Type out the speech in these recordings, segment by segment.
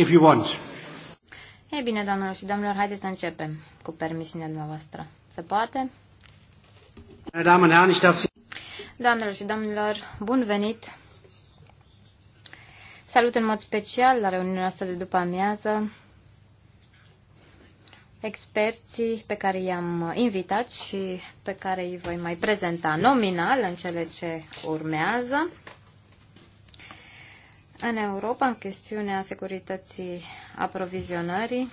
if you want. bine, doamnelor și domnilor, haideți să începem cu permisiunea dumneavoastră. Se poate? Doamnelor și domnilor, bun venit! Salut în mod special la reuniunea noastră de după amiază experții pe care i-am invitat și pe care îi voi mai prezenta nominal în cele ce urmează. În Europa, în chestiunea securității aprovizionării,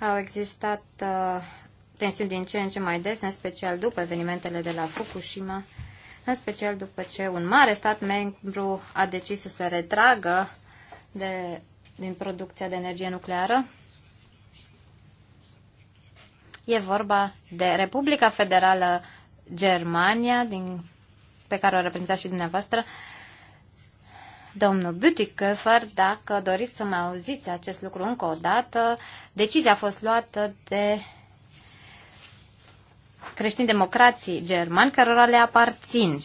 au existat uh, tensiuni din ce în ce mai des, în special după evenimentele de la Fukushima, în special după ce un mare stat membru a decis să se retragă de, din producția de energie nucleară. E vorba de Republica Federală Germania, din, pe care o reprezentați și dumneavoastră, uh, domnul Bütikofer dacă doriți să mai auziți acest lucru încă o dată. Decizia a fost luată de creștini-democrații germani, cărora le aparțin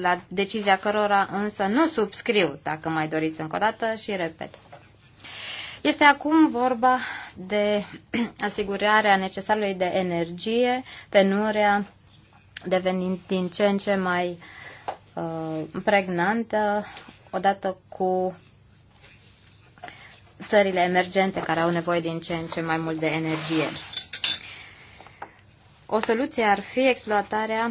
la decizia cărora însă nu subscriu, dacă mai doriți încă o dată și repet. Este acum vorba de asigurarea necesarului de energie, penurea devenind din ce în ce mai uh, Uh, pregnantă odată cu țările emergente care au nevoie din ce în ce mai mult de energie. O soluție ar fi exploatarea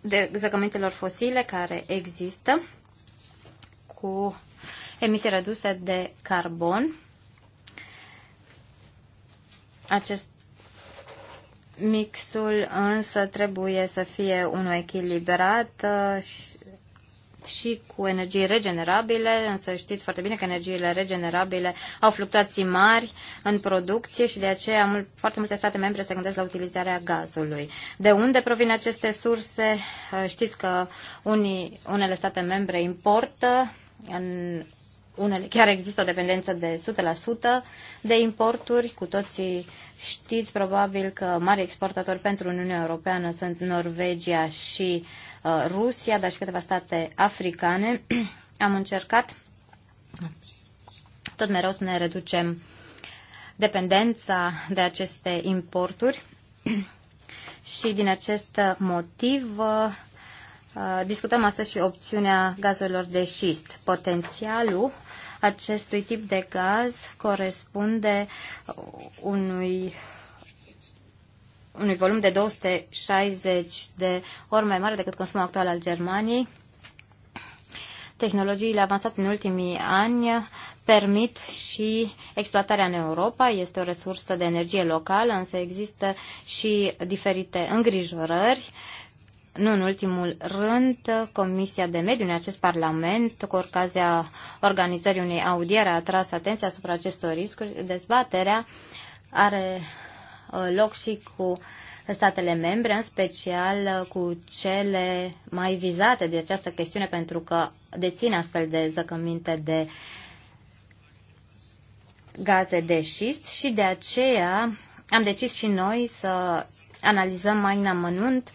de zăcămintelor fosile care există cu emisii reduse de carbon. Acest Mixul însă trebuie să fie unul echilibrat uh, și, și cu energii regenerabile, însă știți foarte bine că energiile regenerabile au fluctuații mari în producție și de aceea mult, foarte multe state membre se gândesc la utilizarea gazului. De unde provin aceste surse? Uh, știți că unii, unele state membre importă în unele, chiar există o dependență de 100% de importuri, cu toții uh, Știți probabil că mari exportatori pentru Uniunea Europeană sunt Norvegia și uh, Rusia, dar și câteva state africane. Am încercat tot mereu să ne reducem dependența de aceste importuri și din acest motiv uh, uh, discutăm astăzi și opțiunea gazelor de șist. Potențialul acestui tip de gaz corespunde unui unui volum de 260 de ori mai mare decât consumul actual al Germaniei. Tehnologiile avansate în ultimii ani permit și exploatarea în Europa. Este o resursă de energie locală, însă există și diferite îngrijorări nu în ultimul rând, Comisia de Mediu în acest Parlament, cu ocazia organizării unei audiere, a atras atenția asupra acestor riscuri. Dezbaterea are uh, loc și cu statele membre, în special uh, cu cele mai vizate de această chestiune, pentru că dețin astfel de zăcăminte de gaze de șist și de aceea am decis și noi să analizăm mai în amănunt uh,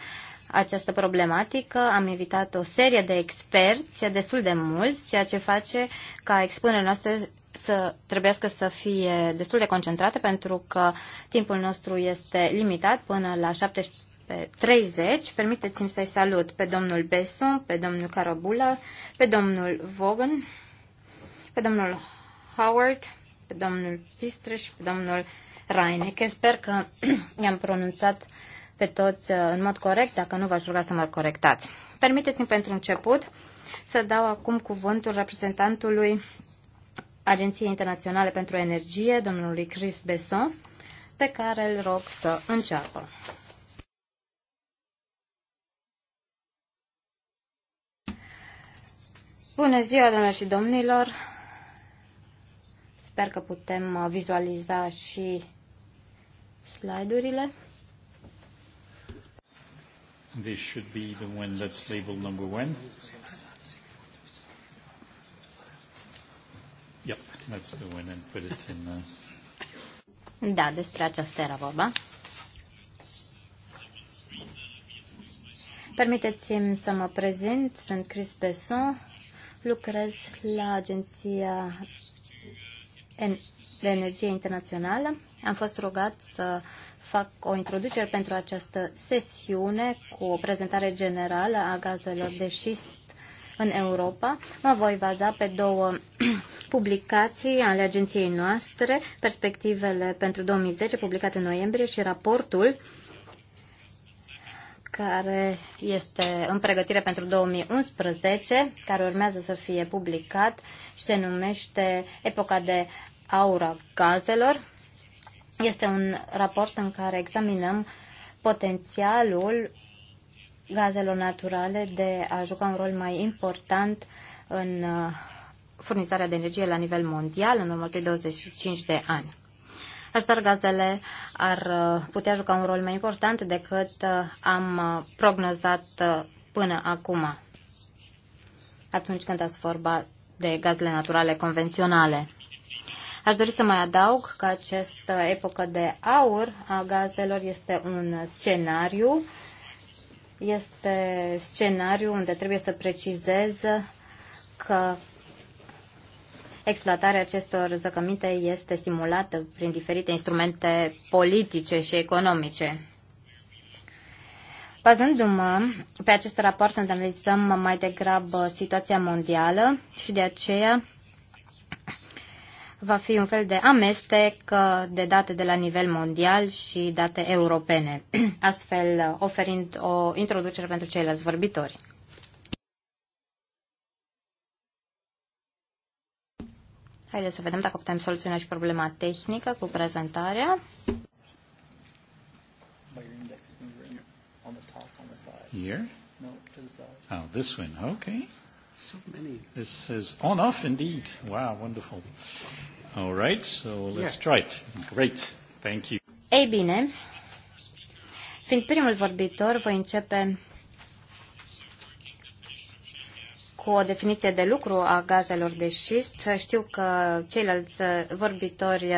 această problematică. Am invitat o serie de experți, destul de mulți, ceea ce face ca expunerea noastră să trebuiască să fie destul de concentrată, pentru că timpul nostru este limitat până la 17.30. Permiteți-mi să-i salut pe domnul Besson, pe domnul Carabula, pe domnul Vogan, pe domnul Howard, pe domnul Pistre și pe domnul Raine. Sper că i-am pronunțat pe toți uh, în mod corect, dacă nu v-aș ruga să mă corectați. Permiteți-mi pentru început să dau acum cuvântul reprezentantului Agenției Internaționale pentru Energie, domnului Chris Besson, pe care îl rog să înceapă. Bună ziua, domnilor și domnilor! Sper că putem uh, vizualiza și slide-urile. This should be the one that's labeled number one. Yep, that's the one and put it in. Uh, da, despre aceasta era vorba. Permiteți-mi să mă prezint. Sunt Chris Besson. Lucrez la Agenția de Energie Internațională. Am fost rugat să fac o introducere pentru această sesiune cu o prezentare generală a gazelor de șist în Europa. Mă voi baza pe două publicații ale agenției noastre, Perspectivele pentru 2010, publicat în noiembrie, și raportul care este în pregătire pentru 2011, care urmează să fie publicat și se numește Epoca de aura gazelor, este un raport în care examinăm potențialul gazelor naturale de a juca un rol mai important în uh, furnizarea de energie la nivel mondial în următorii 25 de ani. Așadar, gazele ar uh, putea juca un rol mai important decât uh, am prognozat până acum, atunci când ați vorba de gazele naturale convenționale. Aș dori să mai adaug că această epocă de aur a gazelor este un scenariu. Este scenariu unde trebuie să precizez că exploatarea acestor zăcăminte este stimulată prin diferite instrumente politice și economice. Bazându-mă pe acest raport, analizăm mai degrabă situația mondială și de aceea va fi un fel de amestec uh, de date de la nivel mondial și date europene, astfel uh, oferind o introducere pentru ceilalți vorbitori. Haideți să vedem dacă putem soluționa și problema tehnică cu prezentarea. Here? No, to the side. Oh, this one. Okay. So many. This is on off indeed. Wow, wonderful. All right, so let's try it. Great. Thank you. Ei bine, fiind primul vorbitor, voi începe cu o definiție de lucru a gazelor de șist. Știu că ceilalți vorbitori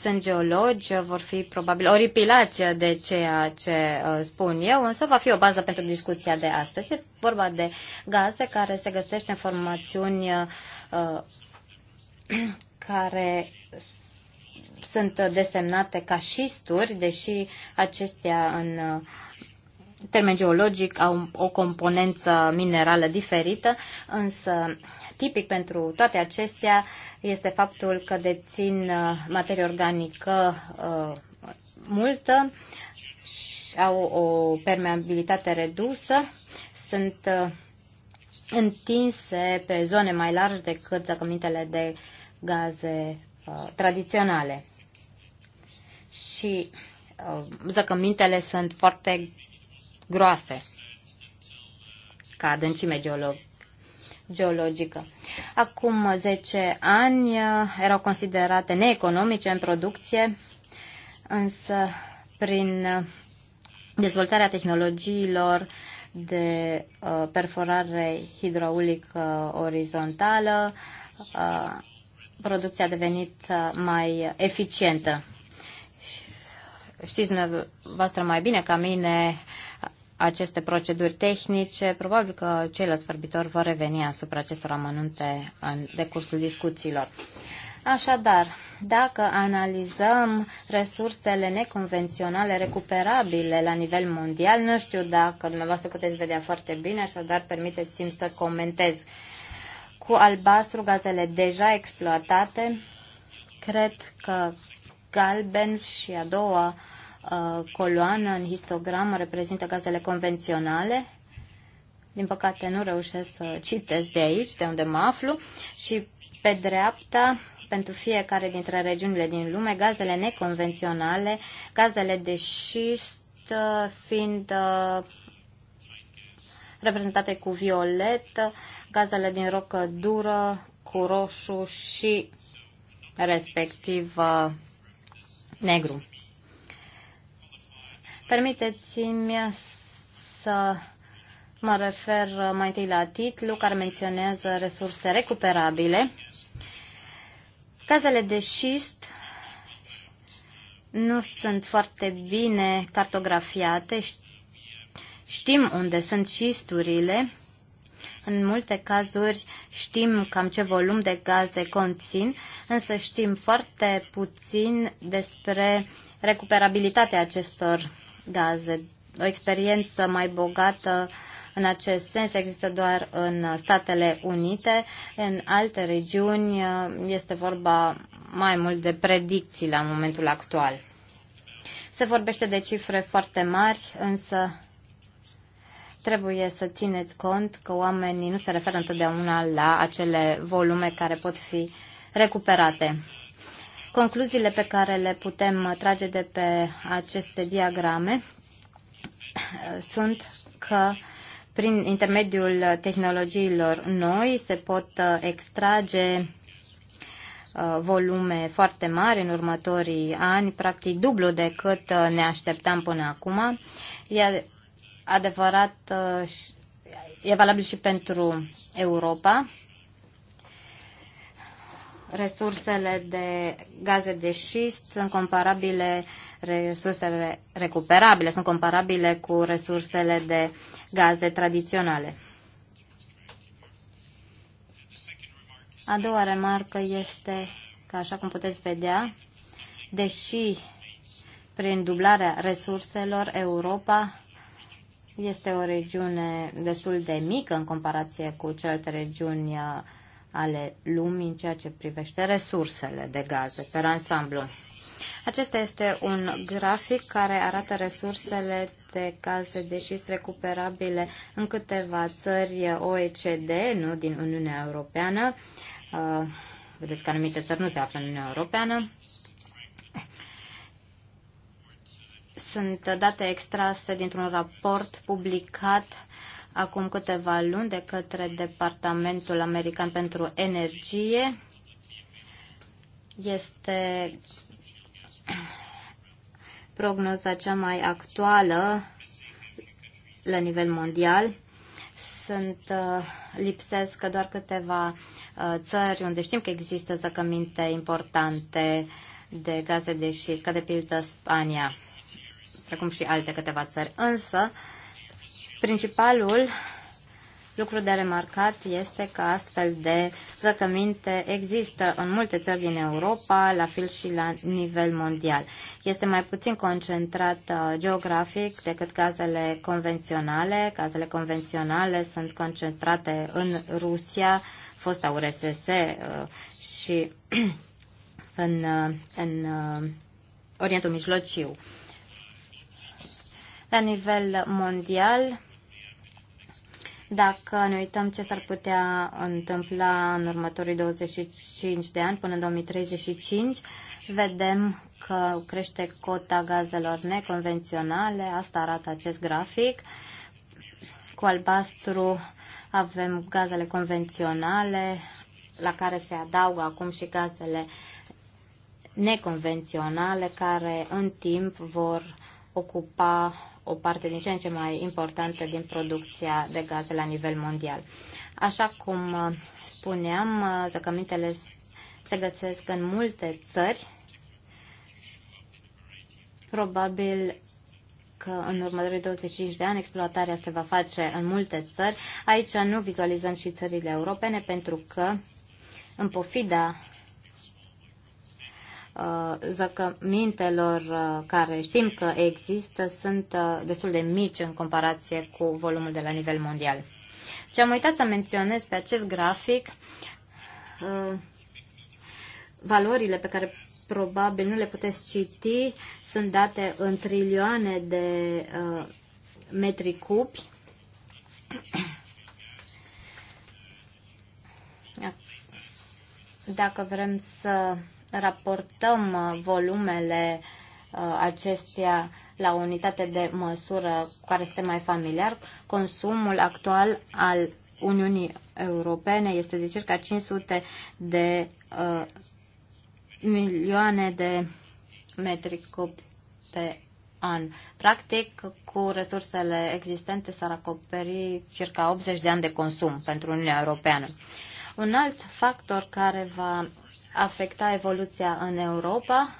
sunt geologi, vor fi probabil oripilați de ceea ce uh, spun eu, însă va fi o bază pentru discuția de astăzi. E vorba de gaze care se găsește în formațiuni uh, care sunt desemnate ca șisturi, deși acestea în termen geologic au o componență minerală diferită, însă tipic pentru toate acestea este faptul că dețin uh, materie organică uh, multă și au o permeabilitate redusă, sunt uh, întinse pe zone mai largi decât zăcămintele de uh, gaze uh, tradiționale. Și uh, zăcămintele sunt foarte groase ca adâncime geolog geologică. Acum 10 ani uh, erau considerate neeconomice în producție, însă prin uh, dezvoltarea tehnologiilor de uh, perforare hidraulică orizontală producția a devenit uh, mai eficientă. Știți dumneavoastră mai bine ca mine aceste proceduri tehnice. Probabil că ceilalți vorbitori vor reveni asupra acestor amănunte în decursul discuțiilor. Așadar, dacă analizăm resursele neconvenționale recuperabile la nivel mondial, nu știu dacă dumneavoastră puteți vedea foarte bine, așadar permiteți-mi să comentez cu albastru gazele deja exploatate. Cred că galben și a doua uh, coloană în histogramă reprezintă gazele convenționale. Din păcate nu reușesc să citesc de aici, de unde mă aflu. Și pe dreapta, pentru fiecare dintre regiunile din lume, gazele neconvenționale, gazele de șist uh, fiind uh, reprezentate cu violet, gazele din rocă dură cu roșu și respectiv uh, negru. Permiteți-mi să mă refer mai întâi la titlu care menționează resurse recuperabile. Gazele de șist nu sunt foarte bine cartografiate. Știm unde sunt șisturile în multe cazuri știm cam ce volum de gaze conțin, însă știm foarte puțin despre recuperabilitatea acestor gaze. O experiență mai bogată în acest sens există doar în Statele Unite, în alte regiuni uh, este vorba mai mult de predicții la momentul actual. Se vorbește de cifre foarte mari, însă trebuie să țineți cont că oamenii nu se referă întotdeauna la acele volume care pot fi recuperate. Concluziile pe care le putem trage de pe aceste diagrame sunt că prin intermediul tehnologiilor noi se pot extrage uh, volume foarte mari în următorii ani, practic dublu decât uh, ne așteptam până acum, iar adevărat, uh, e valabil și pentru Europa. Resursele de gaze de șist sunt comparabile, resursele recuperabile sunt comparabile cu resursele de gaze tradiționale. A doua remarcă este că, așa cum puteți vedea, deși prin dublarea resurselor Europa este o regiune destul de mică în comparație cu celelalte regiuni uh, ale lumii în ceea ce privește resursele de gaze pe ansamblu. Acesta este un grafic care arată resursele de gaze de șist recuperabile în câteva țări uh, OECD, nu din Uniunea Europeană. Uh, vedeți că anumite țări nu se află în Uniunea Europeană. Sunt date extrase dintr-un raport publicat acum câteva luni de către Departamentul American pentru Energie. Este prognoza cea mai actuală la nivel mondial. Sunt uh, lipsesc doar câteva uh, țări unde știm că există zăcăminte importante de gaze de șist, ca de pildă Spania precum și alte câteva țări. Însă, principalul lucru de remarcat este că astfel de zăcăminte există în multe țări din Europa, la fel și la nivel mondial. Este mai puțin concentrat uh, geografic decât gazele convenționale. Gazele convenționale sunt concentrate în Rusia, fosta URSS uh, și în, uh, în Orientul Mijlociu la nivel mondial. Dacă ne uităm ce s-ar putea întâmpla în următorii 25 de ani până în 2035, vedem că crește cota gazelor neconvenționale, asta arată acest grafic. Cu albastru avem gazele convenționale, la care se adaugă acum și gazele neconvenționale, care în timp vor ocupa o parte din ce în ce mai importantă din producția de gaze la nivel mondial. Așa cum uh, spuneam, uh, zăcămintele se găsesc în multe țări. Probabil că în următorii 25 de ani exploatarea se va face în multe țări. Aici nu vizualizăm și țările europene pentru că, în pofida Uh, zăcămintelor uh, care știm că există sunt uh, destul de mici în comparație cu volumul de la nivel mondial. Ce am uitat să menționez pe acest grafic, valorile pe care probabil nu le puteți citi sunt date în trilioane de metri cubi. Dacă vrem să raportăm uh, volumele uh, acestea la unitate de măsură care este mai familiar, consumul actual al Uniunii Europene este de circa 500 de uh, milioane de metri cub pe an. Practic, cu resursele existente s-ar acoperi circa 80 de ani de consum pentru Uniunea Europeană. Un alt factor care va afecta evoluția în Europa.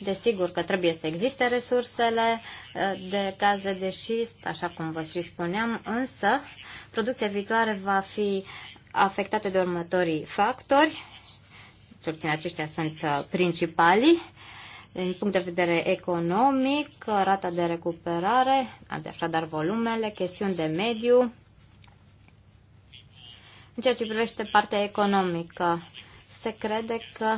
Desigur că trebuie să existe resursele uh, de gaze de șist, așa cum vă și spuneam, însă producția viitoare va fi afectată de următorii factori. Cel puțin aceștia sunt uh, principalii. Din punct de vedere economic, uh, rata de recuperare, așadar volumele, chestiuni de mediu. În ceea ce privește partea economică, se crede că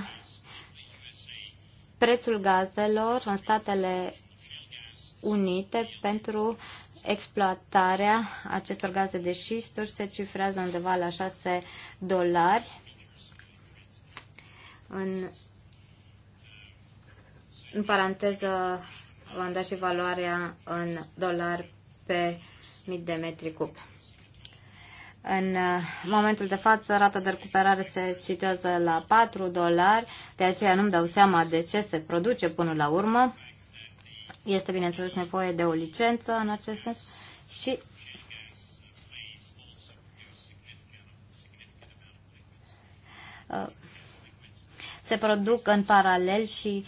prețul gazelor în Statele Unite pentru exploatarea acestor gaze de șisturi se cifrează undeva la 6 dolari în, în paranteză v-am dat și valoarea în dolari pe mii de metri cub. În uh, momentul de față, rata de recuperare se situează la 4 dolari, de aceea nu-mi dau seama de ce se produce până la urmă. Este, bineînțeles, nevoie de o licență în acest sens și uh, se produc în paralel și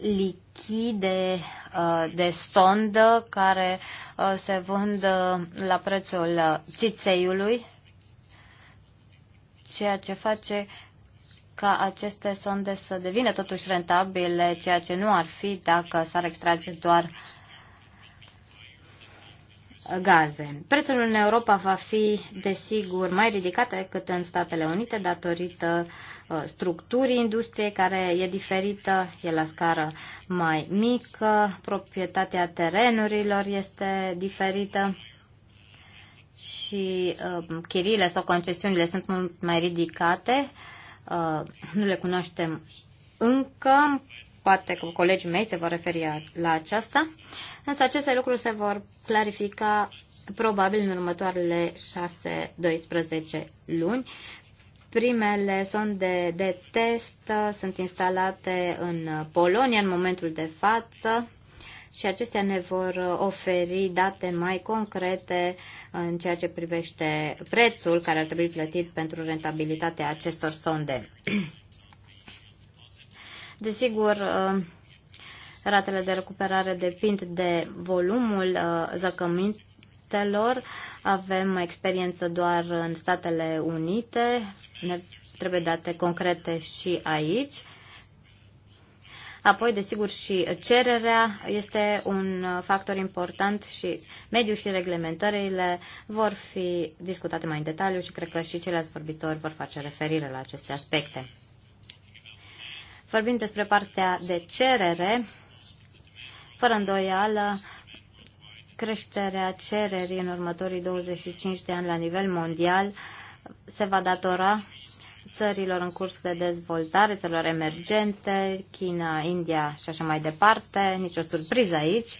lichide uh, de sondă care uh, se vând uh, la prețul țițeiului, ceea ce face ca aceste sonde să devină totuși rentabile, ceea ce nu ar fi dacă s-ar extrage doar gaze. Prețul în Europa va fi, desigur, mai ridicat decât în Statele Unite datorită uh, Uh, structurii industriei care e diferită, e la scară mai mică, proprietatea terenurilor este diferită și uh, sau concesiunile sunt mult mai ridicate. Uh, nu le cunoaștem încă, poate că colegii mei se vor referi la aceasta, însă aceste lucruri se vor clarifica probabil în următoarele 6-12 luni, Primele sonde de test uh, sunt instalate în uh, Polonia în momentul de față și acestea ne vor uh, oferi date mai concrete în ceea ce privește prețul care ar trebui plătit pentru rentabilitatea acestor sonde. Desigur, ratele de recuperare depind de volumul zăcămint datelor. Avem experiență doar în Statele Unite. Ne trebuie date concrete și aici. Apoi, desigur, și cererea este un factor important și mediul și reglementările vor fi discutate mai în detaliu și cred că și ceilalți vorbitori vor face referire la aceste aspecte. Vorbind despre partea de cerere, fără îndoială, creșterea cererii în următorii 25 de ani la nivel mondial se va datora țărilor în curs de dezvoltare, țărilor emergente, China, India și așa mai departe. Nici o surpriză aici.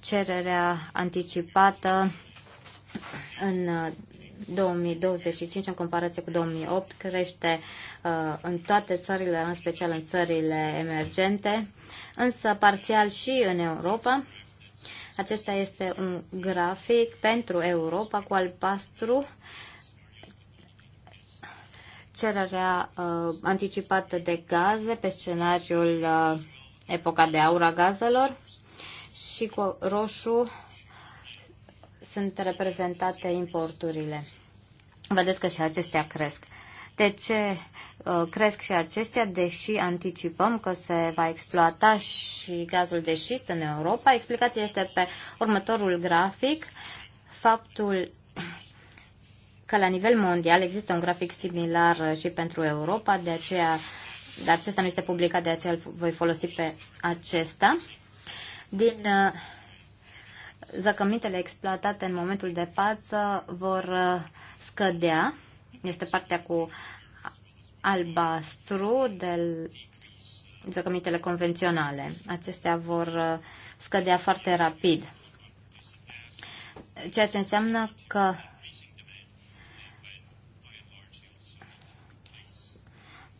Cererea anticipată în 2025 în comparație cu 2008 crește uh, în toate țările, în special în țările emergente, însă parțial și în Europa. Acesta este un grafic pentru Europa cu albastru cererea uh, anticipată de gaze pe scenariul uh, epoca de aur a gazelor și cu roșu sunt reprezentate importurile. Vedeți că și acestea cresc de ce uh, cresc și acestea, deși anticipăm că se va exploata și gazul de șist în Europa. Explicația este pe următorul grafic. Faptul că la nivel mondial există un grafic similar și pentru Europa, de aceea, dar acesta nu este publicat, de aceea îl voi folosi pe acesta. Din uh, zăcămintele exploatate în momentul de față vor uh, scădea este partea cu albastru de zăcămintele convenționale. Acestea vor uh, scădea foarte rapid. Ceea ce înseamnă că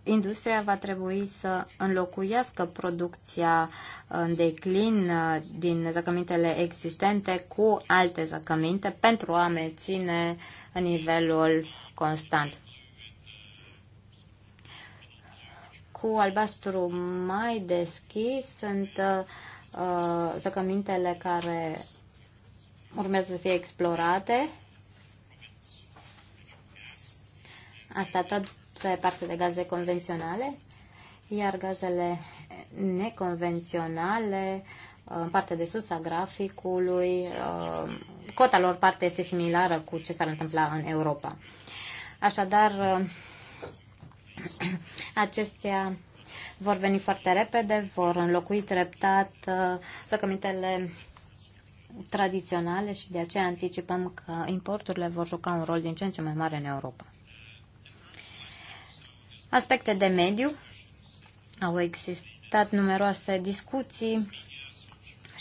industria va trebui să înlocuiască producția în uh, declin uh, din zăcămintele existente cu alte zăcăminte pentru a menține nivelul constant. Cu albastru mai deschis sunt uh, zăcămintele care urmează să fie explorate. Asta tot pe parte de gaze convenționale, iar gazele neconvenționale, uh, în partea de sus a graficului, uh, cota lor parte este similară cu ce s-ar întâmpla în Europa. Așadar, acestea vor veni foarte repede, vor înlocui treptat zăcămintele uh, tradiționale și de aceea anticipăm că importurile vor juca un rol din ce în ce mai mare în Europa. Aspecte de mediu. Au existat numeroase discuții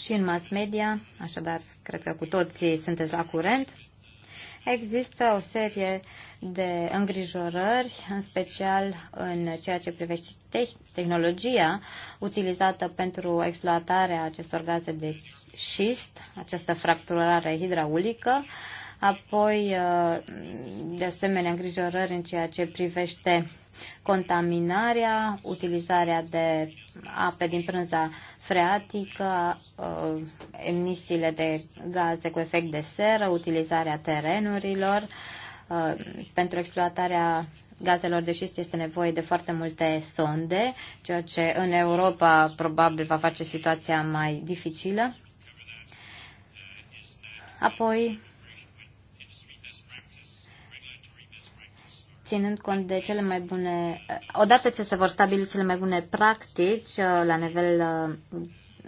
și în mass media, așadar cred că cu toții sunteți la curent. Există o serie de îngrijorări, în special în ceea ce privește tehnologia utilizată pentru exploatarea acestor gaze de șist, această fracturare hidraulică, apoi, uh, de asemenea, îngrijorări în ceea ce privește contaminarea, utilizarea de ape din prânza freatică, uh, emisiile de gaze cu efect de seră, utilizarea terenurilor. Uh, pentru exploatarea gazelor de șist este nevoie de foarte multe sonde, ceea ce în Europa probabil va face situația mai dificilă. Apoi, ținând cont de cele mai bune, odată ce se vor stabili cele mai bune practici uh, la nivel uh,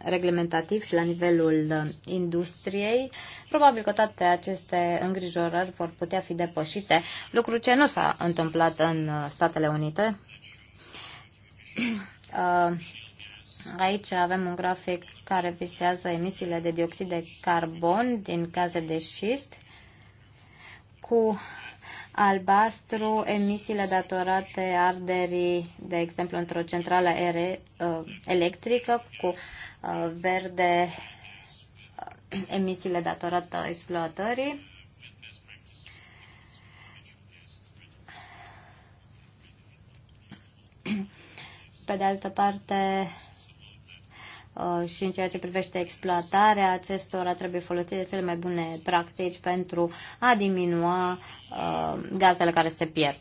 reglementativ și la nivelul uh, industriei, probabil că toate aceste îngrijorări vor putea fi depășite, lucru ce nu s-a întâmplat în Statele Unite. Aici avem un grafic care visează emisiile de dioxid de carbon din gaze de șist cu albastru emisiile datorate arderii, de exemplu, într-o centrală ere, uh, electrică, cu uh, verde uh, emisiile datorate exploatării. Pe de altă parte, Uh, și în ceea ce privește exploatarea acestora trebuie folosite cele mai bune practici pentru a diminua uh, gazele care se pierd.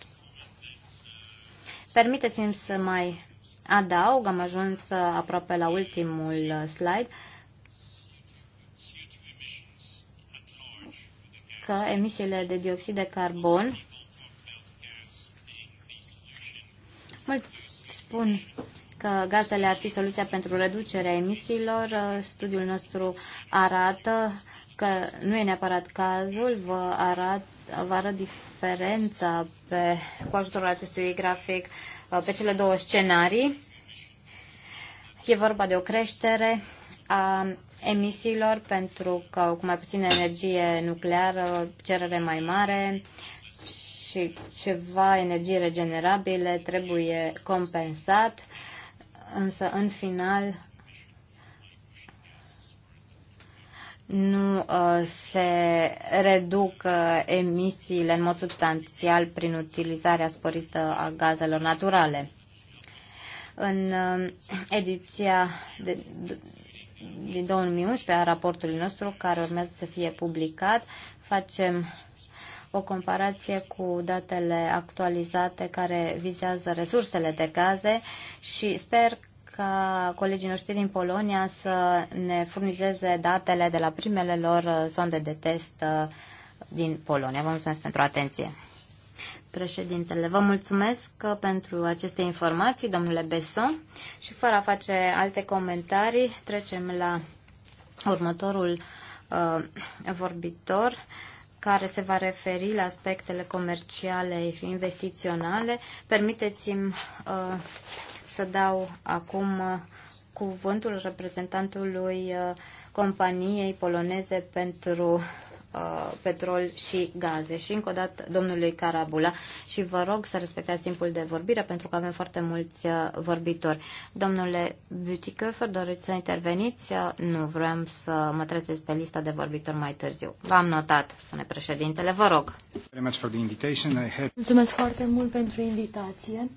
Permiteți-mi să mai adaug, am ajuns aproape la ultimul slide, că emisiile de dioxid de carbon mulți spun că gazele ar fi soluția pentru reducerea emisiilor. Studiul nostru arată că nu e neapărat cazul, vă arat, vă arăt diferența pe, cu ajutorul acestui grafic pe cele două scenarii. E vorba de o creștere a emisiilor pentru că cu mai puțină energie nucleară, cerere mai mare și ceva energie regenerabile trebuie compensat. Uh, însă în final nu uh, se reduc uh, emisiile în mod substanțial prin utilizarea sporită a gazelor naturale. În uh, ediția de, din 2011 a raportului nostru, care urmează să fie publicat, facem o comparație cu datele actualizate care vizează resursele de gaze și sper ca colegii noștri din Polonia să ne furnizeze datele de la primele lor sonde de test uh, din Polonia. Vă mulțumesc pentru atenție. Președintele, vă mulțumesc uh, pentru aceste informații, domnule Beson. și fără a face alte comentarii, trecem la următorul uh, vorbitor care se va referi la aspectele comerciale și investiționale. Permiteți-mi uh, să dau acum uh, cuvântul reprezentantului uh, companiei poloneze pentru Uh, petrol și gaze. Și încă o dată domnului Carabula și vă rog să respectați timpul de vorbire pentru că avem foarte mulți uh, vorbitori. Domnule Butiköfer, doriți să interveniți? Uh, nu, vreau să mă trețeți pe lista de vorbitori mai târziu. V-am notat, spune președintele, vă rog. Mulțumesc foarte mult pentru invitație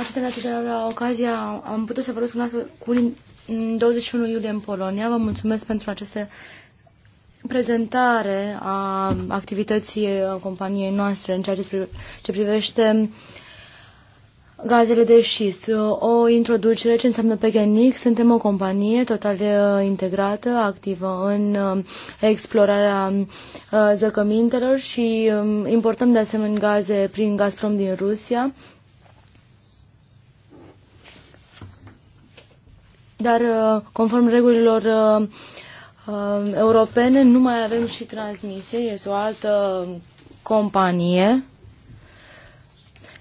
această dată de la ocazia, am putut să vorbesc cu, cu 21 iulie în Polonia. Vă mulțumesc pentru aceste prezentare a activității uh, companiei noastre în ceea ce privește gazele de șist. O introducere ce înseamnă PGNIC. Suntem o companie total uh, integrată, activă în uh, explorarea zăcămintelor și um, importăm de asemenea gaze prin Gazprom din Rusia. dar uh, conform regulilor uh, uh, europene nu mai avem și transmisie, este o altă companie.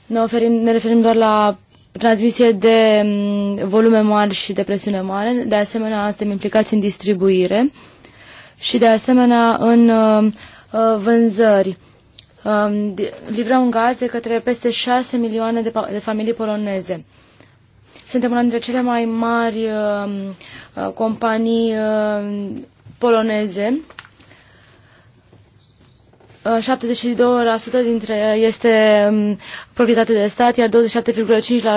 Ne, oferim, ne referim doar la transmisie de mm, volume mari și de presiune mare, de asemenea suntem implicați în distribuire și de asemenea în vânzări. Um, livrăm gaze către peste 6 milioane de, de familii poloneze. Suntem una dintre cele mai mari uh, uh, companii uh, poloneze 72% uh, dintre uh, este um, proprietate de stat, iar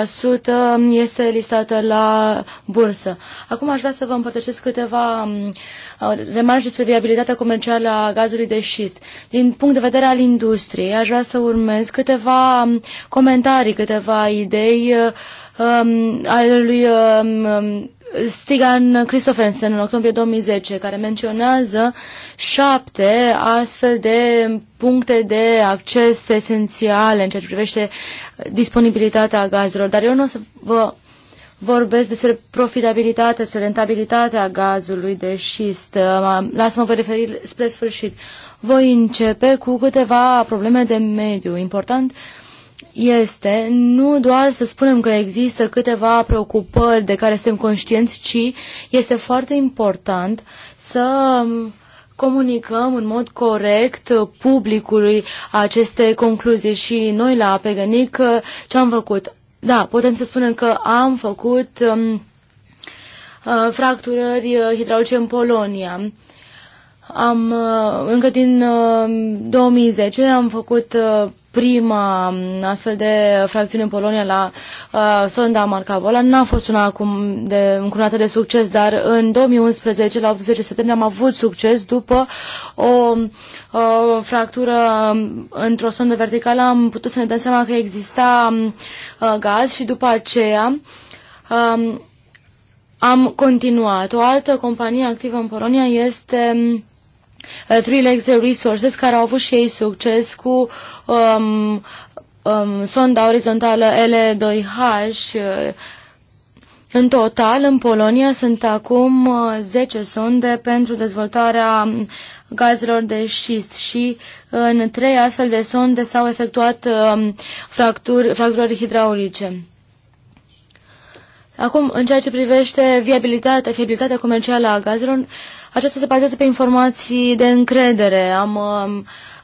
27,5% um, este listată la bursă. Acum aș vrea să vă împărtășesc câteva um, uh, remarci despre viabilitatea comercială a gazului de șist. Din punct de vedere al industriei, aș vrea să urmez câteva comentarii, câteva idei um, ale lui um, Stigan Christoffersen în octombrie 2010, care menționează șapte astfel de puncte de acces esențiale în ceea ce privește disponibilitatea gazelor. Dar eu nu o să vă vorbesc despre profitabilitatea, despre rentabilitatea gazului de șist. Lasă-mă vă referi spre sfârșit. Voi începe cu câteva probleme de mediu. Important uh, este nu doar să spunem că există câteva preocupări de care suntem conștienți, ci este foarte important să comunicăm în mod corect publicului aceste concluzii și noi la Pegănic ce am făcut. Da, putem să spunem că am făcut um, uh, fracturări uh, hidraulice în Polonia am, uh, încă din 2010 uh, am făcut uh, prima um, astfel de fracțiune în Polonia la uh, sonda Marcavola. N-a fost una acum de, încunată de succes, dar în 2011, la 18 septembrie, am avut succes după o o fractură um, într-o sondă verticală. Am putut să ne dăm seama că exista um, uh, gaz și după aceea uh, am continuat. O altă companie activă în Polonia este Uh, Three Legs Resources, care au avut și ei succes cu um, um, sonda orizontală L2H. Uh, în total, în Polonia sunt acum 10 uh, sonde pentru dezvoltarea gazelor de șist și în trei astfel de sonde s-au efectuat um, fracturi, fracturi hidraulice. Acum, în ceea ce privește viabilitatea, fiabilitatea comercială a gazelor, aceasta se bazează pe informații de încredere. Am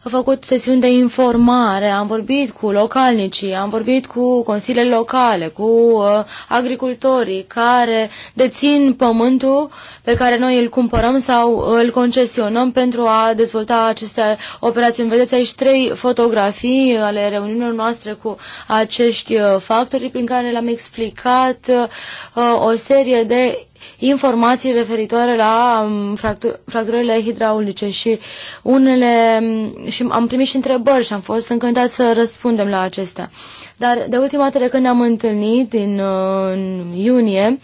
uh, făcut sesiuni de informare, am vorbit cu localnicii, am vorbit cu consiliile locale, cu uh, agricultorii care dețin pământul pe care noi îl cumpărăm sau îl concesionăm pentru a dezvolta aceste operațiuni. Vedeți aici trei fotografii ale reuniunilor noastre cu acești uh, factori prin care le-am explicat uh, o serie de informații referitoare la um, fractur fracturile hidraulice și unele um, și am primit și întrebări și am fost încântat să răspundem la acestea. Dar de ultima dată când ne-am întâlnit în, uh, în iunie,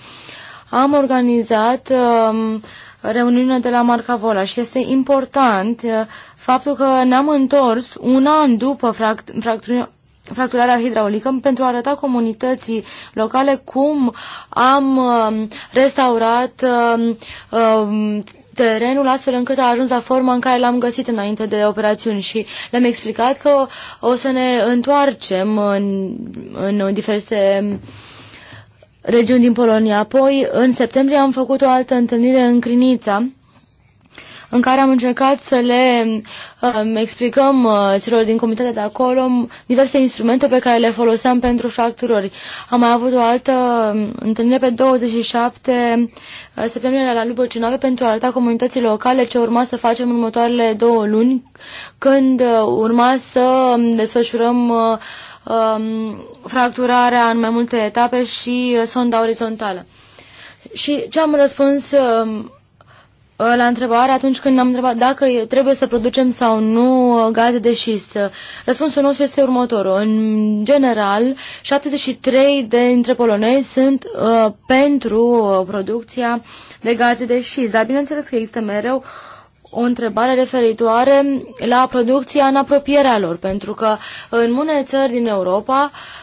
am organizat um, reuniunea de la Marcavola și este important uh, faptul că ne-am întors un an după fract fractura fracturarea hidraulică pentru a arăta comunității locale cum am um, restaurat um, um, terenul astfel încât a ajuns la forma în care l-am găsit înainte de operațiuni și le-am explicat că o să ne întoarcem în, în diverse regiuni din Polonia. Apoi, în septembrie, am făcut o altă întâlnire în Crinița, în care am încercat să le um, explicăm uh, celor din comitatea de acolo diverse instrumente pe care le foloseam pentru fracturări. Am mai avut o altă um, întâlnire pe 27 uh, septembrie la Lubăcinave pentru a arăta comunității locale ce urma să facem în următoarele două luni, când uh, urma să um, desfășurăm uh, um, fracturarea în mai multe etape și uh, sonda orizontală. Și ce am răspuns um, Uh, la întrebare atunci când am întrebat dacă trebuie să producem sau nu uh, gaze de șist. Uh, răspunsul nostru este următorul. În general, 73 dintre polonezi sunt uh, pentru producția de gaze de șist, dar bineînțeles că există mereu o întrebare referitoare la producția în apropierea lor, pentru că în multe țări din Europa uh,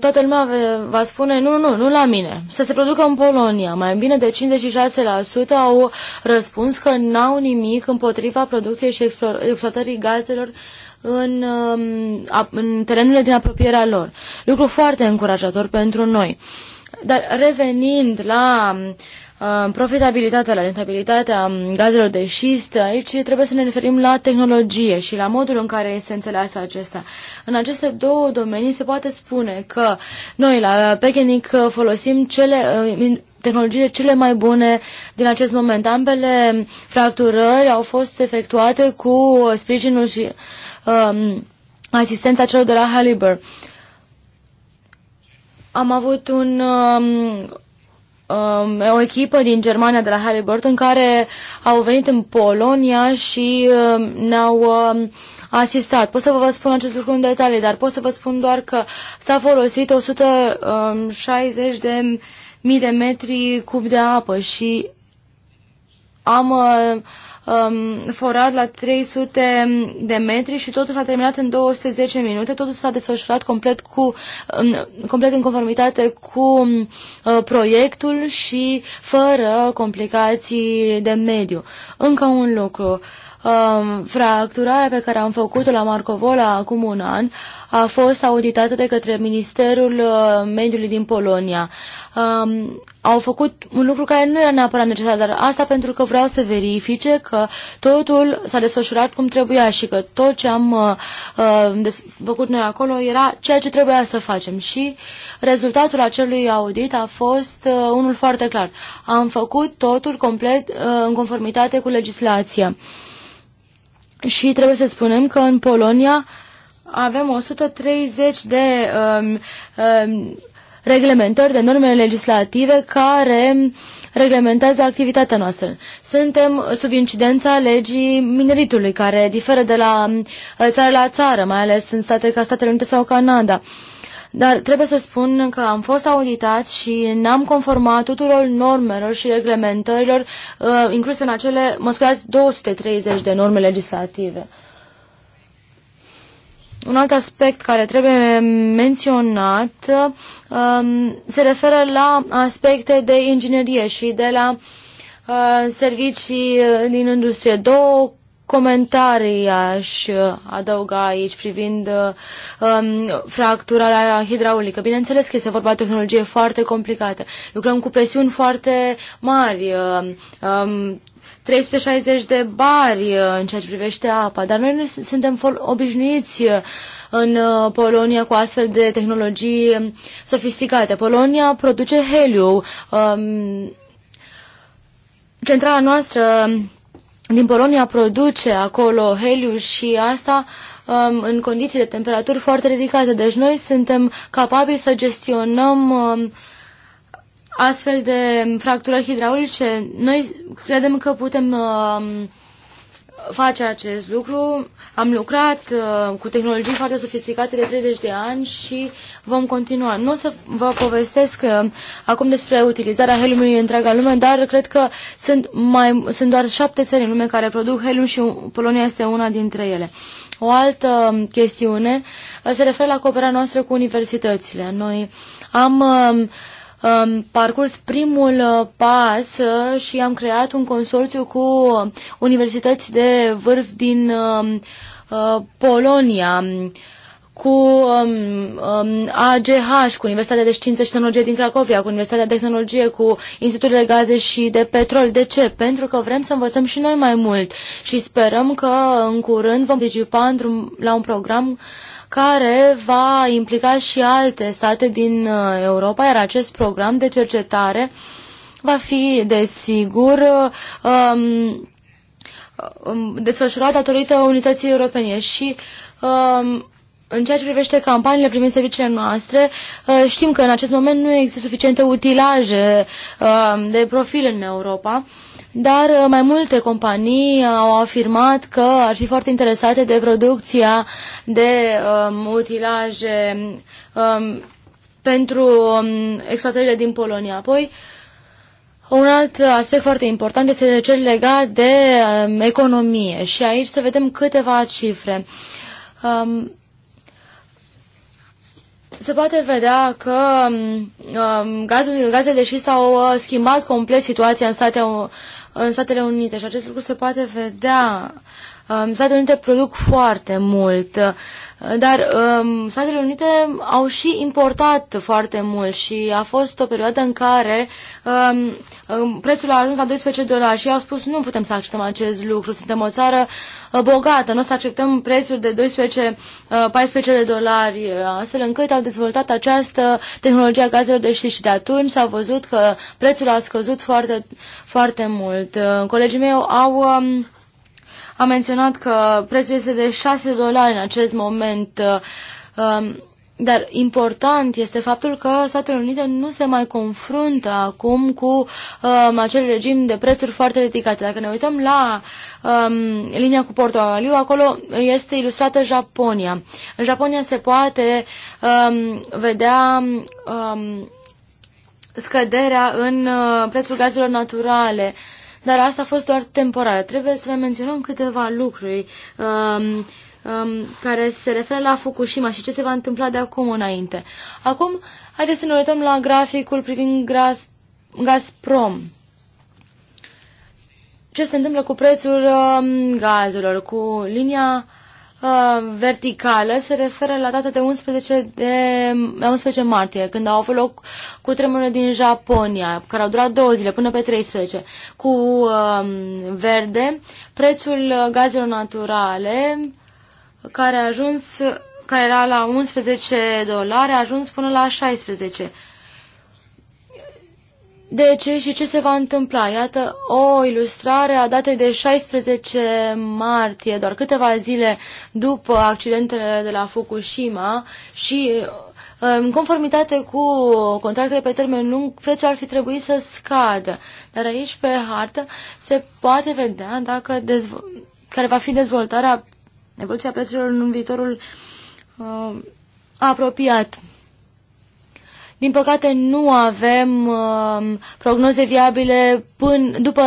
toată lumea va spune, nu, nu, nu la mine, să se producă în Polonia. Mai bine de 56% au răspuns că n-au nimic împotriva producției și exploatării gazelor în, um, în terenurile din apropierea lor. Lucru foarte încurajator pentru noi. Dar revenind la uh, profitabilitatea, la rentabilitatea gazelor de șist, aici trebuie să ne referim la tehnologie și la modul în care este înțeleasă acesta. În aceste două domenii se poate spune că noi la Pechenic folosim cele, uh, tehnologiile cele mai bune din acest moment. Ambele fracturări au fost efectuate cu sprijinul și um, asistența celor de la Halliburton am avut un um, um, o echipă din Germania de la Halliburton care au venit în Polonia și um, ne-au um, asistat. Pot să vă spun acest lucru în detalii, dar pot să vă spun doar că s-a folosit 160 um, de mii de metri cub de apă și am uh, um, forat la 300 de metri și totul s-a terminat în 210 minute, totul s-a desfășurat complet, cu, um, complet în conformitate cu um, uh, proiectul și fără complicații de mediu. Încă un lucru. Um, fracturarea pe care am făcut-o la Marcovola acum un an a fost auditată de către Ministerul uh, Mediului din Polonia. Um, au făcut un lucru care nu era neapărat necesar, dar asta pentru că vreau să verifice că totul s-a desfășurat cum trebuia și că tot ce am uh, uh făcut noi acolo era ceea ce trebuia să facem. Și rezultatul acelui audit a fost uh, unul foarte clar. Am făcut totul complet uh, în conformitate cu legislația. Și trebuie să spunem că în Polonia uh, avem 130 de um, um, reglementări, de norme legislative care reglementează activitatea noastră. Suntem sub incidența legii mineritului, care diferă de la um, țară la țară, mai ales în state ca Statele Unite sau Canada. Dar trebuie să spun că am fost auditați și n-am conformat tuturor normelor și reglementărilor, uh, incluse în acele, mă scuzați, 230 de norme legislative. Un alt aspect care trebuie menționat um, se referă la aspecte de inginerie și de la uh, servicii din industrie. Două comentarii aș adăuga aici privind uh, um, fracturarea hidraulică. Bineînțeles că este vorba de o tehnologie foarte complicată. Lucrăm cu presiuni foarte mari. Uh, um, 360 de bari uh, în ceea ce privește apa, dar noi nu suntem obișnuiți uh, în uh, Polonia cu astfel de tehnologii um, sofisticate. Polonia produce heliu. Um, centrala noastră um, din Polonia produce acolo heliu și asta în condiții de temperaturi foarte ridicate. Deci noi suntem capabili să gestionăm astfel de fracturări hidraulice, noi credem că putem uh, face acest lucru. Am lucrat uh, cu tehnologii foarte sofisticate de 30 de ani și vom continua. Nu o să vă povestesc uh, acum despre utilizarea heliumului în întreaga lume, dar cred că sunt, mai, sunt doar șapte țări în lume care produc helium și Polonia este una dintre ele. O altă um, chestiune uh, se referă la cooperarea noastră cu universitățile. Noi am uh, parcurs primul uh, pas uh, și am creat un consorțiu cu universități de vârf din um, uh, Polonia, cu um, um AGH, cu Universitatea de Științe și Tehnologie din Cracovia, cu Universitatea de Tehnologie, cu Institutul de Gaze și de Petrol. De ce? Pentru că vrem să învățăm și noi mai mult și sperăm că în curând vom participa la un program uh, care va implica și alte state din uh, Europa, iar acest program de cercetare va fi, desigur, uh, um, uh, um, desfășurat datorită unității europene și um, în ceea ce privește campaniile primind serviciile noastre, uh, știm că în acest moment nu există suficiente utilaje uh, de profil în Europa, dar uh, mai multe companii au afirmat că ar fi foarte interesate de producția de um, utilaje um, pentru um, exploatările din Polonia. Apoi, un alt aspect foarte important este cel legat de economie și aici să vedem câteva cifre se poate vedea că um, um gazul, gazele de șist au uh, schimbat complet situația în, state, în Statele Unite și acest lucru se poate vedea. Um, Statele Unite produc foarte mult. Dar um, Statele Unite au și importat foarte mult și a fost o perioadă în care um, um prețul a ajuns la 12 dolari și au spus nu putem să acceptăm acest lucru, suntem o țară uh, bogată, nu o să acceptăm prețuri de 12-14 uh, de dolari, astfel încât au dezvoltat această tehnologie a gazelor de știți și de atunci s-a văzut că prețul a scăzut foarte, foarte mult. Uh, colegii mei au... Um, a menționat că prețul este de 6 dolari în acest moment, uh, um, dar important este faptul că Statele Unite nu se mai confruntă acum cu um, acel regim de prețuri foarte ridicate. Dacă ne uităm la um, linia cu Portugaliu, acolo este ilustrată Japonia. În Japonia se poate um, vedea um, scăderea în uh, prețul gazelor naturale. Uh, dar asta a fost doar temporară. Trebuie să vă menționăm câteva lucruri um, um, care se referă la Fukushima și ce se va întâmpla de acum înainte. Acum, haideți să ne uităm la graficul privind gras, Gazprom ce se întâmplă cu prețul um, gazelor, cu linia Uh, verticală se referă la data de 11, de, la 11 martie, când au avut loc cu tremurile din Japonia, care au durat două zile, până pe 13. Cu uh, verde, prețul gazelor naturale, care a ajuns, care era la 11 dolari, a ajuns până la 16 de ce și ce se va întâmpla? Iată o ilustrare a datei de 16 martie, doar câteva zile după accidentele de la Fukushima și în conformitate cu contractele pe termen lung, prețul ar fi trebuit să scadă. Dar aici, pe hartă, se poate vedea dacă care va fi dezvoltarea, evoluția prețurilor în viitorul uh, apropiat. Din păcate nu avem uh, prognoze viabile până, după,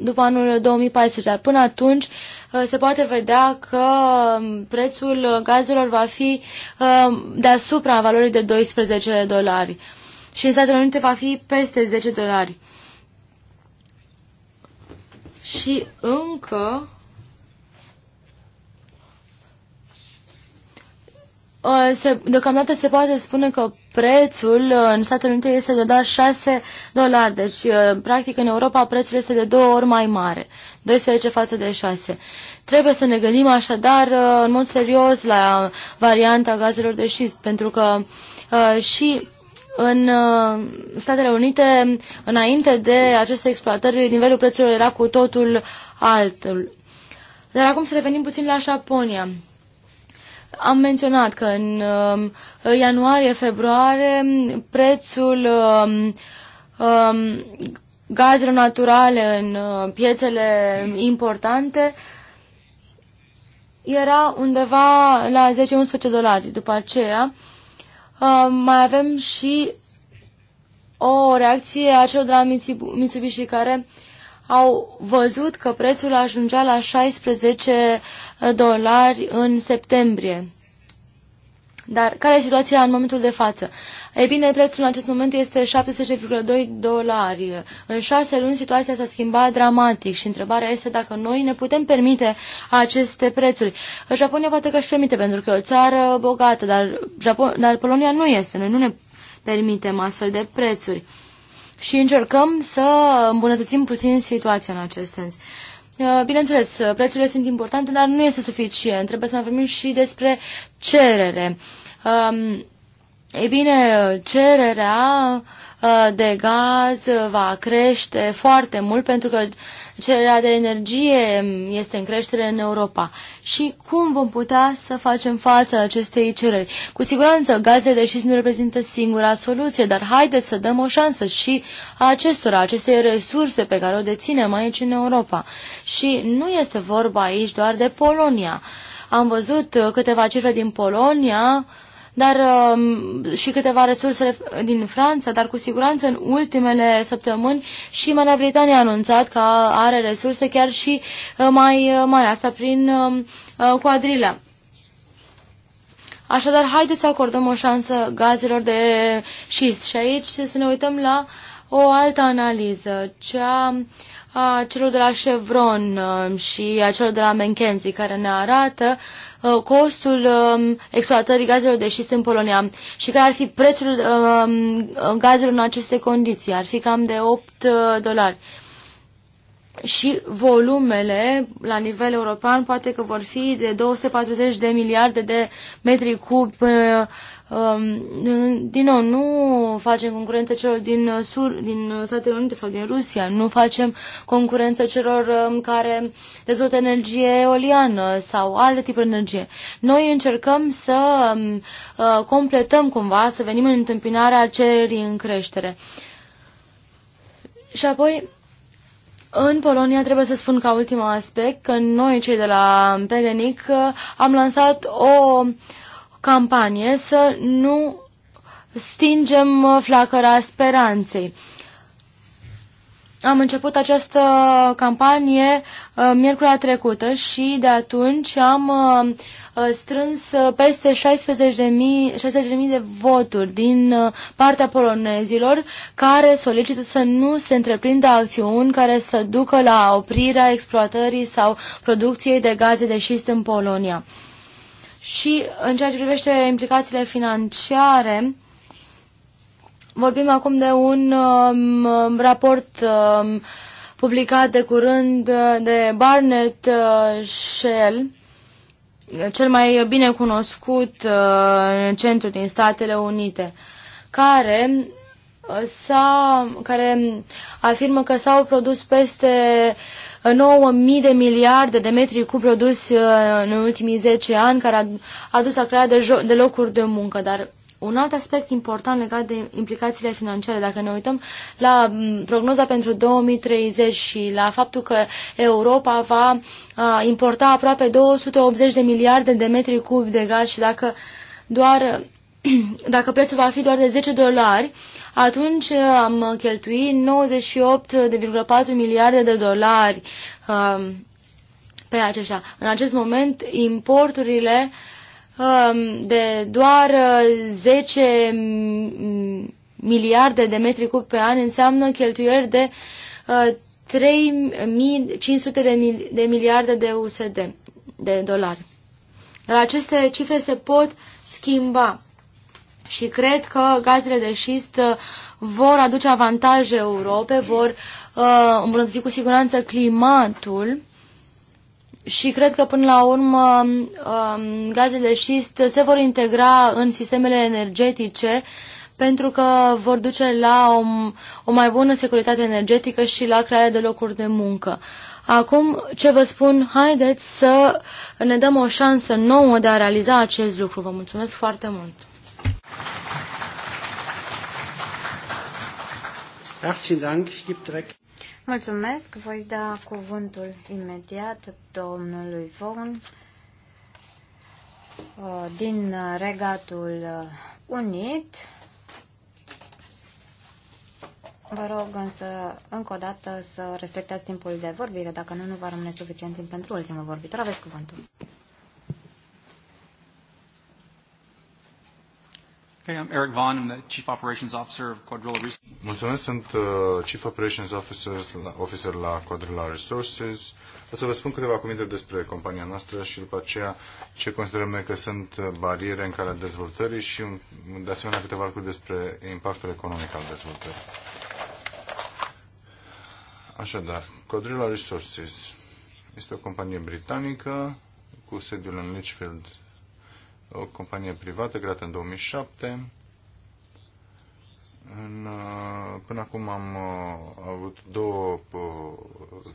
după anul 2014, dar până atunci uh, se poate vedea că um, prețul gazelor va fi uh, deasupra valorii de 12 dolari și în Statele Unite va fi peste 10 dolari. Și încă Uh, se, deocamdată se poate spune că prețul uh, în Statele Unite este de doar 6 dolari, deci uh, practic în Europa prețul este de două ori mai mare, 12 față de 6. Trebuie să ne gândim așadar în mod serios la varianta gazelor de șist, pentru că și în Statele Unite, înainte de aceste exploatări, nivelul prețurilor era cu totul altul. Dar acum să revenim puțin la Japonia. Am menționat că în um, ianuarie-februarie prețul um, um, gazelor naturale în uh, piețele importante era undeva la 10-11 dolari. După aceea mai avem și o reacție a celor de la Mitsubishi care uh, au văzut că prețul ajungea la 16 dolari în septembrie. Dar care e situația în momentul de față? Ei bine, prețul în acest moment este 17,2 dolari. În șase luni situația s-a schimbat dramatic și întrebarea este dacă noi ne putem permite aceste prețuri. Japonia poate că își permite pentru că e o țară bogată, dar, Japon- dar Polonia nu este. Noi nu ne permitem astfel de prețuri și încercăm să îmbunătățim puțin situația în acest sens. Uh, bineînțeles, uh, prețurile sunt importante, dar nu este suficient. Trebuie să mai vorbim și despre cerere. Um, ei bine, cererea uh, Uh, de gaz uh, va crește foarte mult pentru că cererea de energie um, este în creștere în Europa. Și cum vom putea să facem față acestei cereri? Cu siguranță, gazele de șist nu reprezintă singura soluție, dar haideți să dăm o șansă și acestora, aceste resurse pe care o deținem aici în Europa. Și nu este vorba aici doar de Polonia. Am văzut uh, câteva cifre din Polonia, uh, dar um, și câteva resurse din Franța, dar cu siguranță în ultimele săptămâni și Marea Britanie a anunțat că are resurse chiar și uh, mai uh, mari, asta prin cuadrila. Um, uh, Așadar, haideți să acordăm o șansă gazelor de șist și aici să ne uităm la o altă analiză, cea a celor de la Chevron și a celor de la McKenzie, care ne arată Uh, costul um, exploatării gazelor de șist în Polonia și care ar fi prețul um, uh, gazelor în aceste condiții. Ar fi cam de 8 uh, dolari. Și volumele la nivel european poate că vor fi de 240 de miliarde de metri cub Um, din nou, nu facem concurență celor din, uh, Sur, din uh, Statele Unite sau din Rusia, nu facem concurență celor um, care dezvoltă energie eoliană sau alte tipuri de energie. Noi încercăm să um, uh, completăm cumva, să venim în întâmpinarea cererii în creștere. Și apoi, în Polonia trebuie să spun ca ultimul aspect că noi, cei de la Pedenic, am lansat o campanie să nu stingem uh, flacăra speranței. Am început această campanie uh, miercurea trecută și de atunci am uh, strâns peste 16.000 16 de voturi din partea polonezilor care solicită să nu se întreprindă acțiuni care să ducă la oprirea exploatării sau producției de gaze de șist în Polonia. Și în ceea ce privește implicațiile financiare, vorbim acum de un um, um raport um, publicat de curând uh, de Barnett uh, Shell, cel mai bine cunoscut uh, centru din Statele Unite, care care afirmă că s-au produs peste 9.000 uh, de miliarde de metri cub produs uh, în ultimii 10 ani, care a, dus la crearea de, de locuri de muncă. Dar un alt aspect important legat de implicațiile financiare, dacă ne uităm la mm, prognoza pentru 2030 și la faptul că Europa va uh, importa aproape 280 de miliarde de metri cubi de gaz și dacă doar dacă prețul va fi doar de 10 dolari, atunci uh, am cheltuit 98,4 miliarde de dolari uh, pe aceștia. În acest moment, importurile uh, de doar 10 uh, mm, miliarde de metri cub pe an înseamnă cheltuieli de uh, 3500 de, mil de miliarde de USD, de dolari. Dar aceste cifre se pot schimba. Și cred că gazele de șist uh, vor aduce avantaje Europe, vor uh, îmbunătăți cu siguranță climatul și cred că până la urmă uh, gazele șist se vor integra în sistemele energetice pentru că vor duce la o, o mai bună securitate energetică și la crearea de locuri de muncă. Acum, ce vă spun, haideți să ne dăm o șansă nouă de a realiza acest lucru. Vă mulțumesc foarte mult! Mulțumesc. Voi da cuvântul imediat domnului Vaughan uh, din Regatul Unit. Vă rog însă încă o dată să respectați timpul de vorbire, dacă nu, nu va rămâne suficient timp pentru ultimul vorbitor. Aveți cuvântul. Okay, I'm Eric Vaughn. I'm the Chief Operations Officer of Quadrilla Resources. Mulțumesc, sunt uh, Chief Operations Officer, Officer la Quadrilla Resources. O să vă spun câteva cuvinte despre compania noastră și după aceea ce considerăm noi că sunt bariere în calea dezvoltării și de asemenea câteva lucruri despre impactul economic al dezvoltării. Așadar, Quadrilla Resources este o companie britanică cu sediul în Litchfield, o companie privată creată în 2007. În, uh, până acum am uh, avut două uh,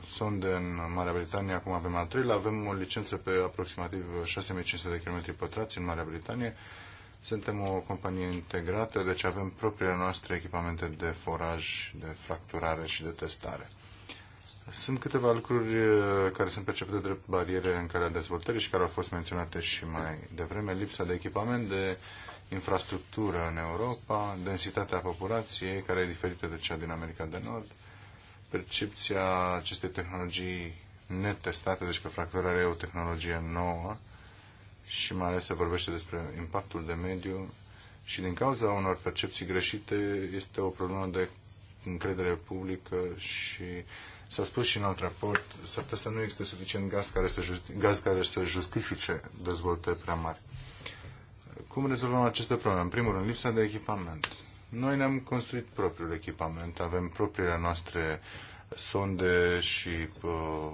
sonde în Marea Britanie, acum avem al treilea. Avem o licență pe aproximativ 6500 de km pătrați în Marea Britanie. Suntem o companie integrată, deci avem propriile noastre echipamente de foraj, de fracturare și de testare. Sunt câteva lucruri uh, care sunt percepute drept bariere în calea dezvoltării și care au fost menționate și mai devreme. Lipsa de echipament, de infrastructură în Europa, densitatea populației, care e diferită de cea din America de Nord, percepția acestei tehnologii netestate, deci că fracturarea e o tehnologie nouă și mai ales se vorbește despre impactul de mediu și din cauza unor percepții greșite este o problemă de încredere publică și S-a spus și în alt raport, s-ar putea să nu există suficient gaz care să, justi- gaz care să justifice dezvoltări prea mari. Cum rezolvăm aceste probleme? În primul rând, lipsa de echipament. Noi ne-am construit propriul echipament, avem propriile noastre sonde și uh,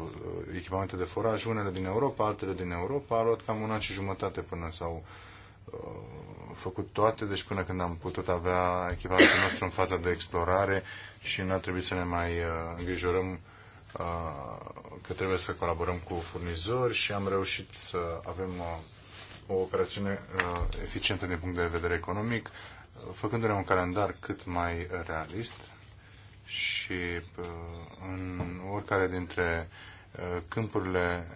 echipamente de foraj, unele din Europa, altele din Europa, a luat cam un an și jumătate până s-au uh, făcut toate, deci până când am putut avea echipamentul nostru în faza de explorare și nu a trebuit să ne mai uh, îngrijorăm uh, că trebuie să colaborăm cu furnizori și am reușit să avem uh, o operațiune eficientă din punct de vedere economic, făcându-ne un calendar cât mai realist și în oricare dintre câmpurile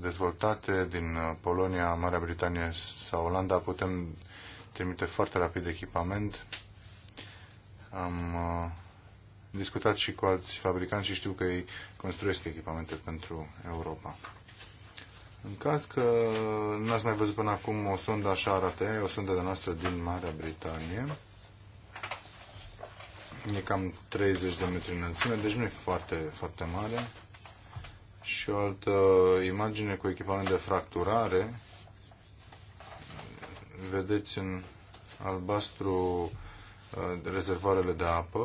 dezvoltate din Polonia, Marea Britanie sau Olanda putem trimite foarte rapid echipament. Am uh, discutat și cu alți fabricanți și știu că ei construiesc echipamente pentru Europa. În caz că n-ați mai văzut până acum o sondă așa arată, e o sondă de noastră din Marea Britanie. E cam 30 de metri înălțime, deci nu e foarte, foarte mare. Și o altă imagine cu echipament de fracturare, vedeți în albastru uh, rezervoarele de apă.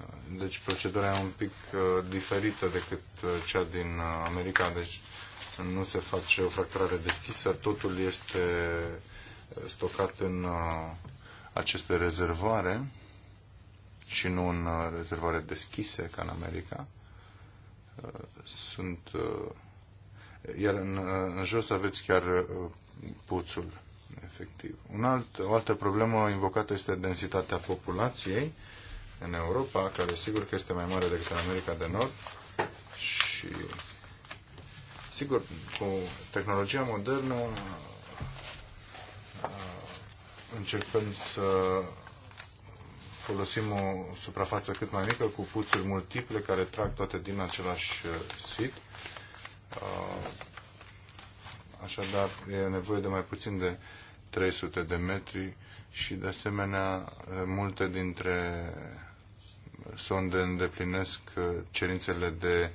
Uh, deci procedura e un pic uh, diferită decât cea din America, deci nu se face o fracturare deschisă, totul este stocat în aceste rezervoare și nu în rezervoare deschise ca în America. Sunt iar în, în jos aveți chiar puțul efectiv. Un alt, o altă problemă invocată este densitatea populației în Europa, care sigur că este mai mare decât în America de Nord și sigur, cu tehnologia modernă încercăm să folosim o suprafață cât mai mică cu puțuri multiple care trag toate din același uh, sit așadar e nevoie de mai puțin de 300 de metri și de asemenea multe dintre sonde îndeplinesc uh, cerințele de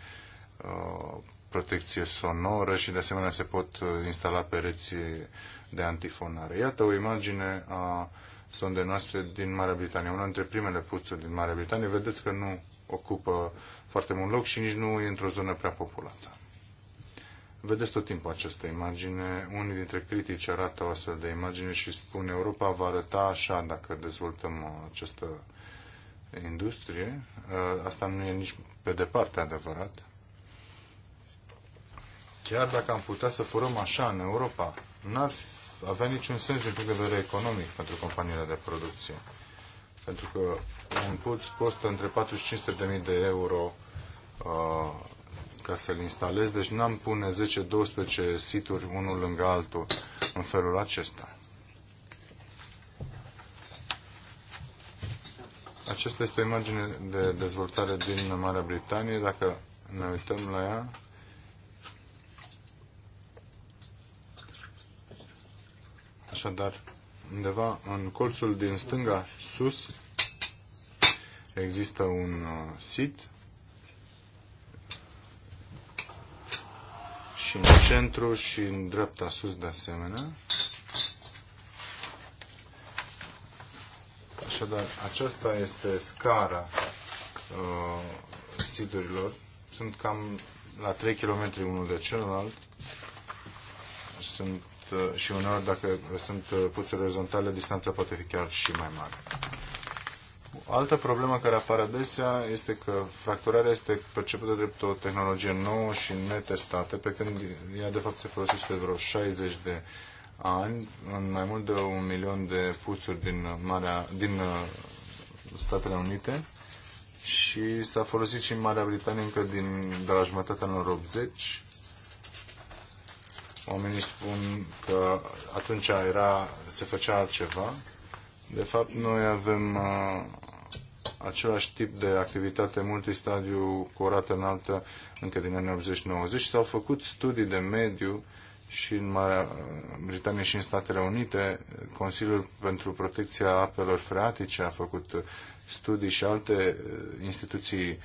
uh, protecție sonoră și de asemenea se pot uh, instala pereți de antifonare. Iată o imagine a sondei noastre din Marea Britanie, una dintre primele puțuri din Marea Britanie. Vedeți că nu ocupă foarte mult loc și nici nu e într-o zonă prea populată. Vedeți tot timpul această imagine. Unii dintre critici arată o astfel de imagine și spun Europa va arăta așa dacă dezvoltăm această industrie. Uh, asta nu e nici pe departe adevărat. Chiar dacă am putea să furăm așa în Europa, n-ar avea niciun sens din punct de vedere economic pentru companiile de producție. Pentru că un puț costă între 4 și 500 de mii de euro uh, ca să-l instalez, deci n-am pune 10-12 situri unul lângă altul în felul acesta. Aceasta este o imagine de dezvoltare din Marea Britanie. Dacă ne uităm la ea, Așadar, undeva în colțul din stânga sus există un uh, sit și în centru și în dreapta sus de asemenea. Așadar, aceasta este scara uh, siturilor. Sunt cam la 3 km unul de celălalt. Sunt, uh, și uneori, dacă sunt uh, puțuri orizontale, distanța poate fi chiar și mai mare altă problemă care apare adesea este că fracturarea este percepută drept o tehnologie nouă și netestată, pe când ea de fapt se folosește vreo 60 de ani în mai mult de un milion de puțuri din, Marea, din uh, Statele Unite și s-a folosit și în Marea Britanie încă din, de la jumătatea anilor 80. Oamenii spun că atunci era, se făcea altceva. De fapt, noi avem uh, același tip de activitate multistadiu cu o rată înaltă încă din anii 80-90. S-au făcut studii de mediu și în Marea Britanie și în Statele Unite. Consiliul pentru Protecția Apelor Freatice a făcut studii și alte eh, instituții eh,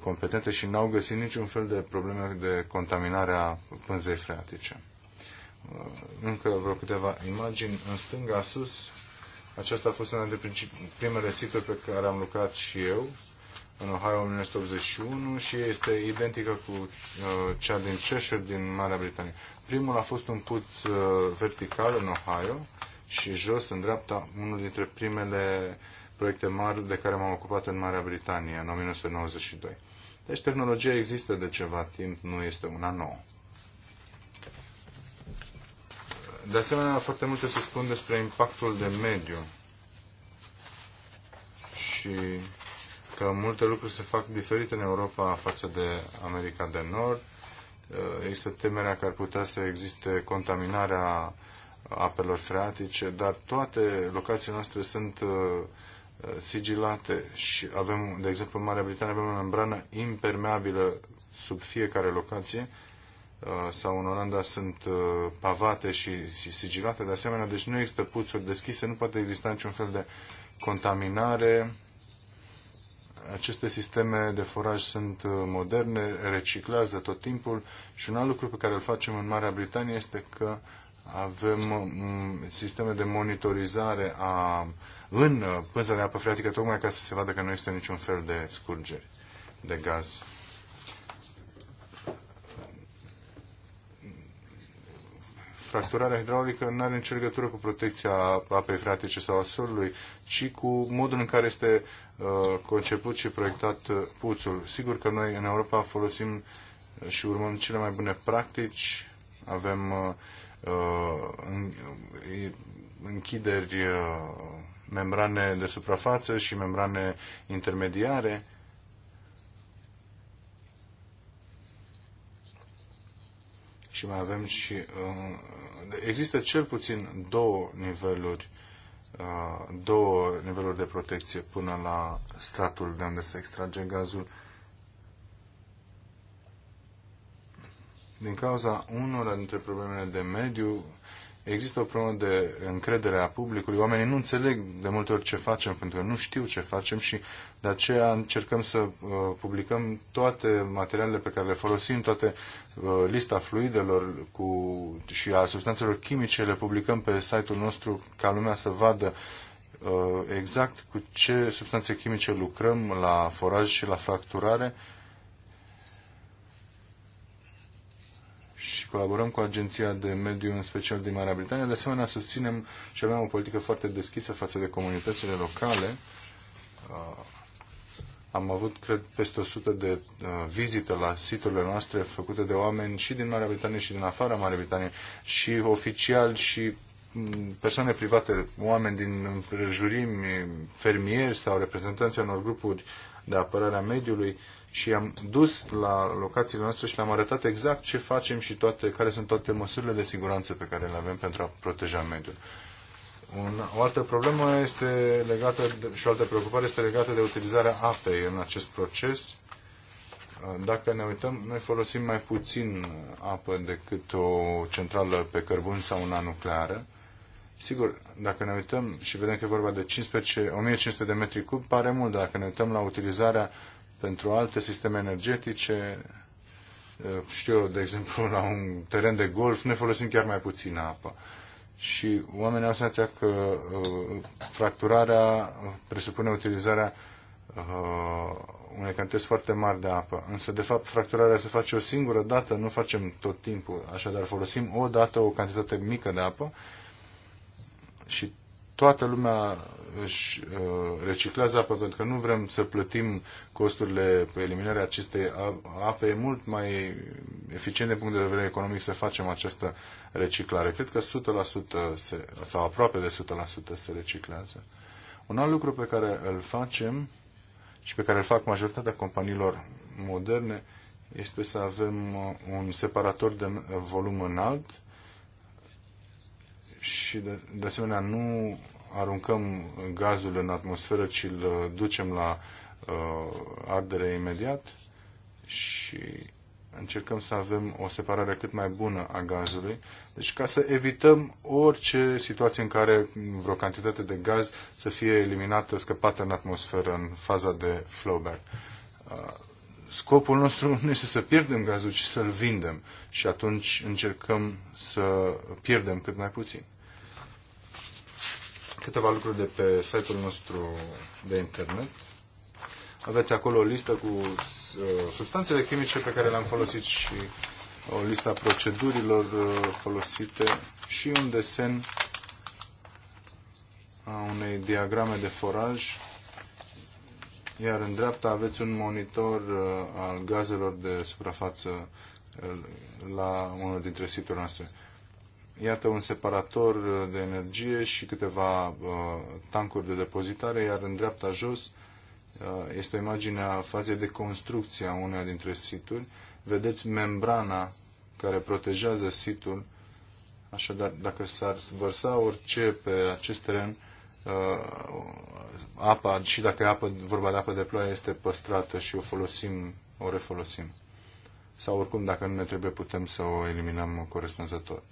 competente și n-au găsit niciun fel de probleme de contaminare a pânzei freatice. Eh, încă vreo câteva imagini în stânga sus aceasta a fost una dintre primele situri pe care am lucrat și eu, în Ohio 1981 și este identică cu uh, cea din Cheshire din Marea Britanie. Primul a fost un puț uh, vertical în Ohio și jos în dreapta unul dintre primele proiecte mari de care m-am ocupat în Marea Britanie în 1992. Deci tehnologia există de ceva timp, nu este una nouă. De asemenea, foarte multe se spun despre impactul de mediu și că multe lucruri se fac diferite în Europa față de America de Nord. Eh, există temerea că ar putea să existe contaminarea apelor freatice, dar toate locațiile noastre sunt eh, sigilate și avem, de exemplu, în Marea Britanie avem o membrană impermeabilă sub fiecare locație Uh, sau în Olanda sunt uh, pavate și, sigilate de asemenea, deci nu există puțuri deschise, nu poate exista niciun fel de contaminare. Aceste sisteme de foraj sunt uh, moderne, reciclează tot timpul și un alt lucru pe care îl facem în Marea Britanie este că avem um, sisteme de monitorizare a, în pânza de apă freatică, tocmai ca să se vadă că nu este niciun fel de scurgeri de gaz. fracturarea hidraulică nu are nicio legătură cu protecția apei freatice sau a solului, ci cu modul în care este uh, conceput și proiectat uh, puțul. Sigur că noi în Europa folosim uh, și urmăm cele mai bune practici, avem închideri membrane de suprafață și membrane intermediare și mai avem și... Uh, există cel puțin două niveluri uh, două niveluri de protecție până la stratul de unde se extrage gazul. Din cauza unora dintre problemele de mediu, există o problemă de încredere a publicului. Oamenii nu înțeleg de multe ori ce facem, pentru că nu știu ce facem și de aceea încercăm să uh, publicăm toate materialele pe care le folosim, toate uh, lista fluidelor cu, și a substanțelor chimice, le publicăm pe site-ul nostru ca lumea să vadă uh, exact cu ce substanțe chimice lucrăm la foraj și la fracturare și colaborăm cu Agenția de Mediu, în special din Marea Britanie. De asemenea, susținem și avem o politică foarte deschisă față de comunitățile locale. Uh, am avut, cred, peste 100 de uh, vizite la siturile noastre făcute de oameni și din Marea Britanie și din afara Marea Britanie și oficial, și mm, persoane private, oameni din împrejurimi, fermieri sau reprezentanții unor grupuri de apărare a mediului și am dus la locațiile noastre și le-am arătat exact ce facem și toate, care sunt toate măsurile de siguranță pe care le avem pentru a proteja mediul. Un, o altă problemă este legată de, și o altă preocupare este legată de utilizarea apei în acest proces. Dacă ne uităm, noi folosim mai puțin apă decât o centrală pe cărbun sau una nucleară. Sigur, dacă ne uităm și vedem că e vorba de 15, 1500 de metri cub, pare mult, dacă ne uităm la utilizarea pentru alte sisteme energetice. Eh, Știu eu, de exemplu, la un teren de golf ne folosim chiar mai puțină apă. Și oamenii au senzația că uh, fracturarea presupune utilizarea uh, unei cantități foarte mari de apă. Însă, de fapt, fracturarea se face o singură dată, nu facem tot timpul. Așadar, folosim o dată o cantitate mică de apă și toată lumea își uh, reciclează apă pentru că nu vrem să plătim costurile pe eliminarea acestei ape. E mult mai eficient din punct de vedere economic să facem această reciclare. Cred că 100% se, sau aproape de 100% se reciclează. Un alt lucru pe care îl facem și pe care îl fac majoritatea companiilor moderne este să avem uh, un separator de uh, volum înalt și de, de asemenea nu aruncăm gazul în atmosferă, ci îl uh, ducem la uh, ardere imediat și încercăm să avem o separare cât mai bună a gazului. Deci ca să evităm orice situație în care vreo cantitate de gaz să fie eliminată, scăpată în atmosferă, în faza de flowback. Uh, scopul nostru nu este să pierdem gazul, ci să-l vindem. Și atunci încercăm să pierdem cât mai puțin câteva lucruri de pe site-ul nostru de internet. Aveți acolo o listă cu uh, substanțele chimice pe care le-am folosit și o listă a procedurilor uh, folosite și un desen a unei diagrame de foraj, iar în dreapta aveți un monitor uh, al gazelor de suprafață la unul dintre siturile noastre. Iată un separator uh, de energie și câteva uh, tancuri de depozitare, iar în dreapta jos uh, este o imagine a fazei de construcție a uneia dintre situri. Vedeți membrana care protejează situl, așadar dacă s-ar vărsa orice pe acest teren, apa, și dacă e apă, vorba de apă de ploaie, este păstrată și o folosim, o refolosim. Sau oricum, dacă nu ne trebuie, putem să o eliminăm corespunzător.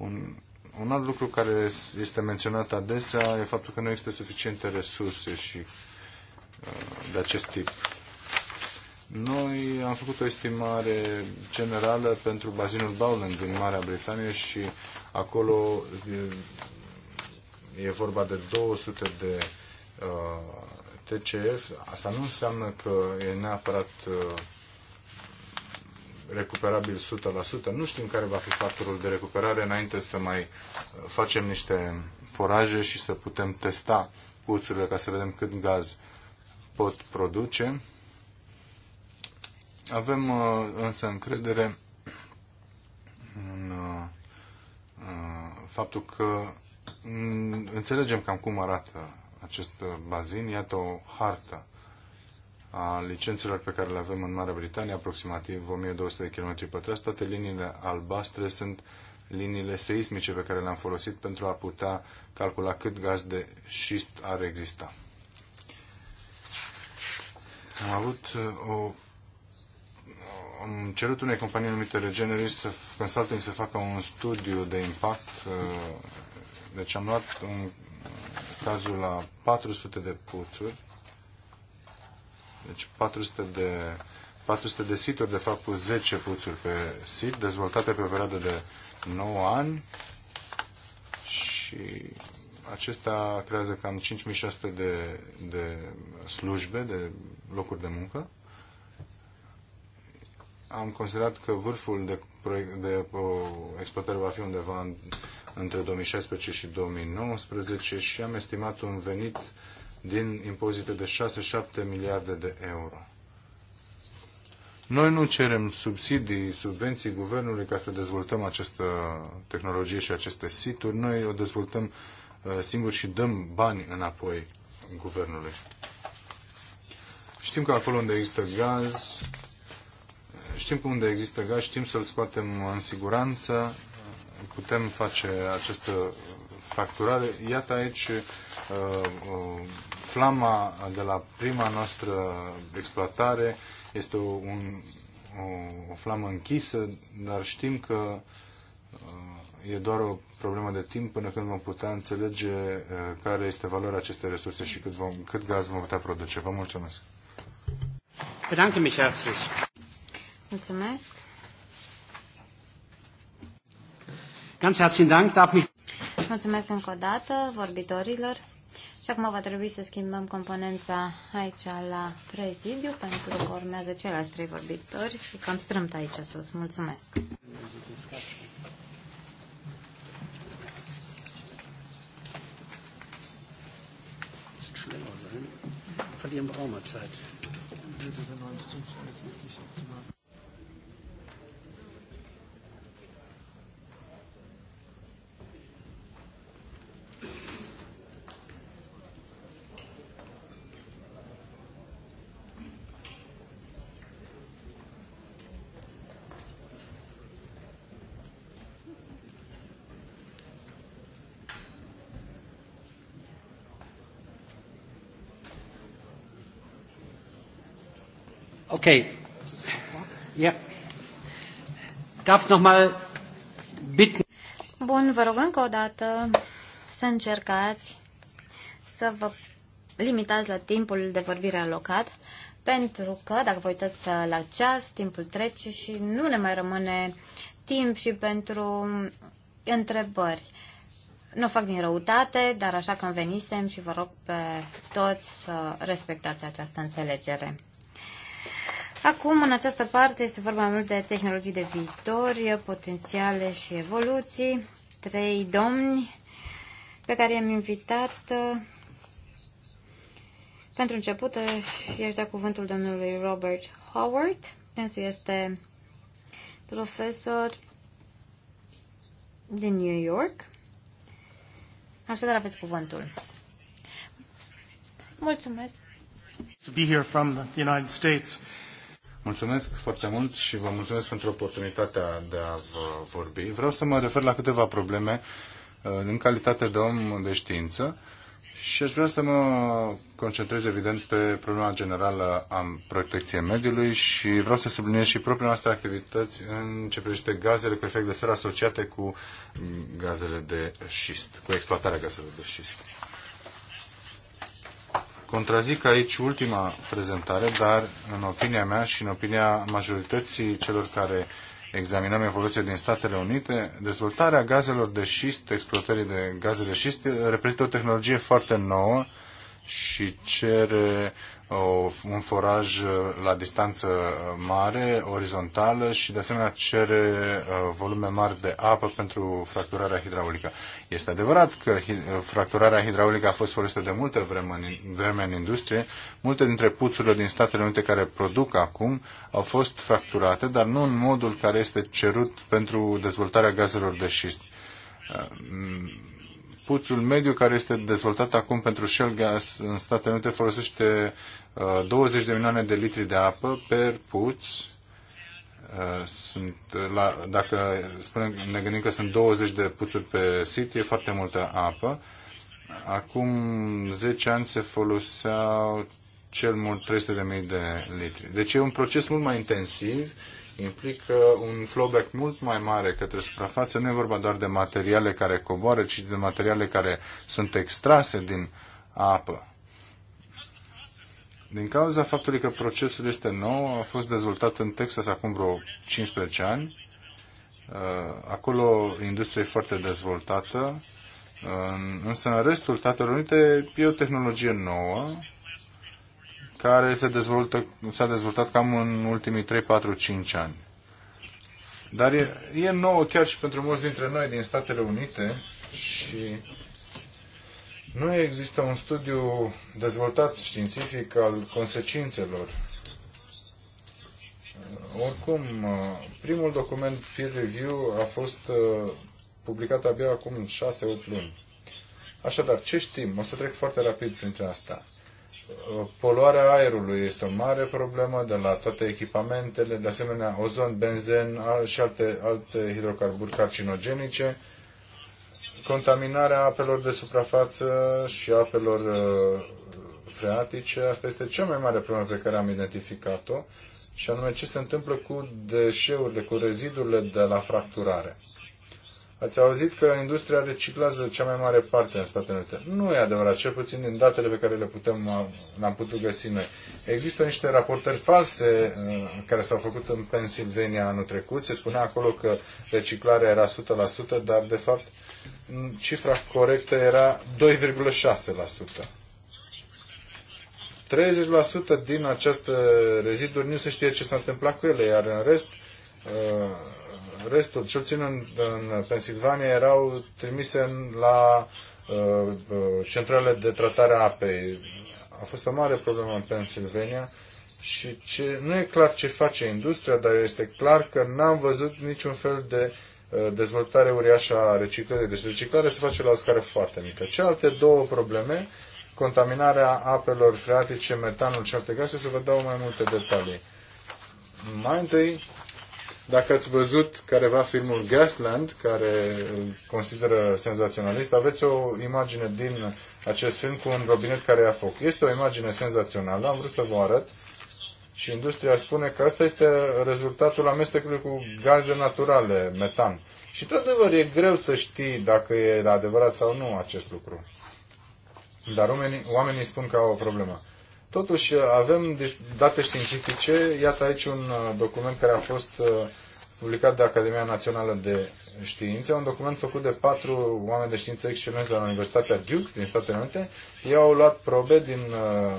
Un, un alt lucru care este menționat adesea e faptul că nu există suficiente resurse și uh, de acest tip. Noi am făcut o estimare generală pentru bazinul Bowland din Marea Britanie și acolo uh, e vorba de 200 de uh, TCF. Asta nu înseamnă că e neapărat uh, recuperabil 100%. Nu știm care va fi factorul de recuperare înainte să mai uh, facem niște foraje și să putem testa puțurile ca să vedem cât gaz pot produce. Avem uh, însă încredere în uh, faptul că mm, înțelegem cam cum arată acest bazin. Iată o hartă a licențelor pe care le avem în Marea Britanie, aproximativ 1200 de km pătrați. Toate liniile albastre sunt liniile seismice pe care le-am folosit pentru a putea calcula cât gaz de șist ar exista. Am avut uh, o am cerut unei companii numite Regeneris să, Consulting să facă un studiu de impact. Uh, deci am luat un cazul la 400 de puțuri deci 400 de, 400 de situri, de fapt, cu 10 puțuri pe sit, dezvoltate pe o perioadă de 9 ani și acestea creează cam 5600 de, de slujbe, de locuri de muncă. Am considerat că vârful de, proiect, de exploatare va fi undeva în, între 2016 și 2019 și am estimat un venit din impozite de 6-7 miliarde de euro. Noi nu cerem subsidii, subvenții guvernului ca să dezvoltăm această tehnologie și aceste situri. Noi o dezvoltăm uh, singur și dăm bani înapoi guvernului. Știm că acolo unde există gaz, știm că unde există gaz, știm să-l scoatem în siguranță, putem face această fracturare. Iată aici uh, uh, flama de la prima noastră exploatare este o, un, o, o flamă închisă, dar știm că uh, e doar o problemă de timp până când vom putea înțelege uh, care este valoarea acestei resurse și cât, vom, cât gaz vom putea produce. Vă mulțumesc! Bedanke mich herzlich. Mulțumesc! Ganz herzlichen Dank, darf mich... Mulțumesc încă o dată vorbitorilor. Și acum va trebui să schimbăm componența aici la prezidiu, pentru că urmează ceilalți trei vorbitori și cam strâmt aici sus. Mulțumesc! Verlieren wir auch mal Zeit. Okay. Ja. Darf noch mal bitten. Bun, vă rog încă o dată să încercați să vă limitați la timpul de vorbire alocat, pentru că, dacă vă uitați la ceas, timpul trece și nu ne mai rămâne timp și pentru întrebări. Nu fac din răutate, dar așa că venisem și vă rog pe toți să respectați această înțelegere. Acum, în această parte, este vorba mai mult de tehnologii de viitor, potențiale și evoluții. Trei domni pe care i-am invitat uh, pentru început și aș da cuvântul domnului Robert Howard. Dânsul este profesor din New York. Așadar aveți cuvântul. Mulțumesc. To be here from the United States. Mulțumesc foarte mult și vă mulțumesc pentru oportunitatea de a vă vorbi. Vreau să mă refer la câteva probleme uh, în calitate de om de știință și aș vrea să mă concentrez evident pe problema generală a protecției mediului și vreau să subliniez și propriile noastre activități în ce privește gazele cu efect de seră asociate cu gazele de șist, cu exploatarea gazelor de șist. Contrazic aici ultima prezentare, dar în opinia mea și în opinia majorității celor care examinăm evoluția din Statele Unite, dezvoltarea gazelor de șist, exploatării de gazele de șist, reprezintă o tehnologie foarte nouă și cere o, un foraj uh, la distanță uh, mare, orizontală și de asemenea cere uh, volume mari de apă pentru fracturarea hidraulică. Este adevărat că fracturarea hidraulică a fost folosită de multe vreme în, vreme în industrie. Multe dintre puțurile din Statele Unite care produc acum au fost fracturate, dar nu în modul care este cerut pentru dezvoltarea gazelor de șist puțul mediu care este dezvoltat acum pentru Shell Gas în Statele Unite folosește 20 uh, de milioane de litri de apă per puț. Uh, sunt uh, la, dacă spunem, ne gândim că sunt 20 de puțuri pe sit, e foarte multă apă. Acum 10 ani se foloseau cel mult 300.000 de litri. Deci e un proces mult mai intensiv uh, implică un flowback mult mai mare către suprafață. Nu e vorba doar de materiale care coboară, ci de materiale care sunt extrase din apă. Din cauza faptului că procesul este nou, a fost dezvoltat în Texas acum vreo 15 ani. Uh, acolo industria e foarte dezvoltată, uh, însă în restul Statelor Unite e o tehnologie nouă care se dezvoltă, s-a dezvoltat cam în ultimii 3, 4, 5 ani. Dar e, e nouă chiar și pentru mulți dintre noi din Statele Unite și nu există un studiu dezvoltat științific al consecințelor. Oricum, primul document peer review a fost uh, publicat abia acum 6-8 luni. Așadar, ce știm? O să trec foarte rapid printre asta. Poluarea aerului este o mare problemă, de la toate echipamentele, de asemenea ozon, benzen și alte, alte hidrocarburi carcinogenice, contaminarea apelor de suprafață și apelor uh, freatice, asta este cea mai mare problemă pe care am identificat-o, și anume ce se întâmplă cu deșeurile, cu rezidurile de la fracturare. Ați auzit că industria reciclează cea mai mare parte în Statele Unite. Nu e adevărat, cel puțin din datele pe care le putem, le-am putut găsi noi. Există niște raportări false uh, care s-au făcut în Pennsylvania anul trecut. Se spunea acolo că reciclarea era 100%, dar de fapt cifra corectă era 2,6%. 30% din aceste reziduri nu se știe ce s-a întâmplat cu ele, iar în rest uh, restul, cel țin în, în Pennsylvania, erau trimise la uh, uh, centrale de tratare a apei. A fost o mare problemă în Pennsylvania și ce, nu e clar ce face industria, dar este clar că n-am văzut niciun fel de uh, dezvoltare uriașă a reciclării. Deci reciclarea se face la o scară foarte mică. Cealaltă două probleme, contaminarea apelor freatice, metanul și alte gaze, să vă dau mai multe detalii. Mai întâi, dacă ați văzut careva filmul Gasland, care îl consideră senzaționalist, aveți o imagine din acest film cu un robinet care ia foc. Este o imagine senzațională, am vrut să vă arăt. Și industria spune că asta este rezultatul amestecului cu gaze naturale, metan. Și, într-adevăr, e greu să știi dacă e adevărat sau nu acest lucru. Dar oamenii, oamenii spun că au o problemă. Totuși, avem deci date științifice. Iată aici un uh, document care a fost uh, publicat de Academia Națională de Științe, un document făcut de patru oameni de știință excelenți de la Universitatea Duke din Statele Unite. Ei au luat probe din uh,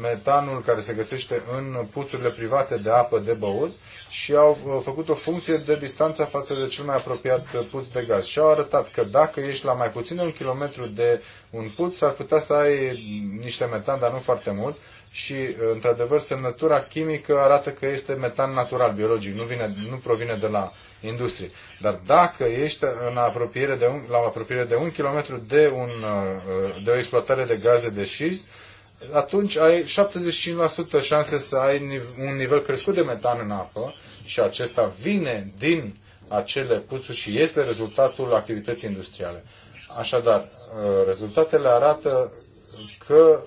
metanul care se găsește în puțurile private de apă de băut și au uh, făcut o funcție de distanța față de cel mai apropiat uh, puț de gaz. Și au arătat că dacă ești la mai puțin de un kilometru de un puț, ar putea să ai niște metan, dar nu foarte mult. Și, uh, într-adevăr, semnătura chimică arată că este metan natural, biologic, nu, vine, nu provine de la industrie. Dar dacă ești în apropiere de un, la apropiere de un kilometru de, un, de o exploatare de gaze de șist, atunci ai 75% șanse să ai un nivel crescut de metan în apă și acesta vine din acele puțuri și este rezultatul activității industriale. Așadar, uh, rezultatele arată că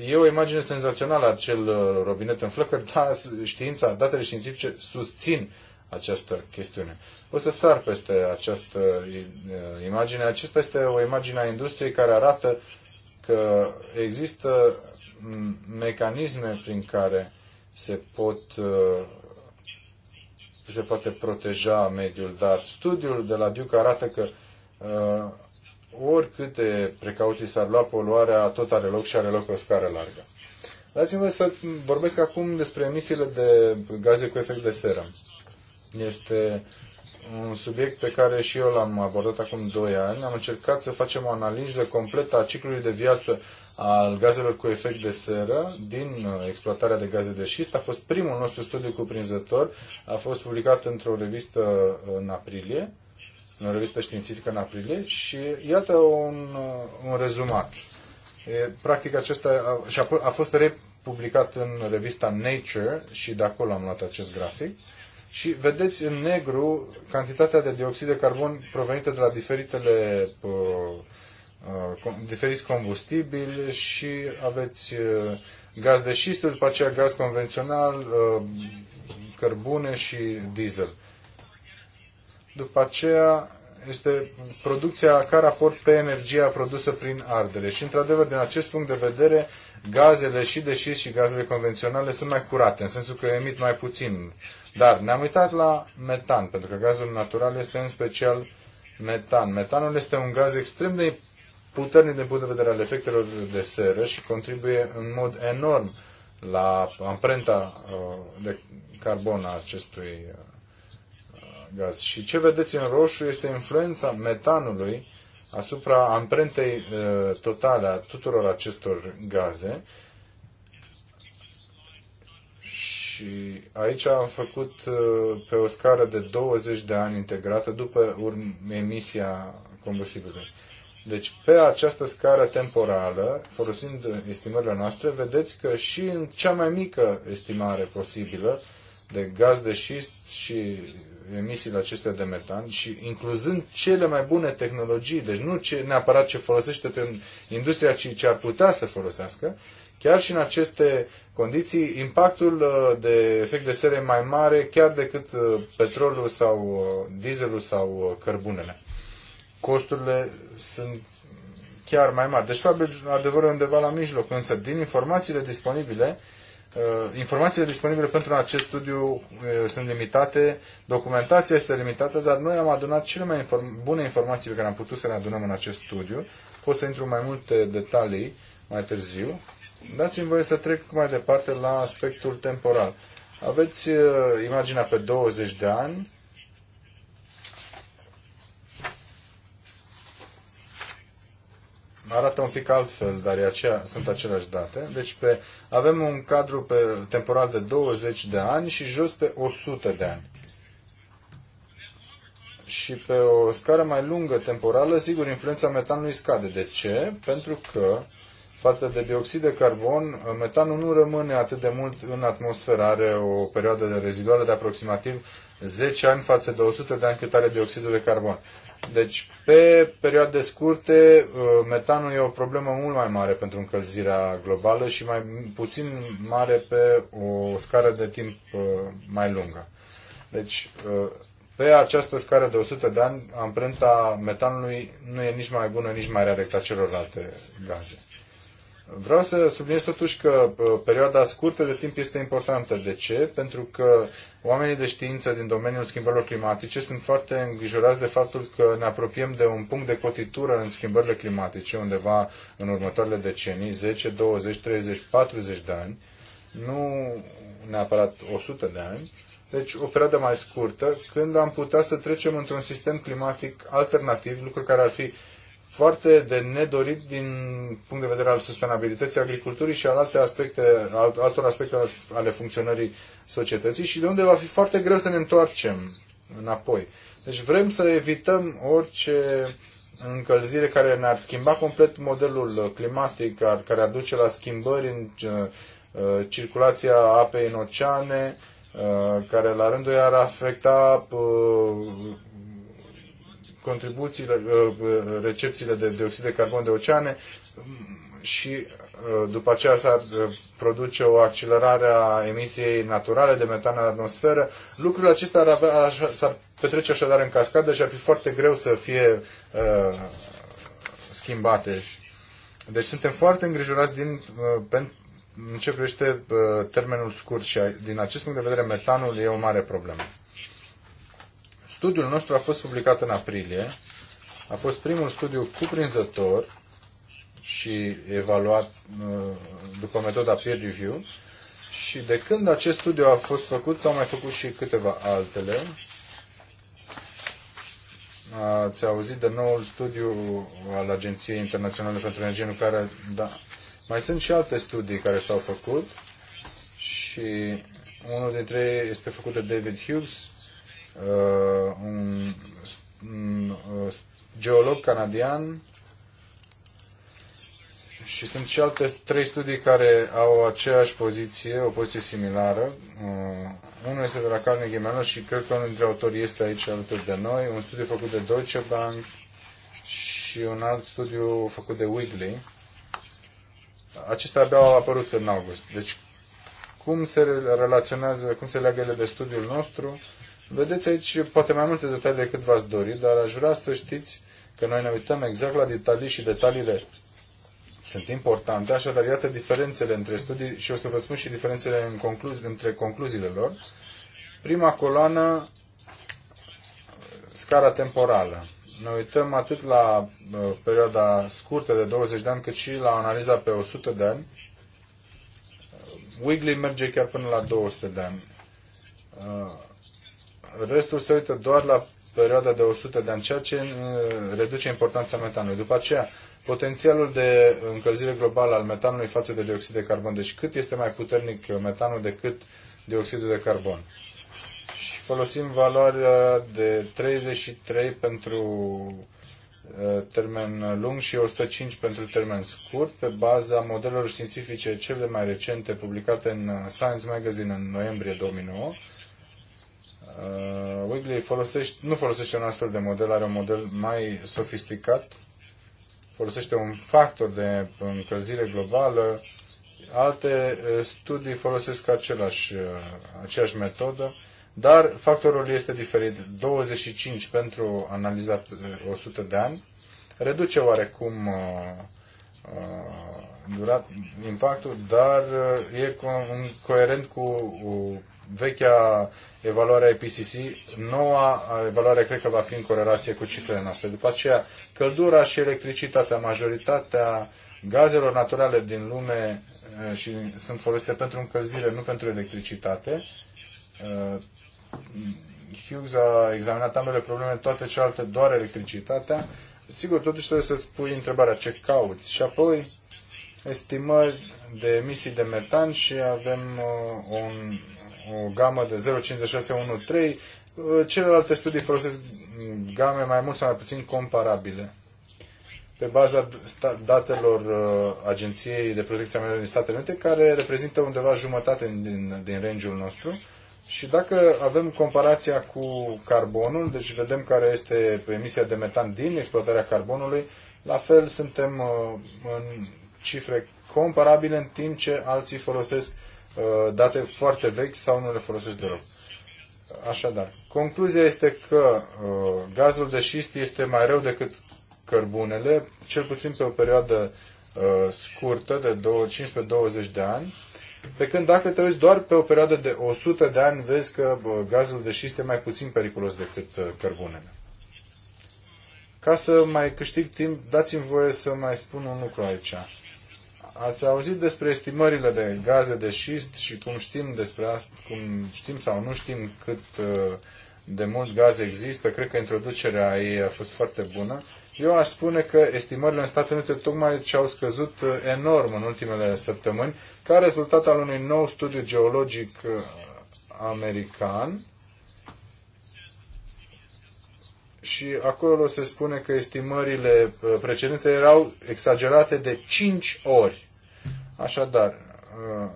uh, e o imagine senzațională acel uh, robinet în flăcări, dar știința, datele științifice susțin această chestiune. O să sar peste această imagine. Acesta este o imagine a industriei care arată că există mecanisme prin care se, pot, uh, se poate proteja mediul, dar studiul de la Duke arată că uh, oricâte precauții s-ar lua, poluarea tot are loc și are loc pe o scară largă. Dați-mi să vorbesc acum despre emisiile de gaze cu efect de seră. Este un subiect pe care și eu l-am abordat acum 2 ani. Am încercat să facem o analiză completă a ciclului de viață al gazelor cu efect de seră din uh, exploatarea de gaze de șist. A fost primul nostru studiu cuprinzător, a fost publicat într-o revistă uh, în aprilie, în o revistă științifică în aprilie și iată un, uh, un rezumat. E, practic acesta a, a fost republicat în revista Nature și de acolo am luat acest grafic și vedeți în negru cantitatea de dioxid de carbon provenită de la diferitele uh, uh diferiți combustibili și aveți uh, gaz de șisturi, după aceea gaz convențional, uh, cărbune și diesel. După aceea este producția ca raport pe energia produsă prin ardere. Și, într-adevăr, din acest punct de vedere, gazele și de șist și gazele convenționale sunt mai curate, în sensul că emit mai puțin dar ne-am uitat la metan, pentru că gazul natural este în special metan. Metanul este un gaz extrem de puternic din punct de vedere al efectelor de seră și contribuie în mod enorm la amprenta uh, de carbon a acestui uh, gaz. Și ce vedeți în roșu este influența metanului asupra amprentei uh, totale a tuturor acestor gaze Și aici am făcut uh, pe o scară de 20 de ani integrată după emisia combustibilului. Deci, pe această scară temporală, folosind estimările noastre, vedeți că și în cea mai mică estimare posibilă de gaz de șist și emisiile acestea de metan și incluzând cele mai bune tehnologii, deci nu ce, neapărat ce folosește industria, ci ce ar putea să folosească, Chiar și în aceste condiții, impactul uh, de efect de sere mai mare chiar decât uh, petrolul sau uh, dieselul sau cărbunele. Costurile sunt chiar mai mari. Deci, probabil, adevărul undeva la mijloc, însă din informațiile disponibile, informațiile disponibile pentru acest studiu sunt limitate, documentația este limitată, dar noi am adunat cele mai inform- bune informații pe care am putut să le adunăm în acest studiu. Pot să intru în mai multe detalii mai târziu, Dați-mi voie să trec mai departe la aspectul temporal. Aveți uh, imaginea pe 20 de ani. Arată un pic altfel, dar e aceea, sunt aceleași date. Deci pe, avem un cadru pe, temporal de 20 de ani și jos pe 100 de ani și pe o scară mai lungă temporală, sigur, influența metanului scade. De ce? Pentru că față de dioxid de carbon, metanul nu rămâne atât de mult în atmosferă, are o perioadă de reziduală de aproximativ 10 ani față de 100 de ani cât are dioxidul de carbon. Deci, pe perioade scurte, uh, metanul e o problemă mult mai mare pentru încălzirea globală și mai puțin mare pe o scară de timp uh, mai lungă. Deci, uh, pe această scară de 100 de ani, amprenta metanului nu e nici mai bună, nici mai rea decât a celorlalte gaze. Vreau să subliniez totuși că uh, perioada scurtă de timp este importantă. De ce? Pentru că oamenii de știință din domeniul schimbărilor climatice sunt foarte îngrijorați de faptul că ne apropiem de un punct de cotitură în schimbările climatice undeva în următoarele decenii, 10, 20, 30, 40 de ani, nu neapărat 100 de ani, deci o perioadă mai scurtă, când am putea să trecem într-un sistem climatic alternativ, lucru care ar fi foarte de nedorit din punct de vedere al sustenabilității agriculturii și al alte aspecte, altor aspecte ale funcționării societății și de unde va fi foarte greu să ne întoarcem înapoi. Deci vrem să evităm orice încălzire care ne-ar schimba complet modelul climatic, care ar duce la schimbări în uh, uh, circulația apei în oceane, uh, care la rândul ei ar afecta contribuțiile, uh, uh, recepțiile de dioxid de carbon de oceane și uh, după aceea s-ar produce o accelerare a emisiei naturale de metan în atmosferă. Lucrurile acestea ar avea, s-ar petrece așadar în cascadă și ar fi foarte greu să fie uh, schimbate. Deci suntem foarte îngrijorați din, uh, în ce privește uh, termenul scurt și din acest punct de vedere metanul e o mare problemă. Studiul nostru a fost publicat în aprilie. A fost primul studiu cuprinzător și evaluat uh, după metoda peer review. Și de când acest studiu a fost făcut, s-au mai făcut și câteva altele. Ați auzit de noul studiu al Agenției Internaționale pentru Energie Nucleară? Da. Mai sunt și alte studii care s-au făcut și unul dintre ei este făcut de David Hughes Uh, un, un uh, geolog canadian și sunt și alte trei studii care au aceeași poziție, o poziție similară. Uh, unul este de la Carnegie Mellon și cred că unul dintre autori este aici alături de noi. Un studiu făcut de Deutsche Bank și un alt studiu făcut de Wigley. Acestea abia au apărut în august. Deci, cum se relaționează, cum se leagă ele de studiul nostru? Vedeți aici poate mai multe detalii decât v-ați dori, dar aș vrea să știți că noi ne uităm exact la detalii și detaliile sunt importante, așadar iată diferențele între studii și o să vă spun și diferențele în conclu- între concluziile lor. Prima coloană, scara temporală. Ne uităm atât la uh, perioada scurtă de 20 de ani, cât și la analiza pe 100 de ani. Wiggly merge chiar până la 200 de ani. Uh, restul se uită doar la perioada de 100 de ani, ceea ce uh, reduce importanța metanului. După aceea, potențialul de încălzire globală al metanului față de dioxid de carbon, deci cât este mai puternic metanul decât dioxidul de carbon. Și folosim valoarea de 33 pentru uh, termen lung și 105 pentru termen scurt, pe baza modelelor științifice cele mai recente publicate în uh, Science Magazine în noiembrie 2009 Uh, Wiggly folosește, nu folosește un astfel de model, are un model mai sofisticat, folosește un factor de încălzire globală, alte uh, studii folosesc același, uh, aceeași metodă, dar factorul este diferit. 25 pentru analiza 100 de ani reduce oarecum uh, uh, durat, impactul, dar e co- coerent cu vechea evaluarea IPCC, noua evaluare cred că va fi în corelație cu cifrele noastre. După aceea, căldura și electricitatea, majoritatea gazelor naturale din lume și sunt folosite pentru încălzire, nu pentru electricitate. Hughes a examinat ambele probleme, toate celelalte doar electricitatea. Sigur, totuși trebuie să spui întrebarea ce cauți și apoi estimări de emisii de metan și avem uh, un o gamă de 0,5613. Uh, celelalte studii folosesc game mai mult sau mai puțin comparabile. Pe baza datelor uh, Agenției de Protecție a Mediului din Statele Unite, care reprezintă undeva jumătate din, din rangeul nostru, și dacă avem comparația cu carbonul, deci vedem care este emisia de metan din exploatarea carbonului, la fel suntem uh, în cifre comparabile în timp ce alții folosesc Uh, date foarte vechi sau nu le folosesc deloc. Așadar, concluzia este că uh, gazul de șist este mai rău decât cărbunele, cel puțin pe o perioadă uh, scurtă de 15-20 de ani, pe când dacă te uiți doar pe o perioadă de 100 de ani, vezi că gazul de șist e mai puțin periculos decât cărbunele. Ca să mai câștig timp, dați-mi voie să mai spun un lucru aici. Ați auzit despre estimările de gaze de șist și cum știm despre asta, cum știm sau nu știm cât uh, de mult gaze există. Cred că introducerea ei a fost foarte bună. Eu aș spune că estimările în Statele Unite tocmai ce au scăzut uh, enorm în ultimele săptămâni, ca rezultat al unui nou studiu geologic uh, american, și acolo se spune că estimările uh, precedente erau exagerate de 5 ori. Așadar, uh,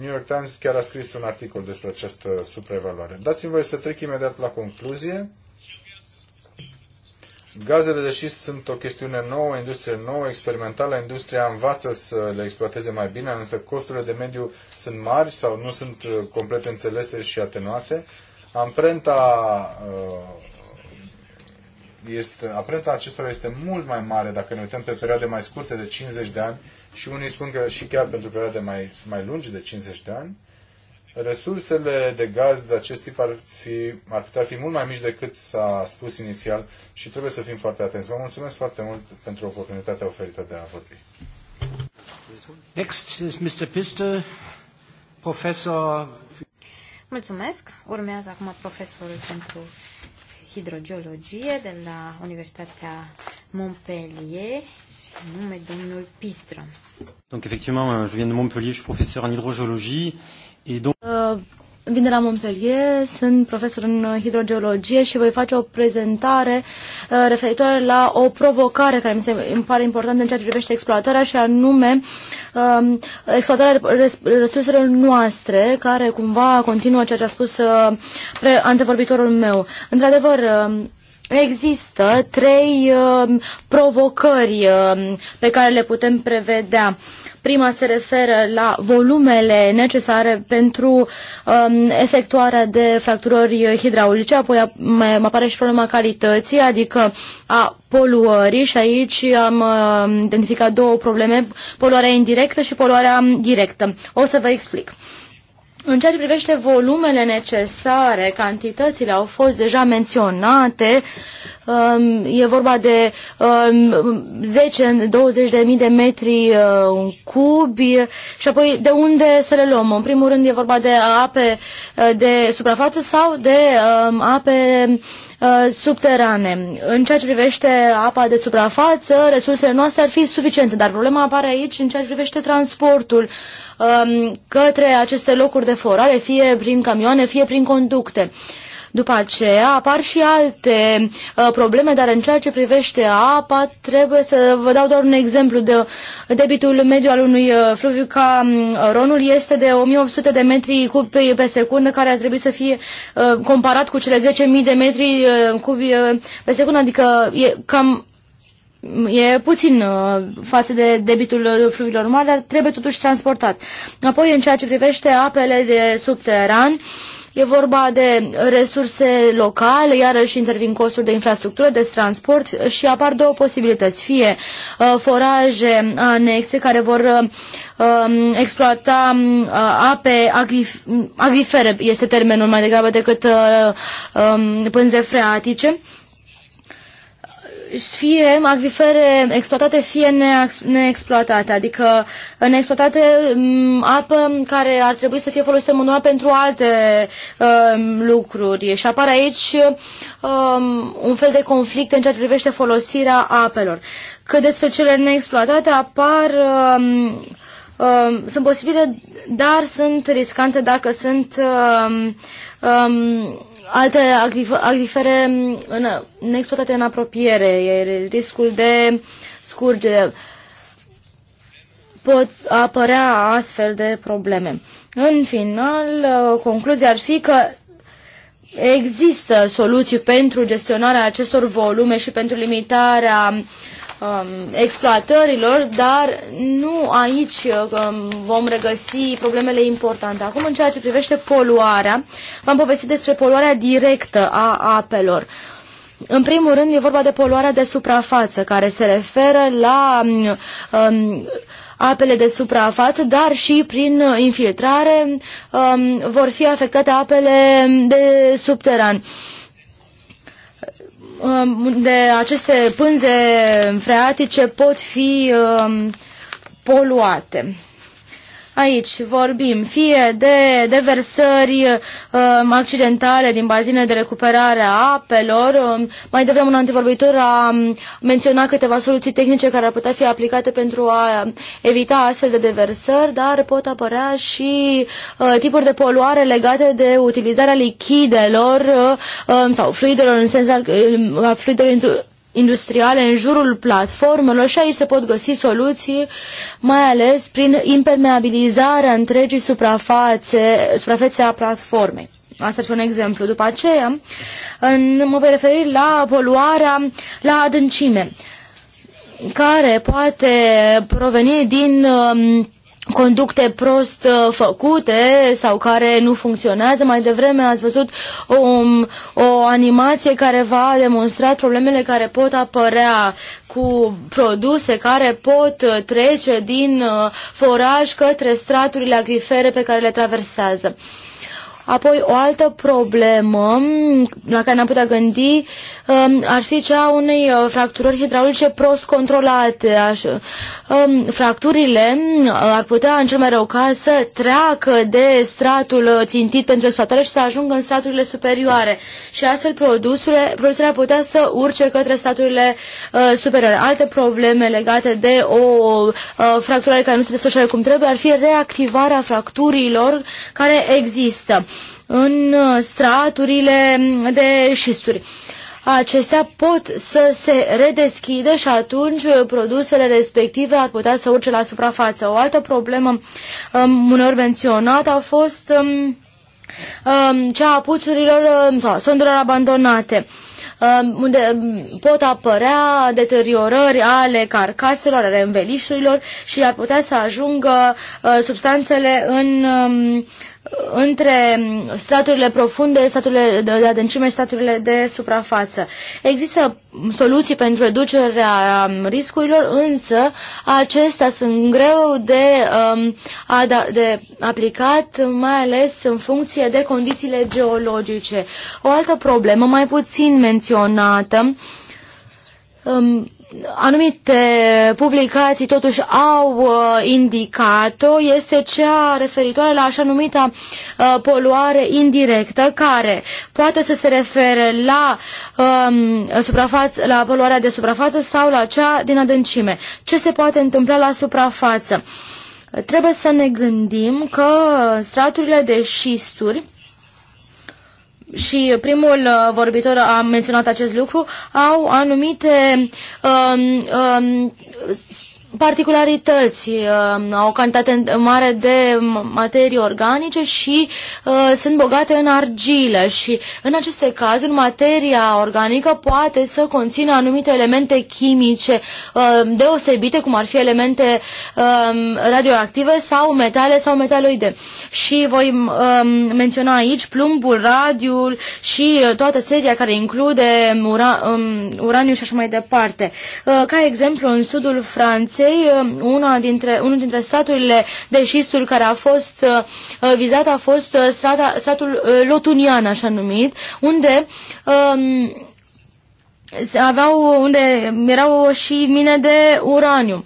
New York Times chiar a scris un articol despre această supraevaluare. Dați-mi voie să trec imediat la concluzie. Gazele de șist sunt o chestiune nouă, industrie nouă, experimentală, industria învață să le exploateze mai bine, însă costurile de mediu sunt mari sau nu sunt uh, complet înțelese și atenuate. Amprenta uh, este, amprenta acestora este mult mai mare dacă ne uităm pe perioade mai scurte de 50 de ani și unii spun că și chiar pentru perioade mai, mai lungi de 50 de ani, resursele de gaz de acest tip ar, fi, ar putea fi mult mai mici decât s-a spus inițial și trebuie să fim foarte atenți. Vă mulțumesc foarte mult pentru oportunitatea oferită de a vorbi. Next is Mr. Piste, professor... Mulțumesc. Urmează acum profesorul pentru hidrogeologie de la Universitatea Montpellier, nume domnul Pistrom. Donc effectivement, euh, je viens de Montpellier, je suis professeur en hydrogéologie et donc... Euh, vin de la Montpellier, sunt profesor în hidrogeologie și voi face o prezentare uh, referitoare la o provocare care mi se pare importantă în ceea ce privește exploatarea și anume um, exploatarea resurselor noastre, care cumva continuă ceea ce a spus uh, antevorbitorul meu. Într-adevăr, um, Există trei uh, provocări uh, pe care le putem prevedea. Prima se referă la volumele necesare pentru um, efectuarea de fracturări hidraulice, apoi mai apare și problema calității, adică a poluării și aici am uh, identificat două probleme, poluarea indirectă și poluarea directă. O să vă explic. În ceea ce privește volumele necesare, cantitățile au fost deja menționate, um, e vorba de 10-20 um, de mii de metri uh, cubi și apoi de unde să le luăm. În primul rând e vorba de ape uh, de suprafață sau de um, ape Uh, subterane. În ceea ce privește apa de suprafață, resursele noastre ar fi suficiente, dar problema apare aici în ceea ce privește transportul um, către aceste locuri de forare, fie prin camioane, fie prin conducte. Uh, după aceea apar și alte uh, probleme, dar în ceea ce privește apa, trebuie să vă dau doar un exemplu. De, debitul mediu al unui uh, fluviu ca uh, Ronul este de 1800 de metri cubi pe, secundă, care ar trebui să fie uh, comparat cu cele 10.000 de metri uh, cubi uh, pe secundă, adică e cam mm, E puțin uh, față de debitul uh, fluvilor mari, dar trebuie totuși transportat. Apoi, în ceea ce privește apele de subteran, uh, E vorba de resurse locale, iarăși intervin costuri de infrastructură, de transport și apar două posibilități. Fie uh, foraje anexe care vor uh, um, exploata uh, ape agrif mm, agrifere, este termenul mai degrabă decât uh, um, pânze freatice, fie magvifere exploatate, fie neexploatate, adică uh, neexploatate um, apă care ar trebui să fie folosită manual pentru alte um, lucruri. Și apare aici um, un fel de conflict în ceea ce privește folosirea apelor. Că despre cele neexploatate apar... Um, um, sunt posibile, dar sunt riscante dacă sunt um, um, alte agrifere mm, în, neexploatate în apropiere, e riscul de scurgere. Pot apărea astfel de probleme. În final, uh, concluzia ar fi că există soluții pentru gestionarea acestor volume și pentru limitarea um, exploatărilor, dar nu aici um, vom regăsi problemele importante. Acum, în ceea ce privește poluarea, v-am povestit despre poluarea directă a apelor. În primul rând, e vorba de poluarea de suprafață, care se referă la um, um apele de suprafață, dar și prin infiltrare um, vor fi afectate apele de subteran. Uh, Um, unde aceste pânze freatice pot fi um, poluate. Aici vorbim fie de deversări uh, accidentale din bazine de recuperare a apelor. Uh, mai devreme un antivorbitor a um, menționat câteva soluții tehnice care ar putea fi aplicate pentru a um, evita astfel de deversări, dar pot apărea și uh, tipuri de poluare legate de utilizarea lichidelor uh, sau fluidelor în sens al uh, fluidelor industriale în jurul platformelor și aici se pot găsi soluții, mai ales prin impermeabilizarea întregii suprafațe, suprafețe a platformei. Asta ar fi un exemplu. După aceea, în, mă voi referi la poluarea la adâncime, care poate proveni din uh, conducte prost uh, făcute sau care nu funcționează. Mai devreme ați văzut o, um, o animație care va demonstra problemele care pot apărea cu produse care pot uh, trece din uh, foraj către straturile agrifere pe care le traversează. Apoi, o altă problemă la care ne-am putea gândi um, ar fi cea unei uh, fracturări hidraulice prost controlate. Aș, um, fracturile ar putea, în cel mai rău caz, să treacă de stratul uh, țintit pentru exploatare și să ajungă în straturile superioare. Și astfel, produsurile, produsurile ar putea să urce către straturile uh, superioare. Alte probleme legate de o uh, fracturare care nu se desfășoară cum trebuie ar fi reactivarea fracturilor care există în uh, straturile de șisturi. Acestea pot să se redeschidă și atunci uh, produsele respective ar putea să urce la suprafață. O altă problemă um, uneori menționată a fost um, um, cea a puțurilor um, sau sondurilor abandonate um, unde um, pot apărea deteriorări ale carcaselor, ale învelișurilor și ar putea să ajungă uh, substanțele în um, între straturile profunde, straturile de adâncime și straturile de suprafață. Există soluții pentru reducerea riscurilor, însă acestea sunt greu de, um, de aplicat, mai ales în funcție de condițiile geologice. O altă problemă, mai puțin menționată, um, anumite publicații totuși au uh, indicat-o este cea referitoare la așa numita uh, poluare indirectă care poate să se refere la, um, suprafață, la poluarea de suprafață sau la cea din adâncime. Ce se poate întâmpla la suprafață? Trebuie să ne gândim că straturile de șisturi și primul uh, vorbitor a menționat acest lucru, au anumite um, um, particularități, uh, o cantitate mare de materii organice și uh, sunt bogate în argilă și în aceste cazuri materia organică poate să conțină anumite elemente chimice uh, deosebite, cum ar fi elemente uh, radioactive sau metale sau metaloide. Și voi um, menționa aici plumbul, radiul și uh, toată seria care include ura, um, uraniu și așa mai departe. Uh, ca exemplu, în sudul Franței Franței, um, una dintre, unul dintre straturile de șisturi care a fost uh, uh vizat a fost uh, strata, stratul uh, lotunian, așa numit, unde um, aveau, unde erau și mine de uraniu.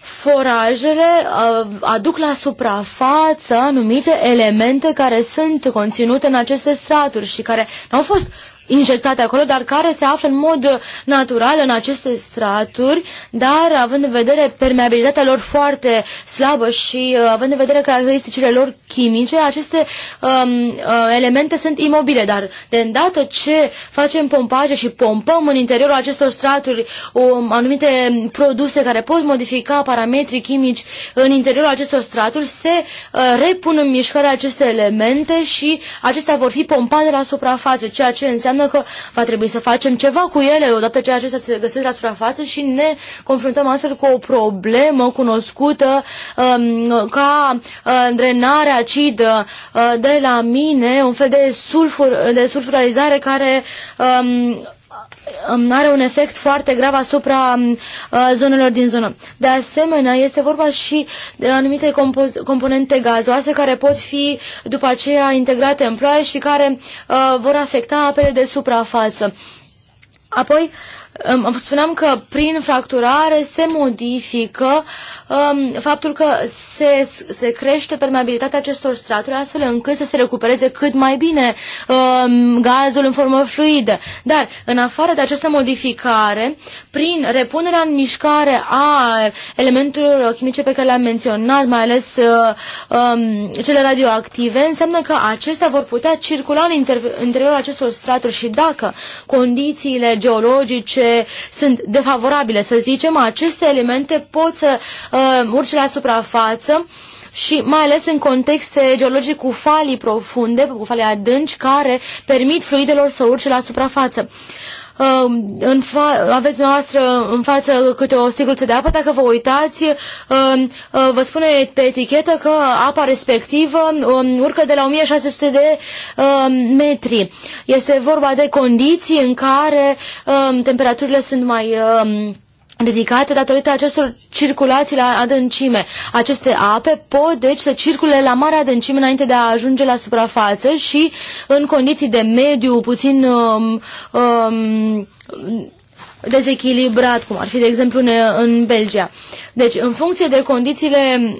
Forajele uh, aduc la suprafață anumite elemente care sunt conținute în aceste straturi și care nu au fost injectate acolo, dar care se află în mod natural în aceste straturi, dar având în vedere permeabilitatea lor foarte slabă și uh, având în vedere caracteristicile lor chimice, aceste um, uh, elemente sunt imobile, dar de îndată ce facem pompaje și pompăm în interiorul acestor straturi um, anumite produse care pot modifica parametrii chimici în interiorul acestor straturi, se uh, repun în mișcare aceste elemente și acestea vor fi pompate la suprafață, ceea ce înseamnă înseamnă că va trebui să facem ceva cu ele odată ce acestea se găsesc la suprafață și ne confruntăm astfel cu o problemă cunoscută um, ca uh, drenarea acidă uh, de la mine, un fel de, sulfur, de sulfurizare care um, are un efect foarte grav asupra um, uh, zonelor din zonă. De asemenea, este vorba și de anumite componente gazoase care pot fi după aceea integrate în ploaie și care uh, vor afecta apele de suprafață. Apoi, uh, spuneam că prin fracturare se modifică um, faptul că se, se crește permeabilitatea acestor straturi astfel încât să se recupereze cât mai bine um, gazul în formă fluidă. Dar, în afară de această modificare, prin repunerea în mișcare a elementelor chimice pe care le-am menționat, mai ales uh, um, cele radioactive, înseamnă că acestea vor putea circula în interiorul acestor straturi și dacă condițiile geologice care sunt defavorabile, să zicem, aceste elemente pot să uh, urce la suprafață și mai ales în contexte geologice cu falii profunde, cu falii adânci, care permit fluidelor să urce la suprafață. Um, în fa- aveți noastră în față câte o sticluță de apă, dacă vă uitați, um, uh, vă spune pe etichetă că apa respectivă um, urcă de la 1600 de metri. Este vorba de condiții în care temperaturile sunt mai ridicate datorită acestor circulații la adâncime. Aceste ape pot, deci, să circule la mare adâncime înainte de a ajunge la suprafață și în condiții de mediu puțin um, um, dezechilibrat, cum ar fi, de exemplu, în, în Belgia. Deci, în funcție de condițiile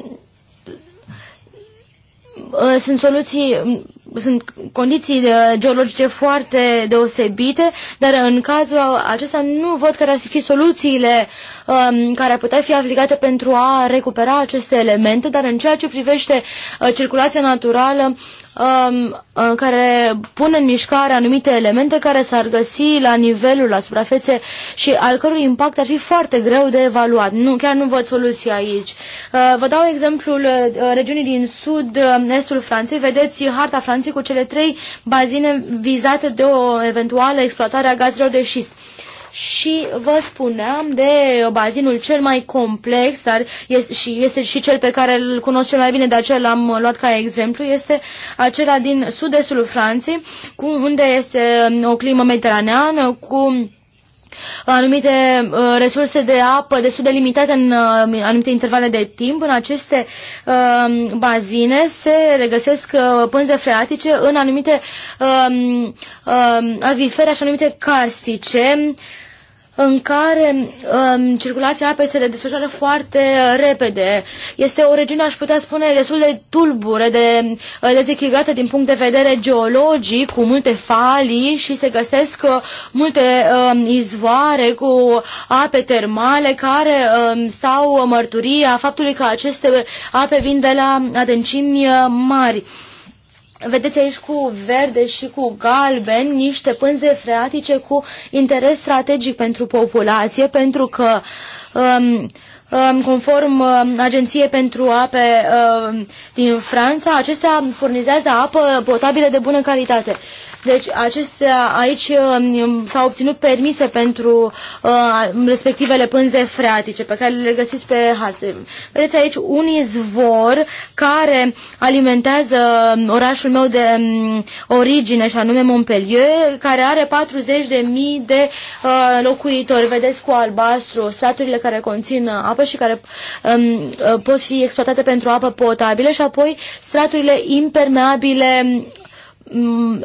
uh, sunt soluții sunt condiții uh, geologice foarte deosebite, dar în cazul acesta nu văd care ar fi soluțiile um, care ar putea fi aplicate pentru a recupera aceste elemente, dar în ceea ce privește uh, circulația naturală, um, uh, care pun în mișcare anumite elemente care s-ar găsi la nivelul, la suprafețe și al cărui impact ar fi foarte greu de evaluat. Nu, chiar nu văd soluția aici. Uh, vă dau exemplul uh, regiunii din sud, uh, estul Franței. Vedeți harta Franței cu cele trei bazine vizate de o eventuală exploatare a gazelor de șist. Uh, și vă spuneam de bazinul cel mai complex dar este și, este și cel pe care îl cunosc cel mai bine, de aceea l-am luat ca exemplu, este acela din sud-estul Franței, cu, unde este um, o climă mediteraneană, cu anumite uh, resurse de apă destul de limitate în uh, anumite intervale de timp. În aceste uh, bazine se regăsesc uh, pânze freatice în anumite uh, uh, agrifere, așa anumite castice. uh, în care um, circulația apei se desfășoară foarte uh, repede. Este o regiune, aș putea spune, destul de tulbure, de uh, dezechilibrată din punct de vedere geologic, cu multe falii și se găsesc uh, multe um, izvoare cu ape termale care um, stau mărturia faptului că aceste ape vin de la adâncimi mari. Vedeți aici cu verde și cu galben niște pânze freatice cu interes strategic pentru populație, pentru că um, um, conform um, Agenției pentru Ape um, din Franța, acestea furnizează apă potabilă de bună calitate. Uh, deci acestea, aici um, um, s-au obținut permise pentru uh, respectivele pânze freatice pe care le găsiți pe hațe. Vedeți aici un izvor care alimentează um, orașul meu de origine și anume Montpellier, care are 40.000 de uh, locuitori. Vedeți cu albastru straturile care conțin apă și care um, uh, pot fi exploatate pentru apă potabilă și apoi straturile impermeabile um,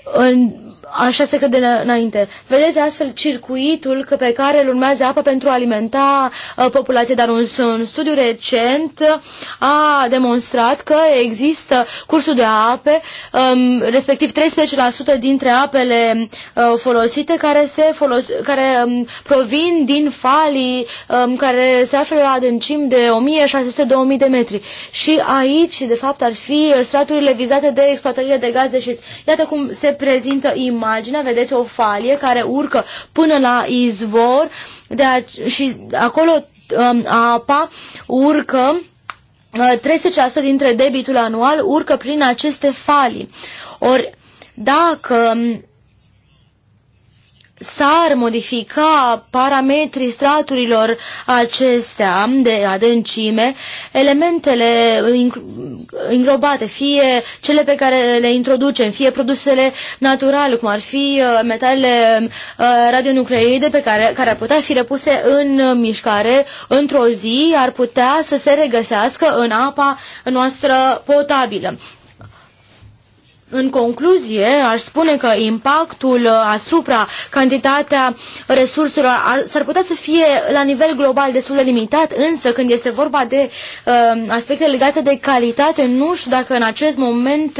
în, așa se căde înainte. Vedeți astfel circuitul că pe care îl urmează apa pentru a alimenta uh, populația, dar un, un studiu recent a demonstrat că există cursul de ape, um, respectiv 13% dintre apele uh, folosite care, se folos, care um, provin din falii um, care se află la adâncim de 1600-2000 de metri. Și aici, de fapt, ar fi uh, straturile vizate de exploatările de gaz de șist. Iată cum se reprezintă imaginea, vedeți o falie care urcă până la izvor de a, și acolo um, apa urcă 36% uh, dintre debitul anual urcă prin aceste falii. Ori dacă um, s-ar modifica parametrii straturilor acestea de adâncime, elementele înglobate, fie cele pe care le introducem, fie produsele naturale, cum ar fi uh, metalele uh, radionucleide pe care, care ar putea fi repuse în mișcare într-o zi, ar putea să se regăsească în apa noastră potabilă. În concluzie, aș spune că impactul asupra cantitatea resurselor s-ar putea să fie la nivel global destul de limitat, însă când este vorba de uh, aspecte legate de calitate, nu știu dacă în acest moment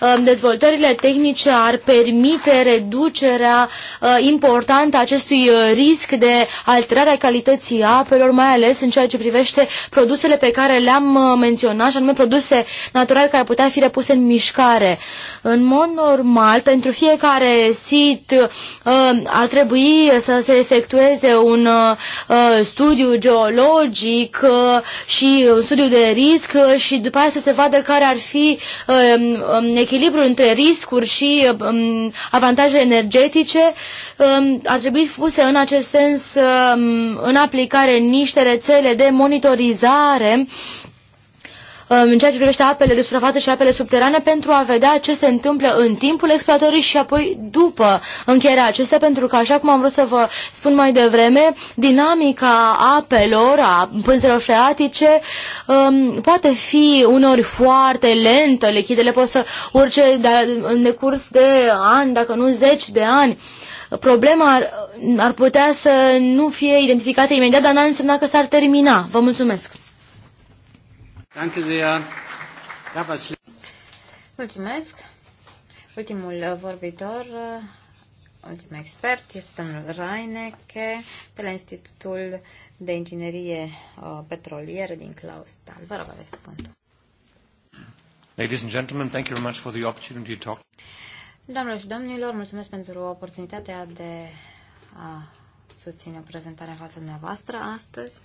uh, dezvoltările tehnice ar permite reducerea uh, importantă a acestui uh, risc de alterare a calității apelor, mai ales în ceea ce privește produsele pe care le-am uh, menționat, și anume produse naturale care ar putea fi repuse în mișcare. În mod normal, pentru fiecare sit uh, ar trebui să se efectueze un uh, studiu geologic uh, și un studiu de risc și după aceea să se vadă care ar fi um, um, echilibrul între riscuri și um, avantaje energetice. Ar trebui puse în acest sens în aplicare niște rețele de monitorizare Um, în ceea ce privește apele de suprafață și apele subterane pentru a vedea ce se întâmplă în timpul exploatării și apoi după încheierea acestea, pentru că, așa cum am vrut să vă spun mai devreme, dinamica apelor, a pânzelor freatice, um, poate fi unori foarte lentă, lechidele pot să urce de, în decurs de ani, dacă nu zeci de ani. Problema ar, ar putea să nu fie identificată imediat, dar n-ar însemna că s-ar termina. Vă mulțumesc! Danke sehr. Mulțumesc. Ultimul vorbitor, ultimul expert este domnul Reinecke de la Institutul de Inginerie uh, Petrolieră din Clausthal. Vă rog, aveți cuvântul. Ladies and gentlemen, thank you very much for the opportunity to talk. Doamnelor și domnilor, mulțumesc pentru oportunitatea de a susține o prezentare în fața dumneavoastră astăzi.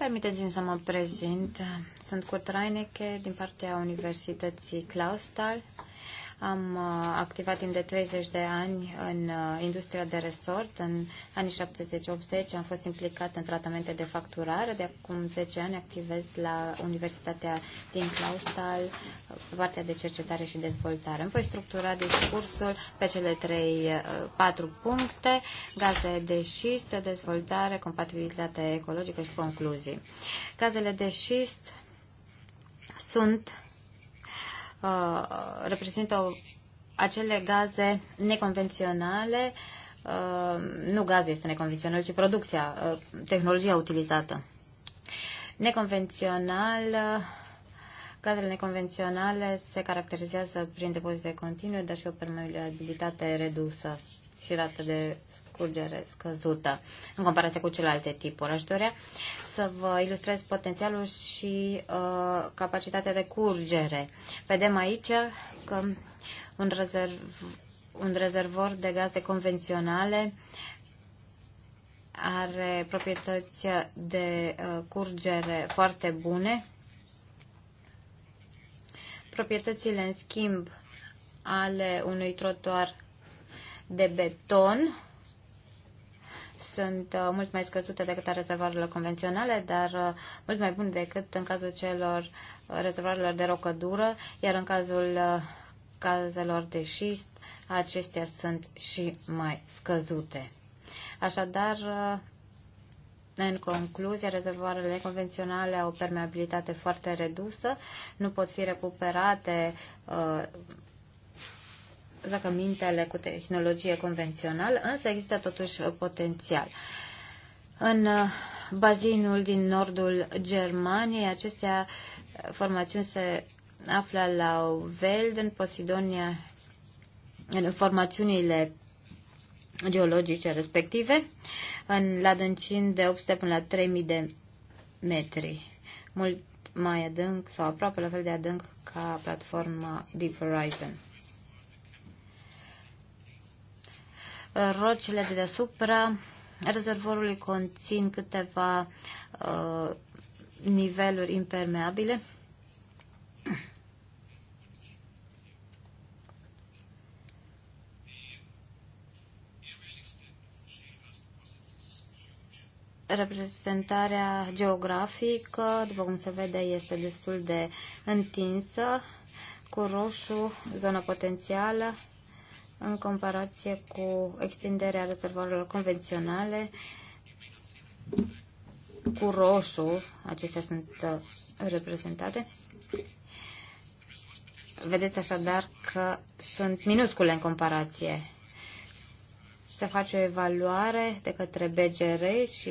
Permiteți-mi să mă prezint. Sunt Kurt Reinecke din partea Universității Clausthal am uh, activat timp de 30 de ani în uh, industria de resort. În anii 70-80 am fost implicat în tratamente de facturare. De acum 10 ani activez la Universitatea din Clausthal, uh, partea de cercetare și dezvoltare. Îmi voi structura discursul pe cele 3, 4 puncte, gaze de șist, dezvoltare, compatibilitate ecologică și concluzii. Gazele de șist sunt Uh, reprezintă acele gaze neconvenționale, uh, nu gazul este neconvențional, ci producția, uh, tehnologia utilizată. Neconvențional, uh, gazele neconvenționale se caracterizează prin depozite continue, dar și o permeabilitate redusă și rată de scurgere scăzută în comparație cu celelalte tipuri. Aș dorea să vă ilustrez potențialul și uh, capacitatea de curgere. Vedem aici că un, rezerv, un rezervor de gaze convenționale are proprietăți de uh, curgere foarte bune. Proprietățile, în schimb, ale unui trotuar de beton sunt uh, mult mai scăzute decât a rezervoarelor convenționale, dar uh, mult mai bune decât în cazul celor uh, rezervoarelor de rocădură, iar în cazul cazelor de șist, acestea sunt și mai scăzute. Așadar, în concluzie, rezervoarele convenționale au o permeabilitate foarte redusă, nu pot fi recuperate uh, zăcămintele cu tehnologie convențională, însă există totuși potențial. În uh, bazinul din nordul Germaniei, acestea uh, formațiuni se află la Veld, în Posidonia, în formațiunile geologice respective, în, la adâncini de 800 până la 3000 de metri, mult mai adânc sau aproape la fel de adânc ca platforma Deep Horizon. Rocile de deasupra rezervorului conțin câteva uh, niveluri impermeabile. Reprezentarea geografică, după cum se vede, este destul de întinsă, cu roșu, zona potențială, în comparație cu extinderea rezervoarelor convenționale cu roșu, acestea sunt uh, reprezentate. Vedeți așadar că sunt minuscule în comparație se face o evaluare de către BGR și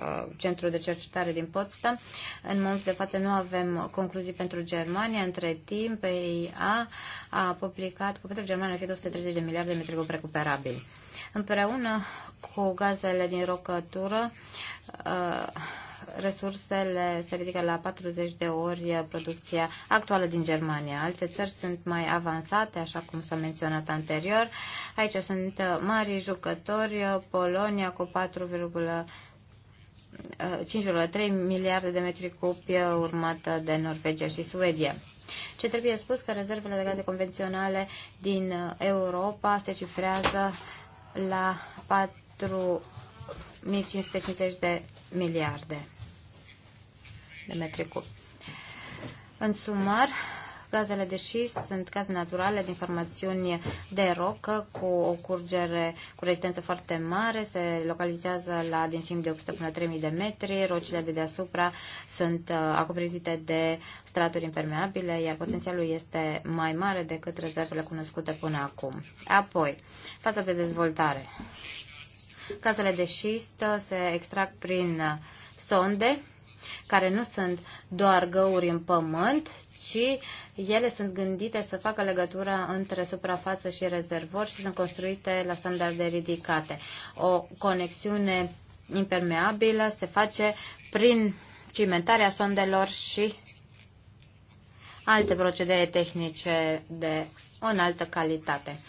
uh, Centrul de Cercetare din Potsdam. În momentul de față nu avem concluzii pentru Germania. Între timp, PIA a publicat că pentru Germania ar fi 230 de miliarde de metri cub recuperabili. Împreună cu gazele din rocătură, uh, resursele se ridică la 40 de ori producția actuală din Germania. Alte țări sunt mai avansate, așa cum s-a menționat anterior. Aici sunt mari jucători, Polonia cu 4,53 5,3 eh, miliarde de metri cubi urmată de Norvegia și Suedia. Ce trebuie spus că rezervele de gaze convenționale din eh, Europa se cifrează la 4.550 de miliarde de metri cub. În sumar, gazele de șist sunt gaze naturale din formațiuni de rocă cu o curgere cu rezistență foarte mare, se localizează la adâncimi de 800 până la 3000 de metri, rocile de deasupra sunt uh, acoperite de straturi impermeabile, iar potențialul este mai mare decât rezervele cunoscute până acum. Apoi, faza de dezvoltare. Gazele de șist uh, se extrag prin uh, sonde care nu sunt doar găuri în pământ, ci ele sunt gândite să facă legătura între suprafață și rezervor și sunt construite la standarde ridicate. O conexiune impermeabilă se face prin cimentarea sondelor și alte procedee tehnice de o înaltă calitate.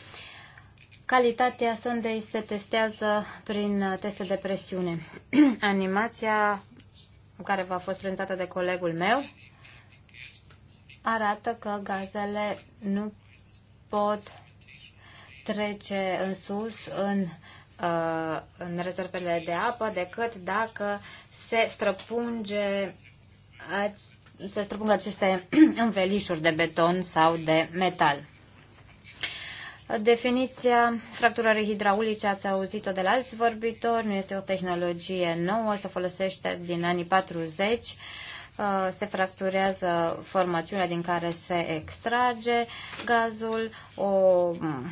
Calitatea sondei se testează prin teste de presiune. Animația care v-a fost prezentată de colegul meu arată că gazele nu pot trece în sus în, uh, în rezervele de apă decât dacă se străpunge se străpung aceste învelișuri de beton sau de metal. Definiția fracturării hidraulice ați auzit-o de la alți vorbitori, nu este o tehnologie nouă, se folosește din anii 40 uh, se fracturează formațiunea din care se extrage gazul, o mm,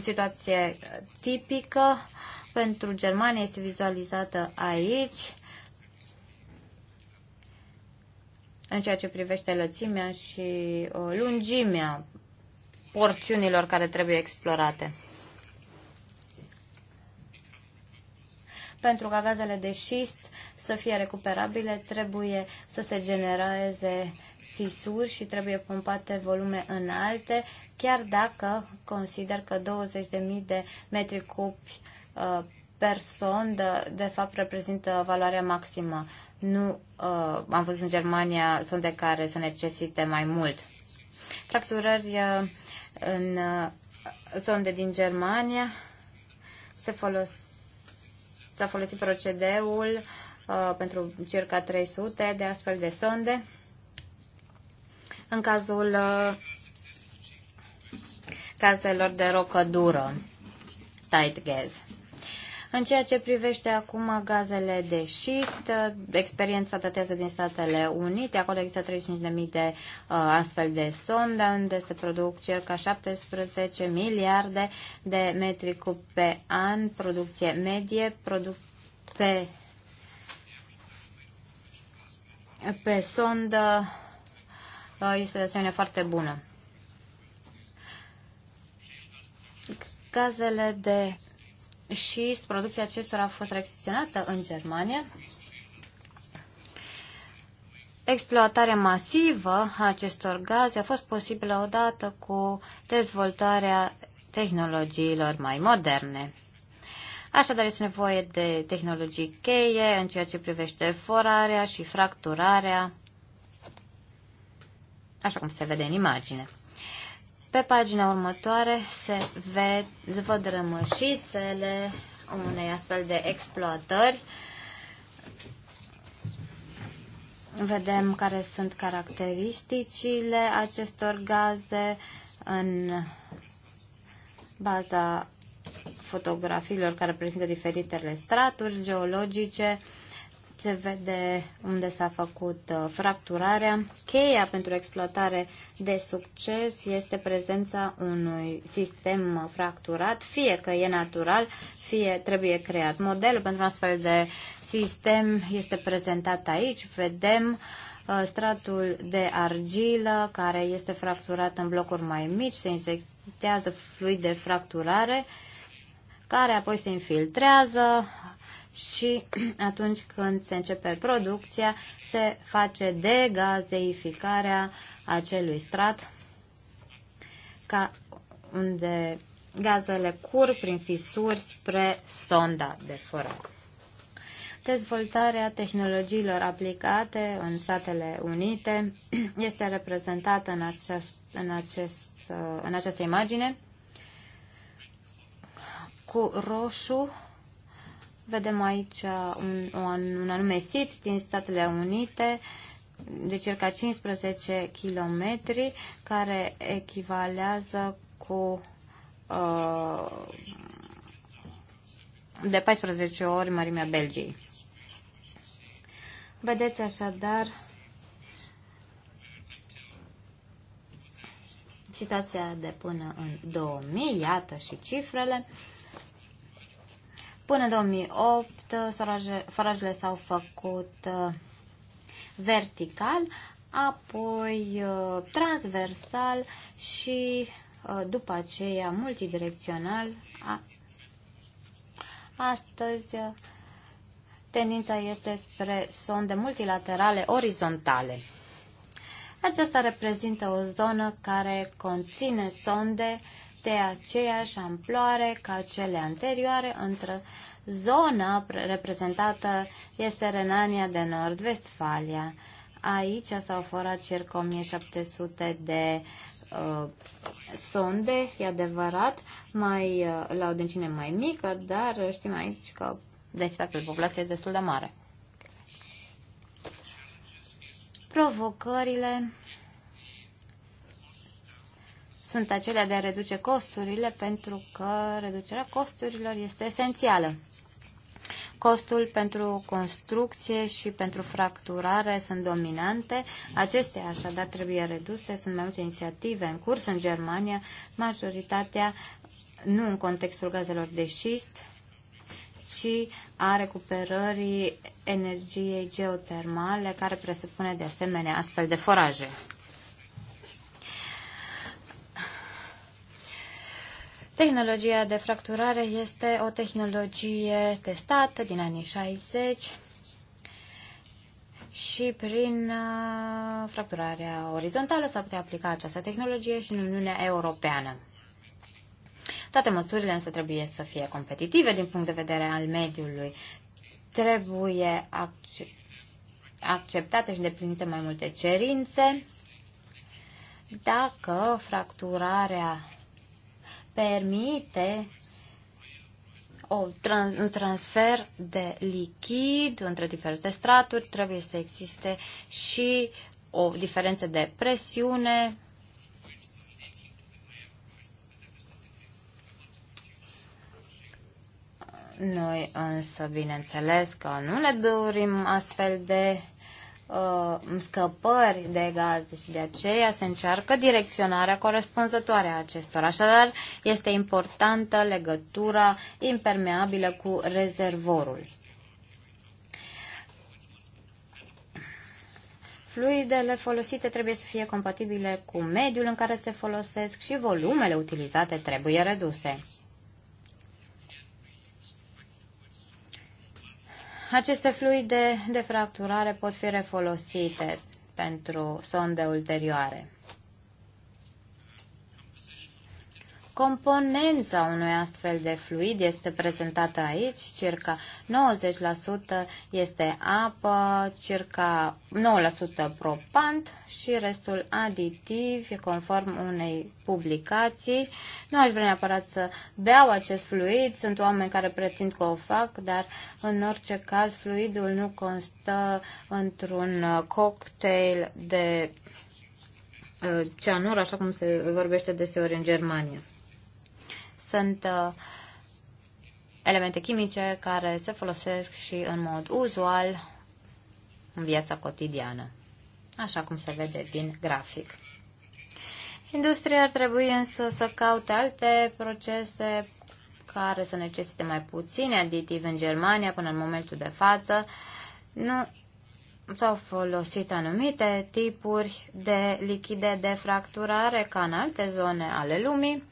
situație tipică pentru Germania este vizualizată aici în ceea ce privește lățimea și uh, lungimea porțiunilor care trebuie explorate. Pentru ca gazele de șist să fie recuperabile, trebuie să se genereze fisuri și trebuie pompate volume înalte, chiar dacă consider că 20.000 de metri cubi uh, per sondă, de fapt, reprezintă valoarea maximă. Nu uh, am văzut în Germania sonde care să necesite mai mult. Fracturări uh, în sonde uh, din Germania se folos, s-a folosit procedeul uh, pentru circa 300 de astfel de sonde. În cazul uh, cazelor de rocă dură, tight gas. În ceea ce privește acum gazele de șist, uh, experiența datează din Statele Unite. Acolo există 35.000 de uh, astfel de sonde, unde se produc circa 17 miliarde de metri cub pe an, producție medie, produc pe pe sondă uh, este de asemenea foarte bună. Gazele de și producția acestora a fost restricționată în Germania. Exploatarea masivă a acestor gaze a fost posibilă odată cu dezvoltarea tehnologiilor mai moderne. Așadar, este nevoie de tehnologii cheie în ceea ce privește forarea și fracturarea, așa cum se vede în imagine. Pe pagina următoare se ved, văd rămășițele unei astfel de exploatări. Vedem care sunt caracteristicile acestor gaze în baza fotografiilor care prezintă diferitele straturi geologice se vede unde s-a făcut uh, fracturarea. Cheia pentru exploatare de succes este prezența unui sistem fracturat, fie că e natural, fie trebuie creat. Modelul pentru un astfel de sistem este prezentat aici. Vedem uh, stratul de argilă care este fracturat în blocuri mai mici, se injectează fluid de fracturare care apoi se infiltrează, și atunci când se începe producția, se face degazeificarea acelui strat ca unde gazele cur prin fisuri spre sonda de forat. Dezvoltarea tehnologiilor aplicate în Statele Unite este reprezentată în, acest, în, acest, în această imagine cu roșu Vedem aici uh, un, un, un anume sit din Statele Unite de circa 15 km care echivalează cu uh, de 14 ori mărimea Belgiei. Vedeți așadar situația de până în 2000, iată și cifrele. Uh, Până în 2008, farajele s-au făcut uh, vertical, apoi uh, transversal și uh, după aceea multidirecțional. Astăzi tendința este spre sonde multilaterale orizontale. Aceasta reprezintă o zonă care conține sonde de aceeași amploare ca cele anterioare, între zona reprezentată este Renania de Nord-Vestfalia. Aici s-au forat circa 1700 de uh, sonde, e adevărat, mai, uh, la o densime mai mică, dar știm aici că densitatea de populație este destul de mare. Provocările sunt acelea de a reduce costurile, pentru că reducerea costurilor este esențială. Costul pentru construcție și pentru fracturare sunt dominante. Acestea așadar trebuie reduse. Sunt mai multe inițiative în curs în Germania, majoritatea nu în contextul gazelor de șist, ci a recuperării energiei geotermale, care presupune de asemenea astfel de foraje. Tehnologia de fracturare este o tehnologie testată din anii 60 și prin uh, fracturarea orizontală s a putea aplica această tehnologie și în Uniunea Europeană. Toate măsurile însă trebuie să fie competitive din punct de vedere al mediului. Trebuie acceptate și îndeplinite mai multe cerințe. Dacă fracturarea permite o, trans, un transfer de lichid între diferite straturi, trebuie să existe și o diferență de presiune. Noi însă, bineînțeles că nu ne dorim astfel de uh, scăpări de gaze și de aceea se încearcă direcționarea corespunzătoare a acestora. Așadar, este importantă legătura impermeabilă cu rezervorul. Fluidele folosite trebuie să fie compatibile cu mediul în care se folosesc și volumele utilizate trebuie reduse. Aceste fluide de fracturare pot fi refolosite pentru sonde ulterioare. componența unui astfel de fluid este prezentată aici, circa 90% este apă, circa 9% propant și restul aditiv, conform unei publicații. Nu aș vrea neapărat să beau acest fluid, sunt oameni care pretind că o fac, dar în orice caz fluidul nu constă într-un uh, cocktail de uh, cianur, așa cum se vorbește deseori în Germania. Sunt uh, elemente chimice care se folosesc și în mod uzual în viața cotidiană, așa cum se vede din grafic. Industria ar trebui însă să caute alte procese care să necesite mai puține aditivi în Germania până în momentul de față. Nu s-au folosit anumite tipuri de lichide de fracturare ca în alte zone ale lumii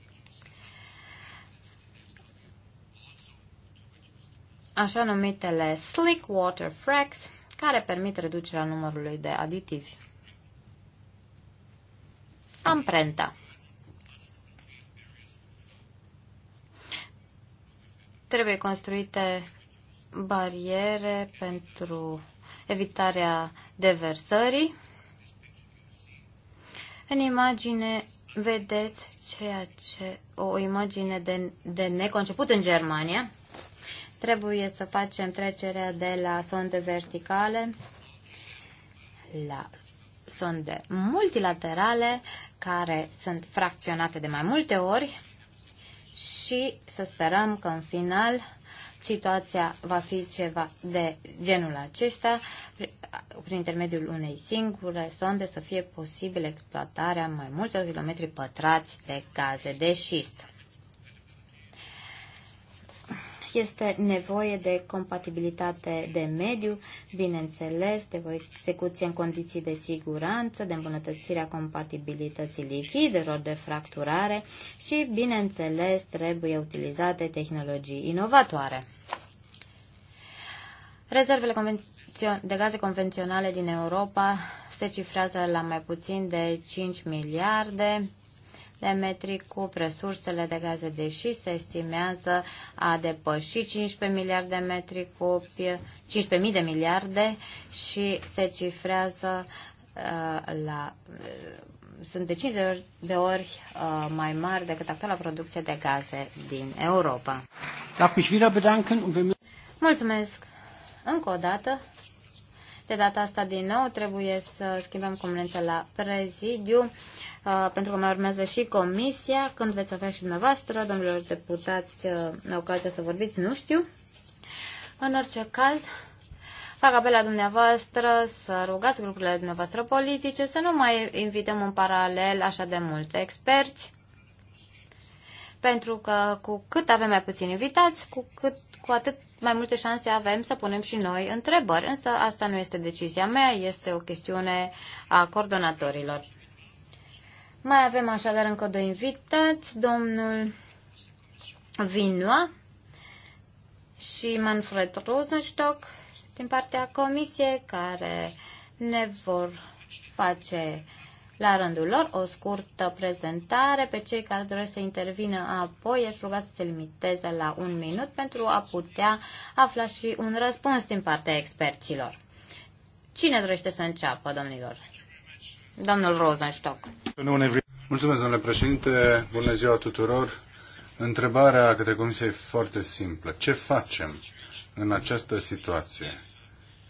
așa numitele slick water fracs, care permit reducerea numărului de aditivi. Amprenta. Trebuie construite bariere pentru evitarea deversării. În imagine vedeți ceea ce o imagine de, de neconceput în Germania, Trebuie să facem trecerea de la sonde verticale la sonde multilaterale care sunt fracționate de mai multe ori și să sperăm că în final situația va fi ceva de genul acesta, prin intermediul unei singure sonde să fie posibil exploatarea mai multor kilometri pătrați de gaze de șist. Este nevoie de compatibilitate de mediu, bineînțeles, de o execuție în condiții de siguranță, de îmbunătățirea compatibilității lichidelor, de fracturare și, bineînțeles, trebuie utilizate tehnologii inovatoare. Rezervele de gaze convenționale din Europa se cifrează la mai puțin de 5 miliarde de metri cub. Resursele de gaze de șist se estimează a depăși 15 miliarde de metri cub, 15.000 de miliarde și se cifrează uh, la uh, sunt de 50 de ori uh, mai mari decât actuala producție de gaze din Europa. Darf mich wieder bedanken und Mulțumesc încă o dată. De data asta din nou trebuie să schimbăm comunitatea la prezidiu. Uh, pentru că mai urmează și comisia, când veți avea și dumneavoastră, domnilor deputați, uh, ocazia să vorbiți, nu știu. În orice caz, fac apel la dumneavoastră să rugați grupurile dumneavoastră politice să nu mai invităm în paralel așa de multe experți, pentru că cu cât avem mai puțini invitați, cu, cât, cu atât mai multe șanse avem să punem și noi întrebări. Însă asta nu este decizia mea, este o chestiune a coordonatorilor. Mai avem așadar încă doi invitați, domnul Vinoa și Manfred Rosenstock din partea comisiei care ne vor face la rândul lor o scurtă prezentare. Pe cei care doresc să intervină apoi aș ruga să se limiteze la un minut pentru a putea afla și un răspuns din partea experților. Cine dorește să înceapă, domnilor? Domnul Rosenstock. Mulțumesc, domnule președinte. Bună ziua tuturor. Întrebarea către comisie e foarte simplă. Ce facem în această situație?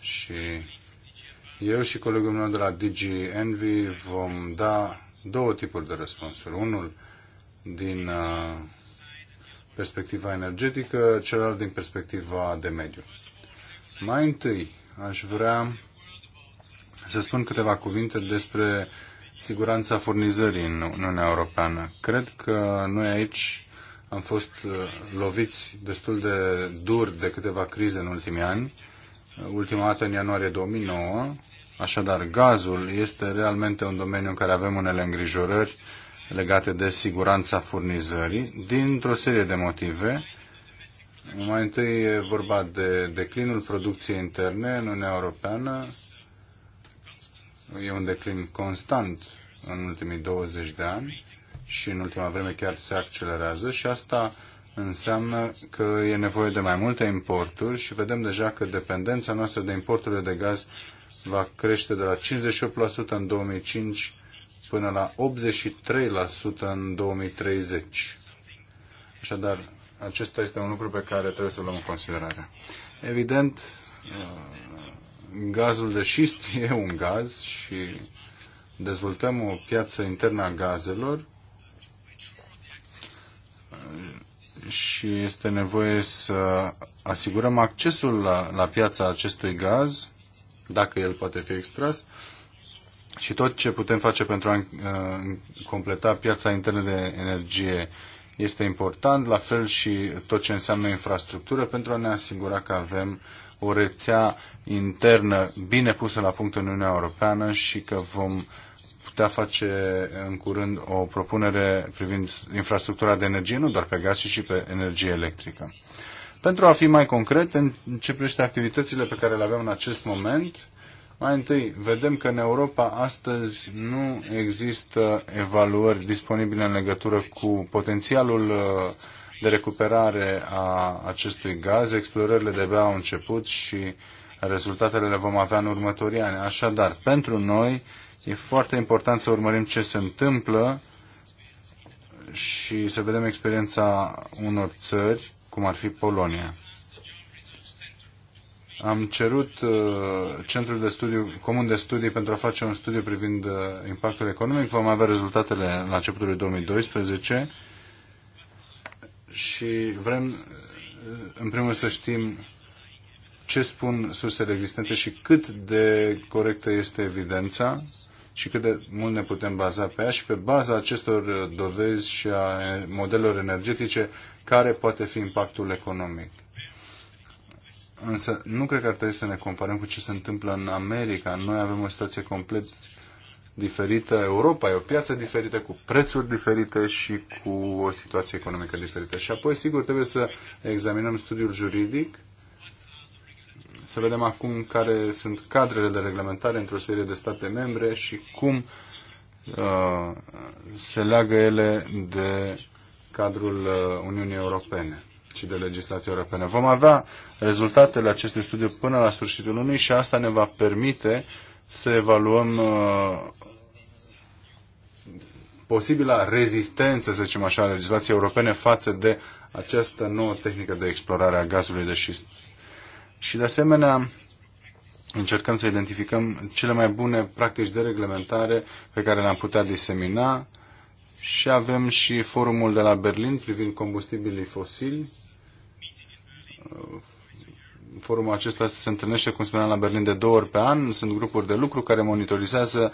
Și eu și colegul meu de la DG Envy vom da două tipuri de răspunsuri. Unul din uh, perspectiva energetică, celălalt din perspectiva de mediu. Mai întâi, aș vrea să spun câteva cuvinte despre siguranța furnizării în Uniunea Europeană. Cred că noi aici am fost uh, loviți destul de dur de câteva crize în ultimii ani. Ultima dată în ianuarie 2009, așadar gazul este realmente un domeniu în care avem unele îngrijorări legate de siguranța furnizării dintr-o serie de motive. Mai întâi e vorba de declinul producției interne în Uniunea Europeană, e un declin constant în ultimii 20 de ani și în ultima vreme chiar se accelerează și asta înseamnă că e nevoie de mai multe importuri și vedem deja că dependența noastră de importurile de gaz va crește de la 58% în 2005 până la 83% în 2030. Așadar, acesta este un lucru pe care trebuie să-l luăm în considerare. Evident, gazul de șist e un gaz și dezvoltăm o piață internă a gazelor și este nevoie să asigurăm accesul la, la piața acestui gaz, dacă el poate fi extras, și tot ce putem face pentru a uh, completa piața internă de energie este important, la fel și tot ce înseamnă infrastructură, pentru a ne asigura că avem o rețea internă bine pusă la punct în Uniunea Europeană și că vom putea face în curând o propunere privind infrastructura de energie, nu doar pe gaz, ci și pe energie electrică. Pentru a fi mai concret, în ce privește activitățile pe care le avem în acest moment, mai întâi, vedem că în Europa astăzi nu există evaluări disponibile în legătură cu potențialul uh, de recuperare a acestui gaz. Explorările de abia au început și Rezultatele le vom avea în următorii ani. Așadar, pentru noi e foarte important să urmărim ce se întâmplă și să vedem experiența unor țări, cum ar fi Polonia. Am cerut uh, Centrul de Studiu, Comun de Studii pentru a face un studiu privind uh, impactul economic. Vom avea rezultatele la începutul 2012 și vrem, uh, în primul să știm ce spun sursele existente și cât de corectă este evidența și cât de mult ne putem baza pe ea și pe baza acestor dovezi și a modelelor energetice, care poate fi impactul economic. Însă nu cred că ar trebui să ne comparăm cu ce se întâmplă în America. Noi avem o situație complet diferită. Europa e o piață diferită, cu prețuri diferite și cu o situație economică diferită. Și apoi, sigur, trebuie să examinăm studiul juridic să vedem acum care sunt cadrele de reglementare într-o serie de state membre și cum uh, se leagă ele de cadrul uh, Uniunii Europene și de legislație europene. Vom avea rezultatele acestui studiu până la sfârșitul lunii și asta ne va permite să evaluăm uh, posibila rezistență, să zicem așa, a legislației europene față de această nouă tehnică de explorare a gazului de șist. Și de asemenea, încercăm să identificăm cele mai bune practici de reglementare pe care le-am putea disemina și avem și forumul de la Berlin privind combustibilii fosili. Forumul acesta se întâlnește, cum spuneam, la Berlin de două ori pe an. Sunt grupuri de lucru care monitorizează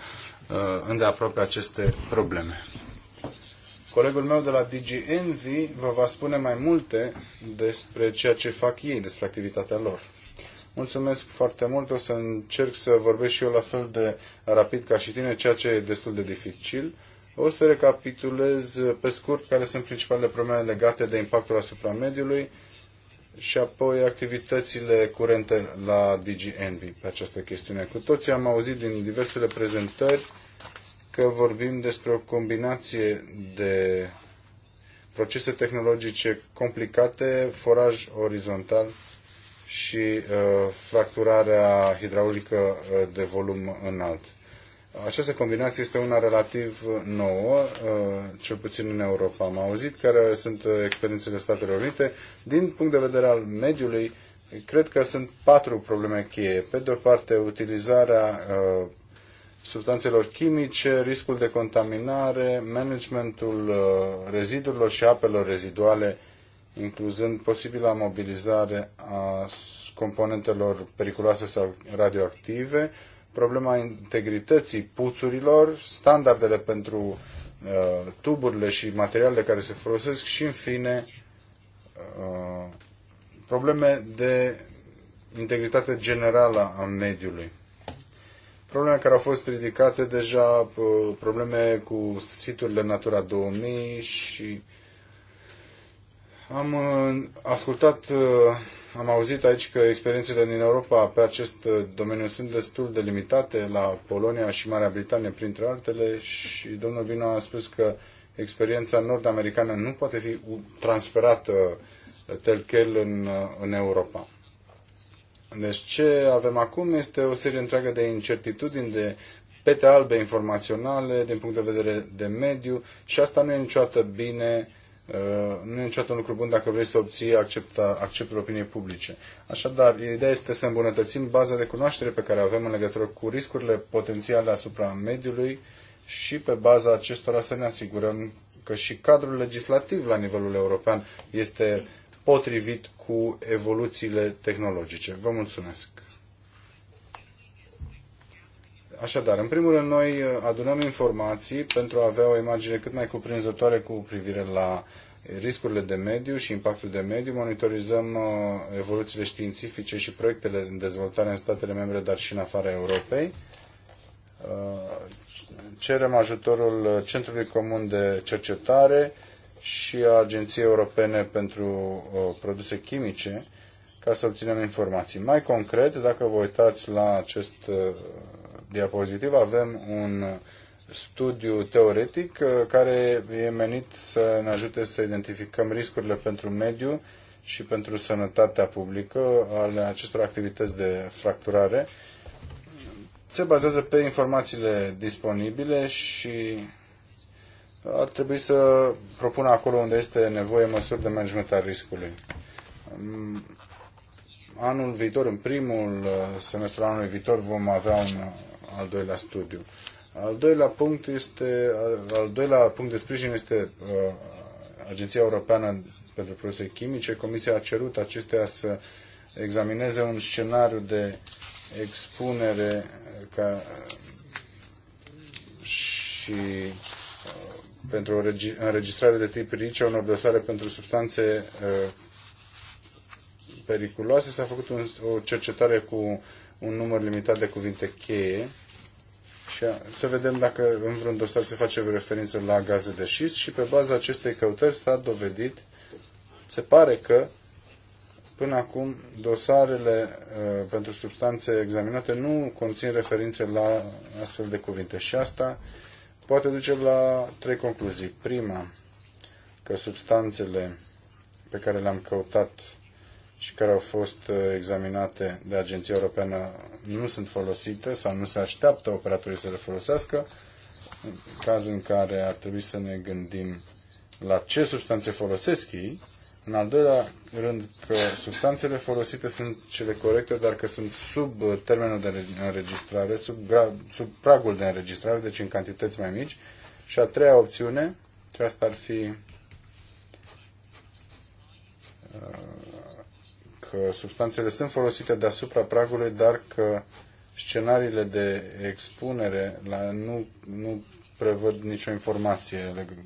uh, îndeaproape aceste probleme. Colegul meu de la DG vă va spune mai multe despre ceea ce fac ei, despre activitatea lor. Mulțumesc foarte mult. O să încerc să vorbesc și eu la fel de rapid ca și tine, ceea ce e destul de dificil. O să recapitulez pe scurt care sunt principalele probleme legate de impactul asupra mediului și apoi activitățile curente la DGNV pe această chestiune. Cu toții am auzit din diversele prezentări că vorbim despre o combinație de procese tehnologice complicate, foraj orizontal și uh, fracturarea hidraulică uh, de volum înalt. Această combinație este una relativ uh, nouă, uh, cel puțin în Europa. Am auzit care sunt uh, experiențele Statelor Unite. Din punct de vedere al mediului, cred că sunt patru probleme cheie. Pe de o parte, utilizarea uh, substanțelor chimice, riscul de contaminare, managementul uh, rezidurilor și apelor reziduale uh, incluzând posibila mobilizare a componentelor periculoase sau radioactive, problema integrității puțurilor, standardele pentru uh, tuburile și materialele care se folosesc și, în fine, uh, probleme de integritate generală a mediului. Probleme care au fost ridicate deja, uh, probleme cu siturile Natura 2000 și uh, am uh, ascultat, uh, am auzit aici că experiențele din Europa pe acest uh, domeniu sunt destul de limitate la Polonia și Marea Britanie, printre altele, și domnul Vino a spus că experiența nord-americană nu poate fi transferată quel în, în Europa. Deci ce avem acum este o serie întreagă de incertitudini, de pete albe informaționale din punct de vedere de mediu și asta nu e niciodată bine Uh, nu e niciodată un lucru bun dacă vrei să obții accepta, acceptul opiniei publice. Așadar, ideea este să îmbunătățim baza de cunoaștere pe care o avem în legătură cu riscurile potențiale asupra mediului și pe baza acestora să ne asigurăm că și cadrul legislativ la nivelul european este potrivit cu evoluțiile tehnologice. Vă mulțumesc! Așadar, în primul rând, noi uh, adunăm informații pentru a avea o imagine cât mai cuprinzătoare cu privire la riscurile de mediu și impactul de mediu, monitorizăm uh, evoluțiile științifice și proiectele în dezvoltare în statele membre, dar și în afara Europei. Uh, cerem ajutorul Centrului Comun de Cercetare și a Agenției Europene pentru Produse Chimice ca să obținem informații. Mai concret, dacă vă uitați la acest diapozitivă avem un studiu teoretic uh, care e menit să ne ajute să identificăm riscurile pentru mediu și pentru sănătatea publică ale acestor activități de fracturare. Se bazează pe informațiile disponibile și ar trebui să propună acolo unde este nevoie măsuri de management al riscului. Anul viitor, în primul uh, semestru anului viitor, vom avea un al doilea studiu. Al doilea punct este, al doilea punct de sprijin este uh, Agenția Europeană pentru Produse Chimice. Comisia a cerut acestea să examineze un scenariu de expunere ca și uh, pentru o înregistrare de tip RICE a unor dosare pentru substanțe uh, periculoase. S-a făcut un, o cercetare cu un număr limitat de cuvinte cheie și să vedem dacă în vreun dosar se face referință la gaze de șist și pe baza acestei căutări s-a dovedit, se pare că până acum dosarele uh, pentru substanțe examinate nu conțin referințe la astfel de cuvinte și asta poate duce la trei concluzii. Prima, că substanțele pe care le-am căutat și care au fost uh, examinate de Agenția Europeană nu sunt folosite sau nu se așteaptă operatorii să le folosească, în caz în care ar trebui să ne gândim la ce substanțe folosesc ei, în al doilea rând că substanțele folosite sunt cele corecte, dar că sunt sub uh, termenul de înregistrare, sub, sub pragul de înregistrare, deci în cantități mai mici. Și a treia opțiune, și asta ar fi uh, că substanțele sunt folosite deasupra pragului, dar că scenariile de expunere la nu, nu prevăd nicio informație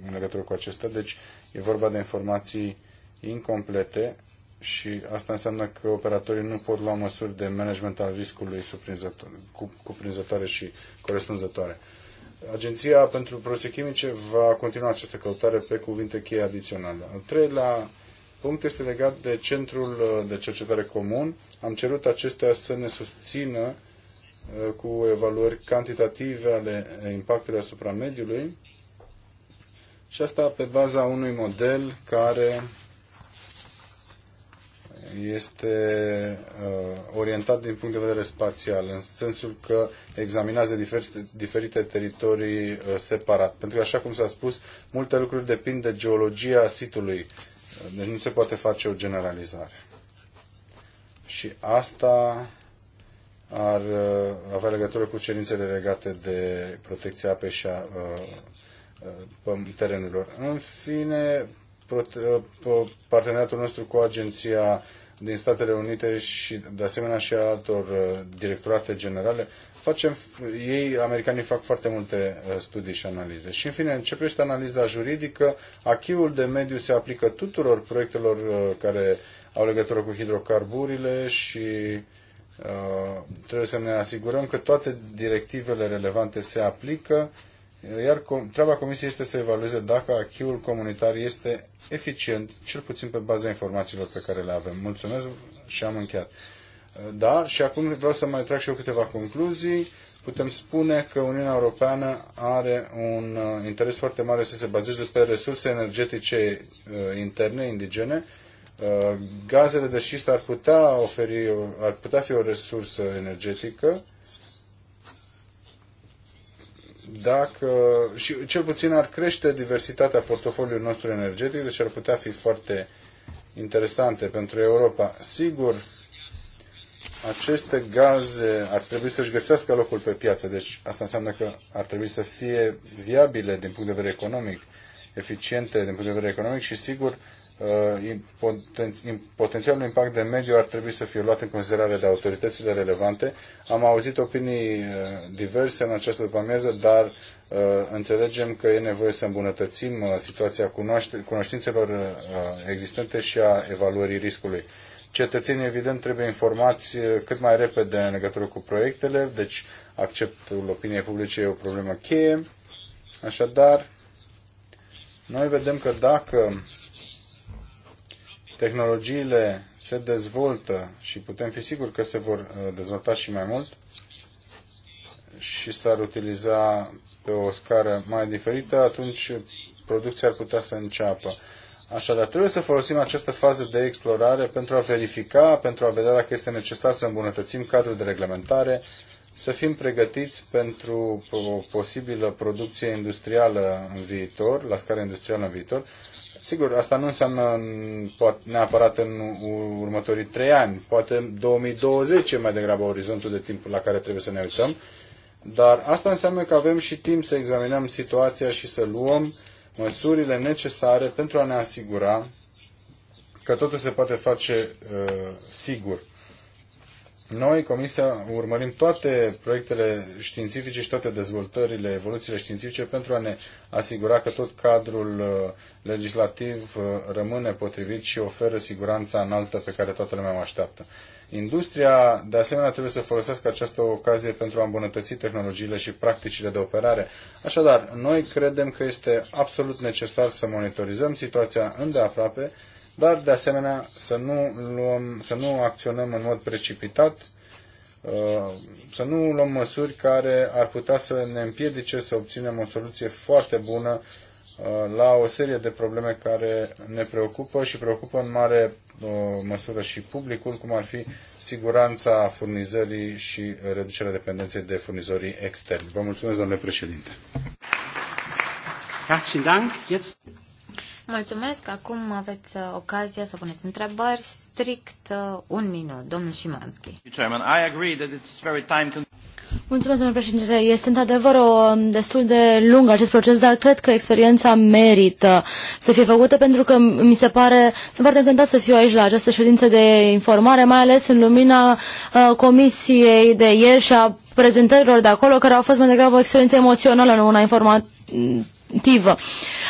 în legătură cu acestea, deci e vorba de informații incomplete și asta înseamnă că operatorii nu pot lua măsuri de management al riscului cuprinzătoare și corespunzătoare. Agenția pentru produse chimice va continua această căutare pe cuvinte cheie adiționale. Al treilea punct este legat de Centrul de Cercetare Comun. Am cerut acestea să ne susțină uh, cu evaluări cantitative ale impactului asupra mediului și asta pe baza unui model care este uh, orientat din punct de vedere spațial, în sensul că examinează diferite, diferite teritorii uh, separat. Pentru că, așa cum s-a spus, multe lucruri depind de geologia sitului deci nu se poate face o generalizare. Și asta ar uh, avea legătură cu cerințele legate de protecția apei și a uh, uh, terenurilor. În fine, parteneriatul nostru cu agenția din Statele Unite și de asemenea și a altor directorate generale facem, ei, americanii fac foarte multe uh, studii și analize. Și în fine, începește analiza juridică. Achiul de mediu se aplică tuturor proiectelor uh, care au legătură cu hidrocarburile și uh, trebuie să ne asigurăm că toate directivele relevante se aplică, iar treaba comisiei este să evalueze dacă achiul comunitar este eficient, cel puțin pe baza informațiilor pe care le avem. Mulțumesc și am încheiat. Da, și acum vreau să mai trag și eu câteva concluzii. Putem spune că Uniunea Europeană are un uh, interes foarte mare să se bazeze pe resurse energetice uh, interne, indigene. Uh, gazele de șist ar putea, oferi, ar putea fi o resursă energetică dacă și cel puțin ar crește diversitatea portofoliului nostru energetic, deci ar putea fi foarte interesante pentru Europa. Sigur, aceste gaze ar trebui să-și găsească locul pe piață. Deci asta înseamnă că ar trebui să fie viabile din punct de vedere economic, eficiente din punct de vedere economic și, sigur, uh, potențialul impact de mediu ar trebui să fie luat în considerare de autoritățile relevante. Am auzit opinii uh, diverse în această după dar uh, înțelegem că e nevoie să îmbunătățim situația cunoștințelor existente și a evaluării riscului. Cetățenii, evident, trebuie informați eh, cât mai repede în legătură cu proiectele, deci acceptul opiniei publice e o problemă cheie. Așadar, noi vedem că dacă tehnologiile se dezvoltă și putem fi siguri că se vor eh, dezvolta și mai mult și s-ar utiliza pe o scară mai diferită, atunci producția ar putea să înceapă. Așadar, trebuie să folosim această fază de explorare pentru a verifica, pentru a vedea dacă este necesar să îmbunătățim cadrul de reglementare, să fim pregătiți pentru o posibilă producție industrială în viitor, la scară industrială în viitor. Sigur, asta nu înseamnă neapărat în următorii trei ani, poate 2020 e mai degrabă orizontul de timp la care trebuie să ne uităm, dar asta înseamnă că avem și timp să examinăm situația și să luăm măsurile necesare pentru a ne asigura că totul se poate face uh, sigur. Noi, Comisia, urmărim toate proiectele științifice și toate dezvoltările, evoluțiile științifice pentru a ne asigura că tot cadrul uh, legislativ uh, rămâne potrivit și oferă siguranța înaltă pe care toată lumea o așteaptă. Industria, de asemenea, trebuie să folosească această ocazie pentru a îmbunătăți tehnologiile și practicile de operare. Așadar, noi credem că este absolut necesar să monitorizăm situația îndeaproape, dar, de asemenea, să nu, luăm, să nu acționăm în mod precipitat, uh, să nu luăm măsuri care ar putea să ne împiedice să obținem o soluție foarte bună Uh, la o serie de probleme care ne preocupă și preocupă în mare uh, măsură și publicul, cum ar fi siguranța furnizării și reducerea dependenței de furnizorii externi. Vă mulțumesc, domnule președinte. Mulțumesc. Acum aveți uh, ocazia să puneți întrebări. Strict un minut, domnul Șimanski. Mulțumesc, domnule președinte. Este într-adevăr um, destul de lung acest proces, dar cred că experiența merită să fie făcută pentru că mi se pare, sunt foarte încântat să fiu aici la această ședință de informare, mai ales în lumina uh, comisiei de ieri și a prezentărilor de acolo, care au fost mai degrabă o experiență emoțională, nu una informată respectivă.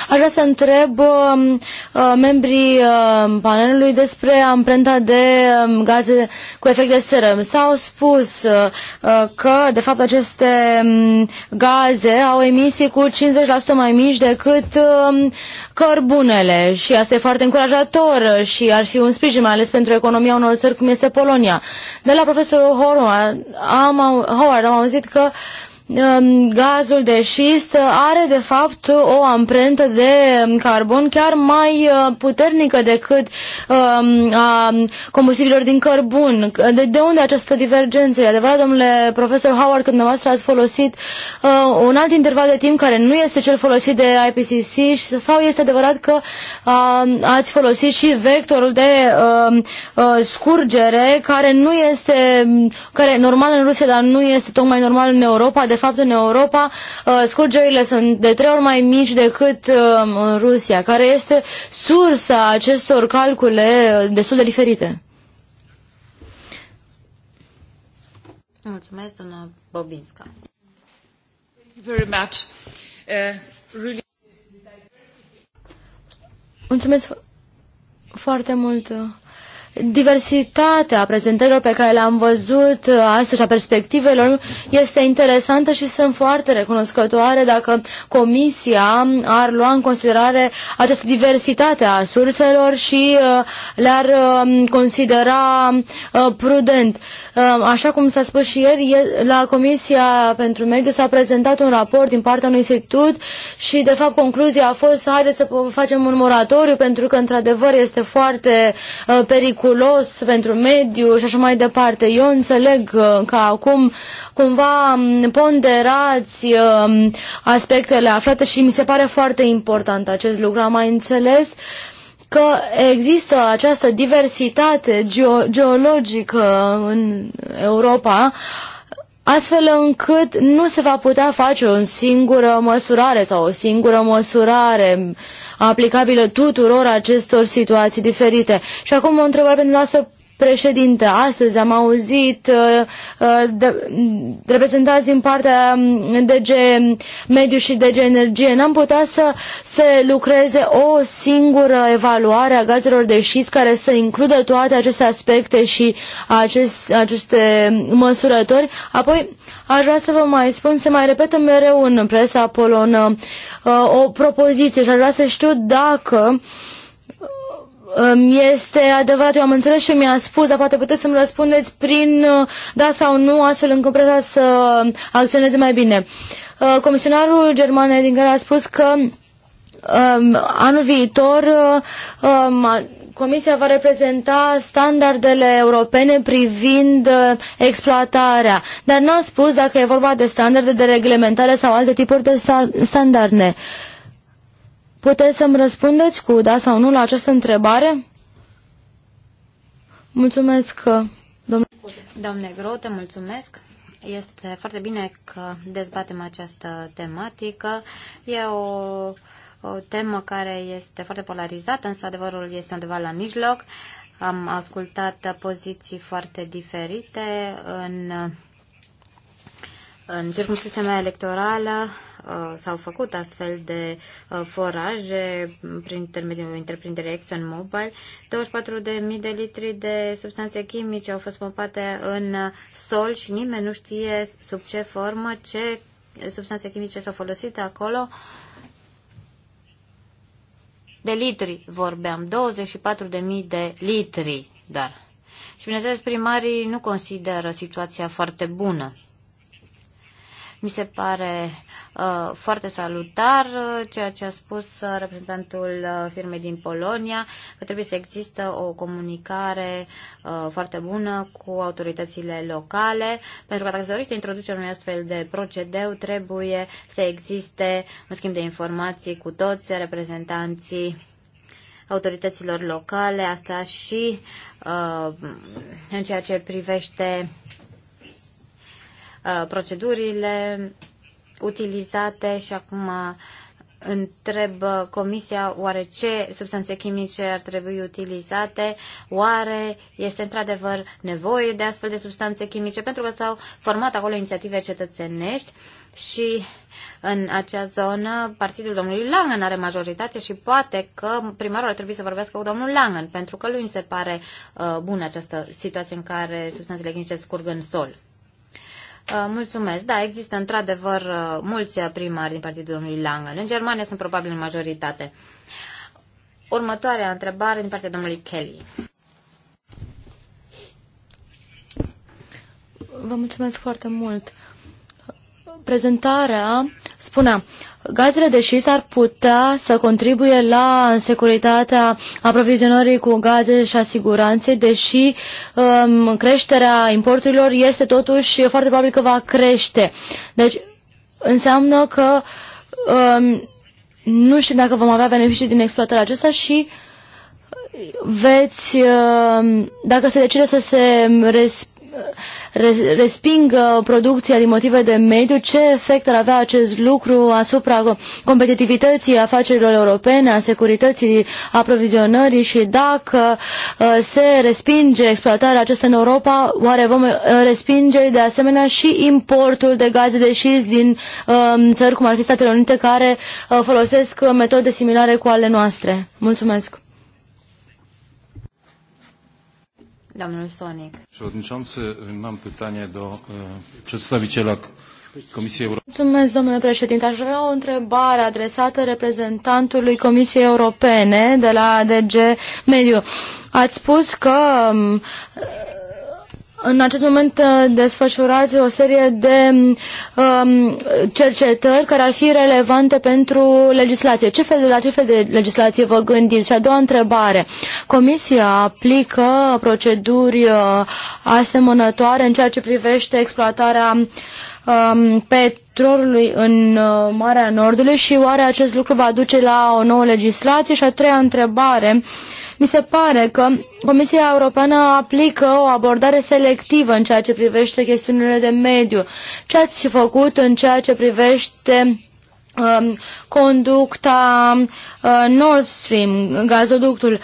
Aș vrea să întreb um, uh, membrii uh, panelului despre amprenta de uh, gaze cu efect de seră. S-au spus uh, uh, că, de fapt, aceste um, gaze au emisii cu 50% mai mici decât uh, cărbunele și asta e foarte încurajator și ar fi un sprijin, mai ales pentru economia unor țări cum este Polonia. De la profesorul Howard am, am auzit că Ehm, gazul de șist are de fapt o amprentă de ehm, carbon chiar mai ehm, puternică decât a combustibilor din cărbun. De, de unde această divergență? E adevărat, domnule profesor Howard, când dumneavoastră ați folosit un alt interval de timp care nu este cel folosit de IPCC sau este adevărat că ați folosit și vectorul de scurgere care nu este, care normal în Rusia, dar nu este tocmai normal în Europa, de fapt în Europa uh, scurgerile sunt de trei ori mai mici decât uh, în Rusia, care este sursa acestor calcule uh, destul de diferite. Mulțumesc, doamna Bobinska. Very much. really... Mulțumesc foarte mult diversitatea prezentărilor pe care le-am văzut uh, astăzi și a perspectivelor este interesantă și sunt foarte recunoscătoare dacă Comisia ar lua în considerare această diversitate a surselor și uh, le-ar um, considera uh, prudent. Așa cum s-a spus și ieri, la Comisia pentru Mediu s-a prezentat un raport din partea unui institut și, de fapt, concluzia a fost haideți să facem un moratoriu pentru că, într-adevăr, este foarte periculos periculos pentru mediu și așa mai departe. Eu înțeleg uh, că acum cumva um, ponderați um, aspectele aflate și mi se pare foarte important acest lucru. Am mai înțeles că există această diversitate geo- geologică în Europa astfel încât nu se va putea face o singură măsurare sau o singură măsurare uh, aplicabilă tuturor acestor situații diferite. Și acum o întrebare pentru noastră președinte, astăzi am auzit uh, uh de, reprezentați din partea um, DG Mediu și DG Energie. N-am putea să se lucreze o singură evaluare a gazelor de șist care să includă toate aceste aspecte și acest, aceste măsurători. Apoi, aș vrea să vă mai spun, se mai repetă mereu în presa polonă uh, o propoziție și aș vrea să știu dacă uh, este adevărat, eu am înțeles și mi-a spus, dar poate puteți să-mi răspundeți prin uh, da sau nu, astfel încât presa să acționeze mai bine. Uh, Comisionarul German Edinger a spus că um, anul viitor uh, um, Comisia va reprezenta standardele europene privind exploatarea, dar n-a spus dacă e vorba de standarde de reglementare sau alte tipuri de standarde. Uh, Puteți să-mi răspundeți cu da sau nu la această întrebare? Mulțumesc, uh, domnule. Doamne Grote, mulțumesc. Este foarte bine că dezbatem această tematică. E o, o temă care este foarte polarizată, însă adevărul este undeva la mijloc. Am ascultat poziții foarte diferite în, în circunscripția mea electorală. Uh, s-au făcut astfel de uh, foraje prin intermediul întreprinderii ExxonMobil. 24.000 de litri de substanțe chimice au fost pompate în uh, sol și nimeni nu știe sub ce formă, ce substanțe chimice s-au folosit acolo. De litri vorbeam, 24.000 de litri doar. Și bineînțeles, primarii nu consideră situația foarte bună. Mi se pare uh, foarte salutar uh, ceea ce a spus uh, reprezentantul uh, firmei din Polonia, că trebuie să există o comunicare uh, foarte bună cu autoritățile locale, pentru că dacă se dorește introducerea unui astfel de procedeu, trebuie să existe un schimb de informații cu toți reprezentanții autorităților locale, asta și uh, în ceea ce privește uh, Uh, procedurile utilizate și acum uh, întreb uh, Comisia oare ce substanțe chimice ar trebui utilizate, oare este într-adevăr nevoie de astfel de substanțe chimice, pentru că s-au format acolo inițiative cetățenești și în acea zonă partidul domnului Langen are majoritate și poate că primarul ar trebui să vorbească cu domnul Langen, pentru că lui se pare uh, bună această situație în care substanțele chimice scurg în sol. Uh, mulțumesc. Da, există într-adevăr uh, mulți primari din partidul domnului Langen. În Germania sunt probabil în majoritate. Următoarea întrebare din partea domnului Kelly. Vă mulțumesc foarte mult. Prezentarea spunea, Gazele de șist ar putea să contribuie la securitatea aprovizionării cu gaze și a siguranței, deși um, creșterea importurilor este totuși foarte probabil că va crește. Deci înseamnă că um, nu știu dacă vom avea beneficii din exploatarea acesta și veți, um, dacă se decide să se respecte resping producția din motive de mediu, ce efect ar avea acest lucru asupra competitivității afacerilor europene, a securității aprovizionării și dacă uh, se respinge exploatarea acestea în Europa, oare vom uh, respinge de asemenea și importul de gaze de șist din um, țări cum ar fi Statele Unite care uh, folosesc metode similare cu ale noastre? Mulțumesc! domnul Sonic. Przewodniczący, mam pytanie do przedstawiciela Comisiei Europene. Mulțumesc, domnule președinte. Aș avea o întrebare adresată reprezentantului Comisiei Europene de la DG Mediu. Ați spus că în acest moment uh, desfășurați o serie de um, cercetări care ar fi relevante pentru legislație. Ce fel de, la ce fel de legislație vă gândiți? Și a doua întrebare. Comisia aplică proceduri uh, asemănătoare în ceea ce privește exploatarea um, pe petrolului în uh, Marea Nordului și oare acest lucru va duce la o nouă legislație? Și a treia întrebare, mi se pare că Comisia Europeană aplică o abordare selectivă în ceea ce privește chestiunile de mediu. Ce ați făcut în ceea ce privește um, conducta uh, Nord Stream, gazoductul? Uh,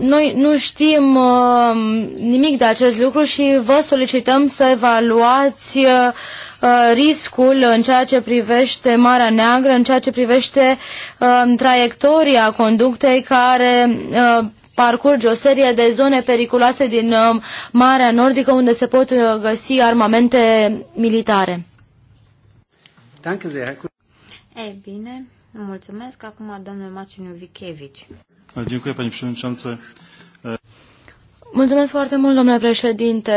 noi nu știm uh, nimic de acest lucru și vă solicităm să evaluați uh, riscul în ceea ce privește Marea Neagră, în ceea ce privește um, traiectoria conductei care uh, parcurge o serie de zone periculoase din Marea Nordică unde se pot găsi armamente militare. Ei bine, mulțumesc. Acum domnul Maciniu Vichevici. Dziękuję, panie przewodniczący. Mulțumesc foarte mult, domnule președinte.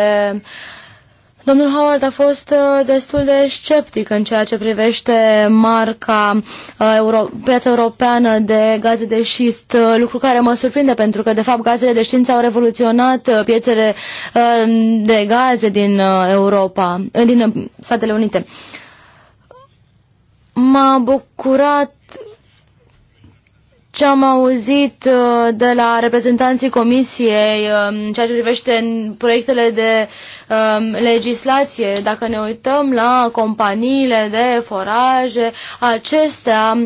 Domnul Howard a fost uh, destul de sceptic în ceea ce privește marca uh, euro, piața europeană de gaze de șist, uh, lucru care mă surprinde pentru că, de fapt, gazele de știință au revoluționat piețele de gaze din Europa, din Statele Unite. M-a bucurat ce am auzit uh, de la reprezentanții Comisiei um, în ceea ce privește proiectele de um, legislație, dacă ne uităm la companiile de foraje, acestea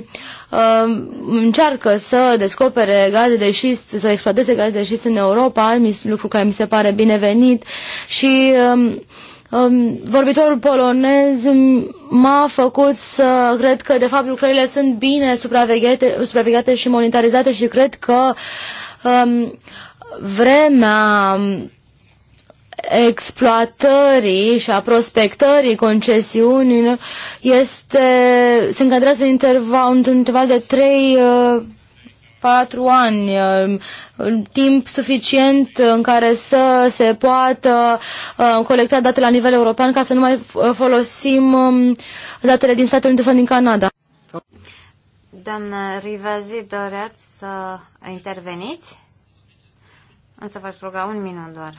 um, încearcă să descopere gaze de șist, să exploateze gaze de șist în Europa, lucru care mi se pare binevenit și vorbitorul polonez m-a făcut să cred că, de fapt, lucrările sunt bine supravegheate, supravegheate și monitorizate și cred că um, vremea exploatării și a prospectării concesiunilor este, se încadrează în interval, într-un interval de trei uh, patru ani, um, um, timp suficient în care să se poată uh, colecta date la nivel european ca să nu mai uh, folosim um, datele din Statele Unite sau din Canada. Doamnă Rivazi, doreați să interveniți? Însă v-aș ruga un minut doar.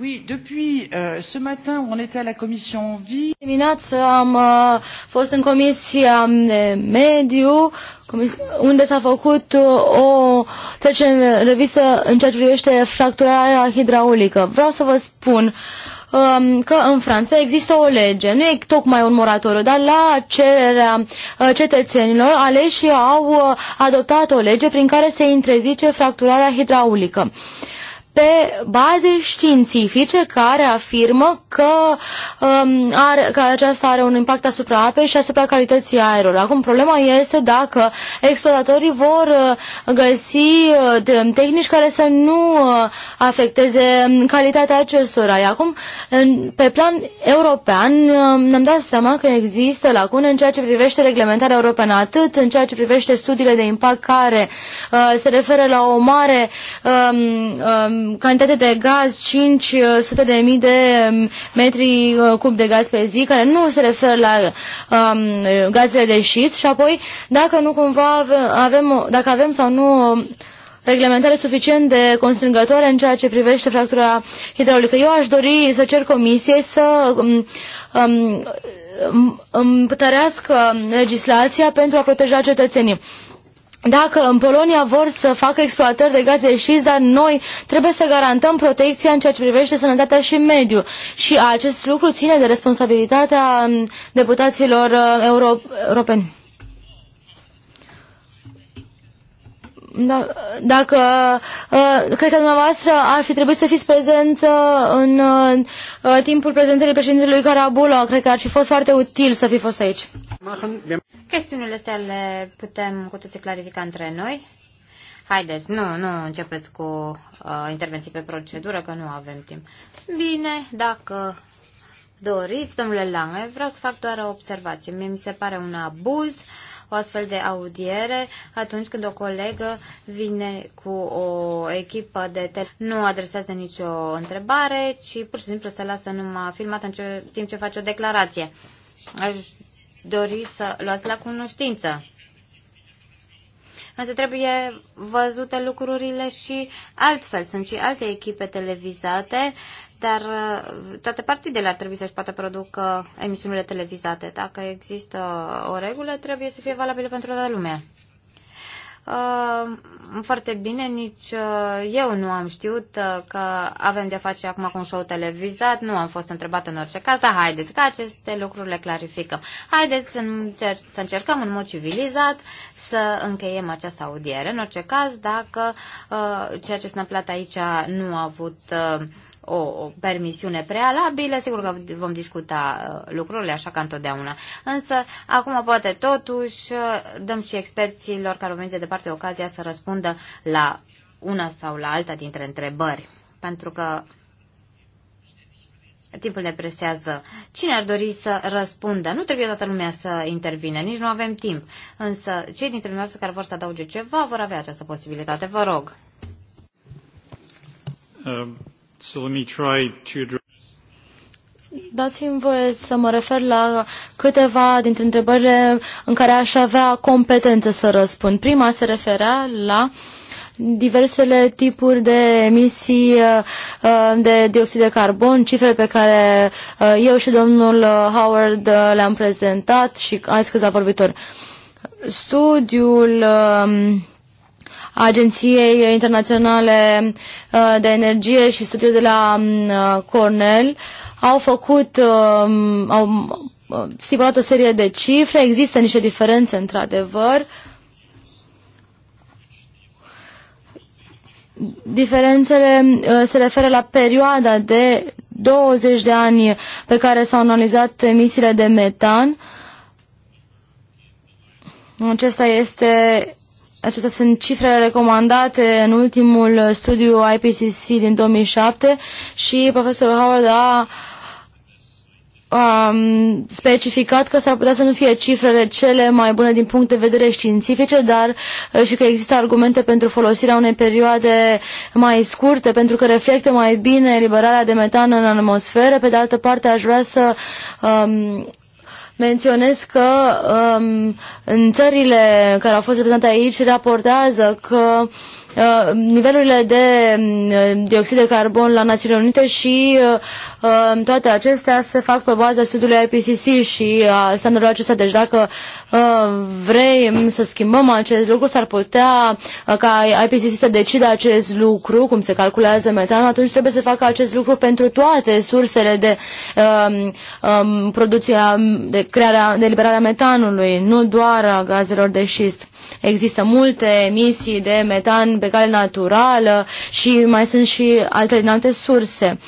Oui, depuis euh, ce matin on était à la commission vie. Dimineață am uh, fost în comisia um, de mediu unde s-a făcut uh, o trecere în revistă în ceea ce privește fracturarea hidraulică. Vreau să vă spun um, că în Franța există o lege, nu e tocmai un moratoriu, dar la cererea uh, cetățenilor aleșii au uh, adoptat o lege prin care se interzice fracturarea hidraulică. Uh, pe baze științifice care afirmă că, um, are, că aceasta are un impact asupra apei și asupra calității aerului. Acum, problema este dacă exploatatorii vor uh, găsi uh, tehnici care să nu uh, afecteze um, calitatea acestora. Acum, pe plan european, um, ne-am dat seama că există lacune în ceea ce privește reglementarea europeană, atât în ceea ce privește studiile de impact care uh, se referă la o mare um, um, cantitate de gaz, 500 uh, de mii de um, metri uh, cub de gaz pe zi, care nu se referă la um, gazele de șist și apoi dacă nu cumva avem, dacă avem sau nu reglementare suficient de constrângătoare în ceea ce privește fractura hidraulică. Eu aș dori să cer comisiei să um, um, um împătărească legislația pentru a proteja cetățenii dacă în Polonia vor să facă exploatări de gaze de șist, dar noi trebuie să garantăm protecția în ceea ce privește sănătatea și mediul. Și acest lucru ține de responsabilitatea mm, deputaților uh, euro europeni. da, dacă uh, cred că dumneavoastră ar fi trebuit să fiți prezent uh, în uh, timpul prezentării președintelui Carabulo, cred că ar fi fost foarte util să fi fost aici. Chestiunile astea le putem cu toții clarifica între noi. Haideți, nu, nu începeți cu uh, intervenții pe procedură, că nu avem timp. Bine, dacă doriți, domnule Lange, vreau să fac doar o observație. Mie mi se pare un abuz uh, o astfel de audiere atunci când o colegă vine cu o echipă de tele. Nu adresează nicio întrebare, ci pur și simplu se lasă numai filmată în ce, timp ce face o declarație. Aș dori să luați la cunoștință. Însă trebuie văzute lucrurile și altfel. Sunt și alte echipe televizate dar uh, toate partidele ar trebui să-și poată producă emisiunile televizate. Dacă există o regulă, trebuie să fie valabilă pentru toată lumea. Uh, foarte bine, nici uh, eu nu am știut că avem de-a face acum cu un show televizat, nu am fost întrebată în orice caz, dar haideți că aceste lucruri le clarificăm. Haideți să, încerc, să încercăm în mod civilizat să încheiem această audiere. În orice caz, dacă ceea ce s-a aici nu a avut o permisiune prealabilă, sigur că vom discuta uh, lucrurile așa ca întotdeauna. Însă, acum poate totuși uh, dăm și experților care au venit de departe ocazia să răspundă la una sau la alta dintre întrebări. Pentru că timpul ne presează. Cine ar dori să răspundă? Nu trebuie toată lumea să intervine, nici nu avem timp. Însă, cei dintre dumneavoastră care vor să adauge ceva vor avea această posibilitate. Vă rog. Um, So let me try to address Dați-mi voie să mă refer la câteva dintre întrebările în care aș avea competență să răspund. Prima se referea la diversele tipuri de emisii uh, de dioxid de carbon, cifrele pe care uh, eu și domnul Howard uh, le-am prezentat și alți câțiva vorbitor. Studiul um, Agenției Internaționale uh, de Energie și studiul de la mm, uh, Cornell au făcut, um, au uh, stipulat o serie de cifre, există niște diferențe într-adevăr, Diferențele se referă la perioada de 20 de ani pe care s-au analizat emisiile de metan. Acesta este Acestea sunt cifrele recomandate în ultimul studiu IPCC din 2007 și profesorul Howard a a specificat că s-ar putea să nu fie cifrele cele mai bune din punct de vedere științifice, dar uh, și că există argumente pentru folosirea unei perioade mai scurte, pentru că reflectă mai bine eliberarea de metan în atmosferă. Pe de altă parte, aș vrea să um, menționez că um, în țările care au fost reprezentate aici raportează că uh, nivelurile de um, dioxid de carbon la Națiunile Unite și uh, toate acestea se fac pe baza studiului IPCC și a uh, standardului acesta. Deci dacă uh, vrei să schimbăm acest lucru, s-ar putea uh, ca IPCC să decide acest lucru, cum se calculează metanul, atunci trebuie să facă acest lucru pentru toate sursele de um, um, producția, de crearea, de liberarea metanului, nu doar a gazelor de șist. Există multe emisii de metan pe cale naturală și mai sunt și alte din alte surse.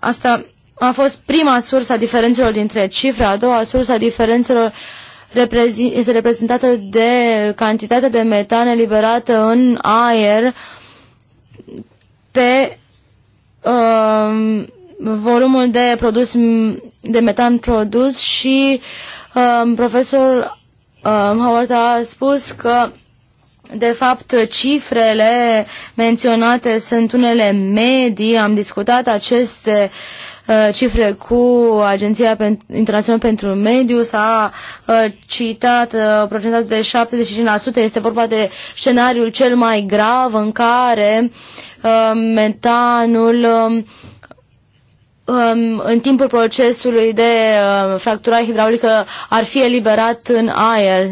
Asta a fost prima sursă a diferențelor dintre cifre, a doua sursă a diferențelor este reprezentată de cantitatea de metan eliberată în aer pe uh, volumul de produs de metan produs și uh, profesor uh, Howard a spus că de fapt, cifrele menționate sunt unele medii. Am discutat aceste uh, cifre cu Agenția Internațională pentru Mediu. S-a uh, citat uh, procentatul de 75%. Este vorba de scenariul cel mai grav în care uh, metanul um, Um, în timpul procesului de uh, fracturare hidraulică ar fi eliberat în aer.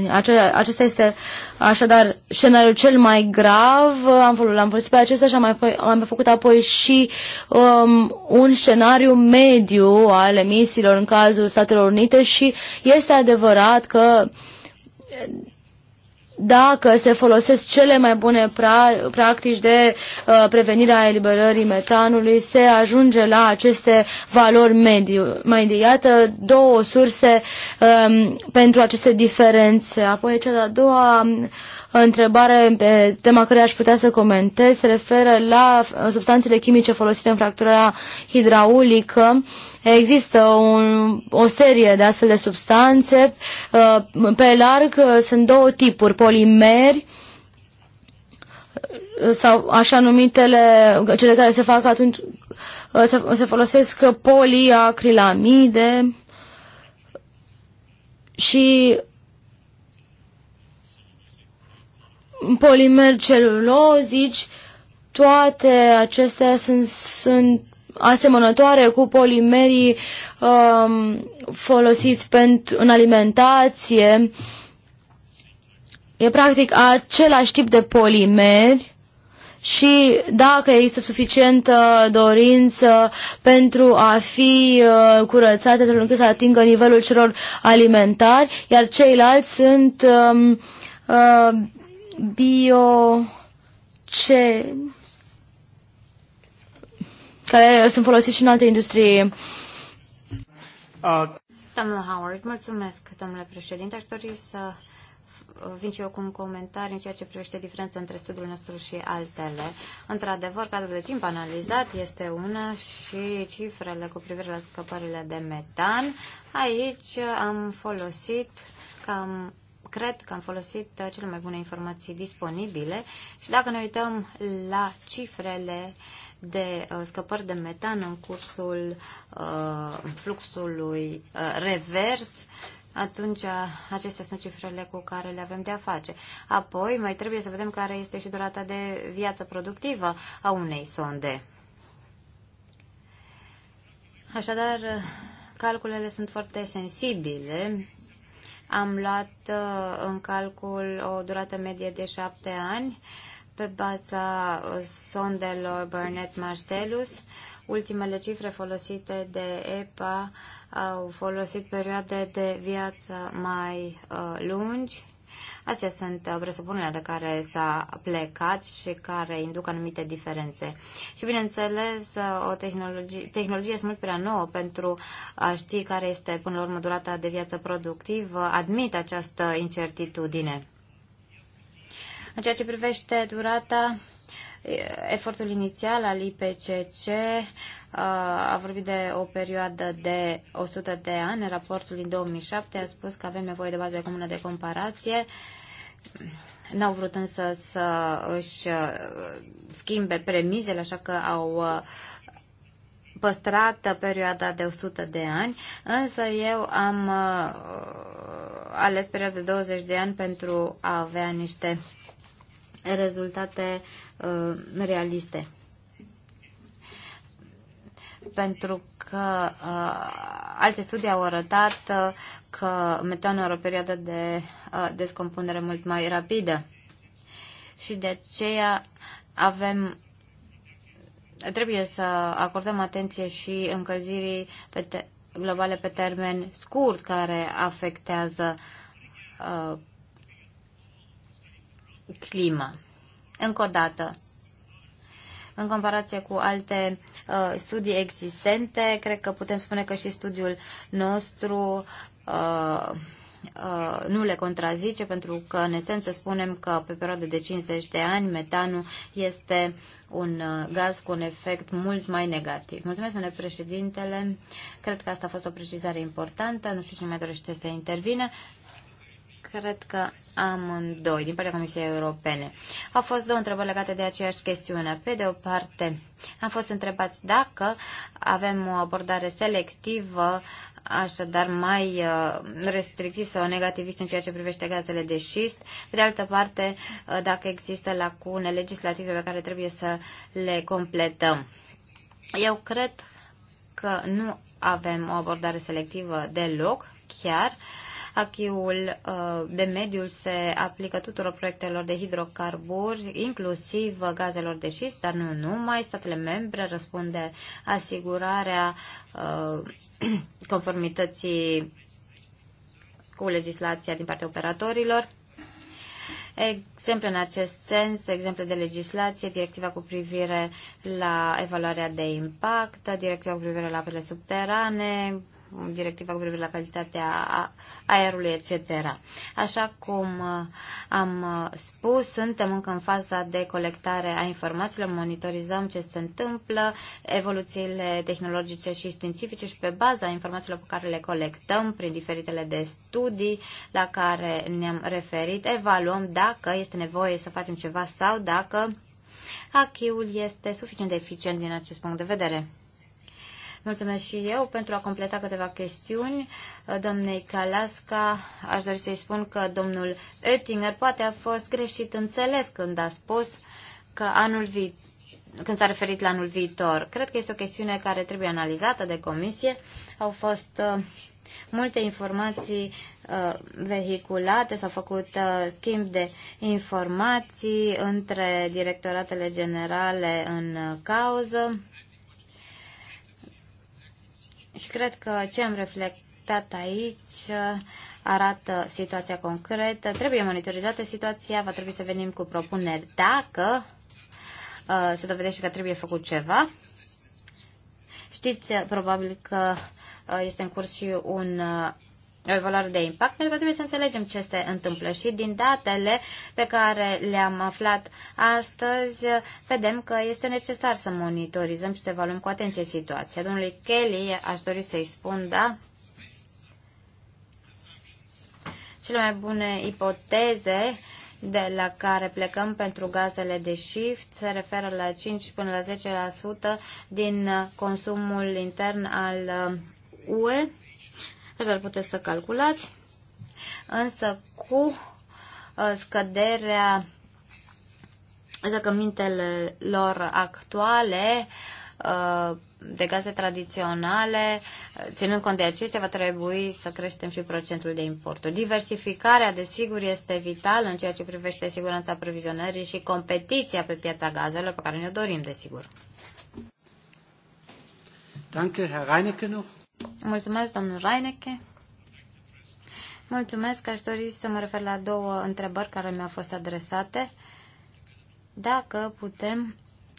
Acesta este așadar scenariul cel mai grav. Am, folosit, am folosit pe acesta și am mai, am mai făcut apoi și um, un scenariu mediu al emisiilor în cazul Statelor Unite și este adevărat că dacă se folosesc cele mai bune pra practici de uh, prevenire a eliberării metanului, se ajunge la aceste valori mediu. Mai de, iată două surse um, pentru aceste diferențe. Apoi cea de-a doua întrebare pe tema care aș putea să comentez se referă la uh, substanțele chimice folosite în fractura hidraulică. Există un, o serie de astfel de substanțe. Uh, pe larg uh, sunt două tipuri, polimeri sau așa numitele, cele care se fac atunci, se, se folosesc poliacrilamide și polimer celulozici, toate acestea sunt, sunt asemănătoare cu polimerii um, folosiți pentru, în alimentație. E practic același tip de polimeri și dacă există suficientă dorință pentru a fi uh, curățate pentru încât să atingă nivelul celor alimentari, iar ceilalți sunt um, uh, bio ce care sunt folosiți și în alte industrie. Uh. Howard, mulțumesc, domnule președinte. Aș dori să vin și eu cu un comentariu în ceea ce privește diferența între studiul nostru și altele. Într-adevăr, cadrul de timp analizat este una și cifrele cu privire la scăpările de metan. Aici am folosit cam cred că am folosit uh, cele mai bune informații disponibile și dacă ne uităm la cifrele de uh, scăpări de metan în cursul uh, fluxului revers, atunci acestea sunt cifrele cu care le avem de a face. Apoi mai trebuie să vedem care este și durata de viață productivă a unei sonde. Așadar, calculele sunt foarte sensibile am luat uh, în calcul o durată medie de șapte ani pe baza uh, sondelor Burnett Marcellus. Ultimele cifre folosite de EPA au folosit perioade de viață mai uh, lungi Astea sunt uh, presupunerea de care s-a plecat și care induc anumite diferențe. Și bineînțeles, uh, o tehnologie, tehnologie este mult prea nouă pentru a ști care este până la urmă durata de viață productivă. Admit această incertitudine. În ceea ce privește durata Efortul inițial al IPCC uh, a vorbit de o perioadă de 100 de ani. Raportul din 2007 a spus că avem nevoie de bază comună de comparație. N-au vrut însă să își uh, schimbe premizele, așa că au uh, păstrat perioada de 100 de ani, însă eu am ales perioada de 20 de ani pentru a avea niște rezultate uh, realiste. Pentru că uh, alte studii au arătat uh, că metanul are o perioadă de uh, descompunere mult mai rapidă. Și de aceea avem trebuie să acordăm atenție și încălzirii pe te- globale pe termen scurt care afectează uh, climă. Încă o dată, în comparație cu alte uh, studii existente, cred că putem spune că și studiul nostru uh, uh, nu le contrazice, pentru că, în esență, spunem că pe perioada de 50 de ani metanul este un uh, gaz cu un efect mult mai negativ. Mulțumesc, domnule președintele. Cred că asta a fost o precizare importantă. Nu știu cine mai dorește să intervine. Cred că amândoi, din partea Comisiei Europene. Au fost două întrebări legate de aceeași chestiune. Pe de o parte, am fost întrebați dacă avem o abordare selectivă, așadar mai uh, restrictiv sau negativist în ceea ce privește gazele de șist. Pe de altă parte, uh, dacă există lacune legislative pe care trebuie să le completăm. Eu cred că nu avem o abordare selectivă deloc, chiar. Uh, Achiul uh, de mediu se aplică tuturor proiectelor de hidrocarburi, inclusiv gazelor de șist, dar nu numai. Statele membre răspunde asigurarea uh, conformității cu legislația din partea operatorilor. Exemple în acest sens, exemple de legislație, directiva cu privire la evaluarea de impact, directiva cu privire la apele subterane, directiva cu privire la calitatea aerului, etc. Așa cum uh, am uh, spus, suntem încă în faza de colectare a informațiilor, monitorizăm ce se întâmplă, evoluțiile tehnologice și științifice și pe baza informațiilor pe care le colectăm prin diferitele de studii la care ne-am referit, evaluăm dacă este nevoie să facem ceva sau dacă achiul este suficient de eficient din acest punct de vedere. Mulțumesc și eu pentru a completa câteva chestiuni. Domnei Calasca, aș dori să-i spun că domnul Oettinger poate a fost greșit înțeles când a spus că anul vi- când s-a referit la anul viitor. Cred că este o chestiune care trebuie analizată de comisie. Au fost uh, multe informații uh, vehiculate, s-au făcut uh, schimb de informații între directoratele generale în cauză. Și cred că ce am reflectat aici uh, arată situația concretă. Trebuie monitorizată situația, va trebui să venim cu propuneri dacă uh, se dovedește că trebuie făcut ceva. Știți, uh, probabil că este în curs și un o evaluare de impact, pentru că trebuie să înțelegem ce se întâmplă. Și din datele pe care le-am aflat astăzi, vedem că este necesar să monitorizăm și să evaluăm cu atenție situația. Domnului Kelly, aș dori să-i spun, da? Cele mai bune ipoteze de la care plecăm pentru gazele de shift se referă la 5 până la 10% din consumul intern al UE uh, Asta ar puteți să calculați. Însă cu uh, scăderea zăcămintele lor actuale uh, de gaze tradiționale, ținând cont de acestea, va trebui să creștem și procentul de importuri. Diversificarea, desigur, este vitală în ceea ce privește siguranța aprovizionării și competiția pe piața gazelor pe care ne-o dorim, desigur. Danke, Herr Reinecke noch. Mulțumesc, domnul Raineche. Mulțumesc, aș dori să mă refer la două întrebări care mi-au fost adresate. Dacă putem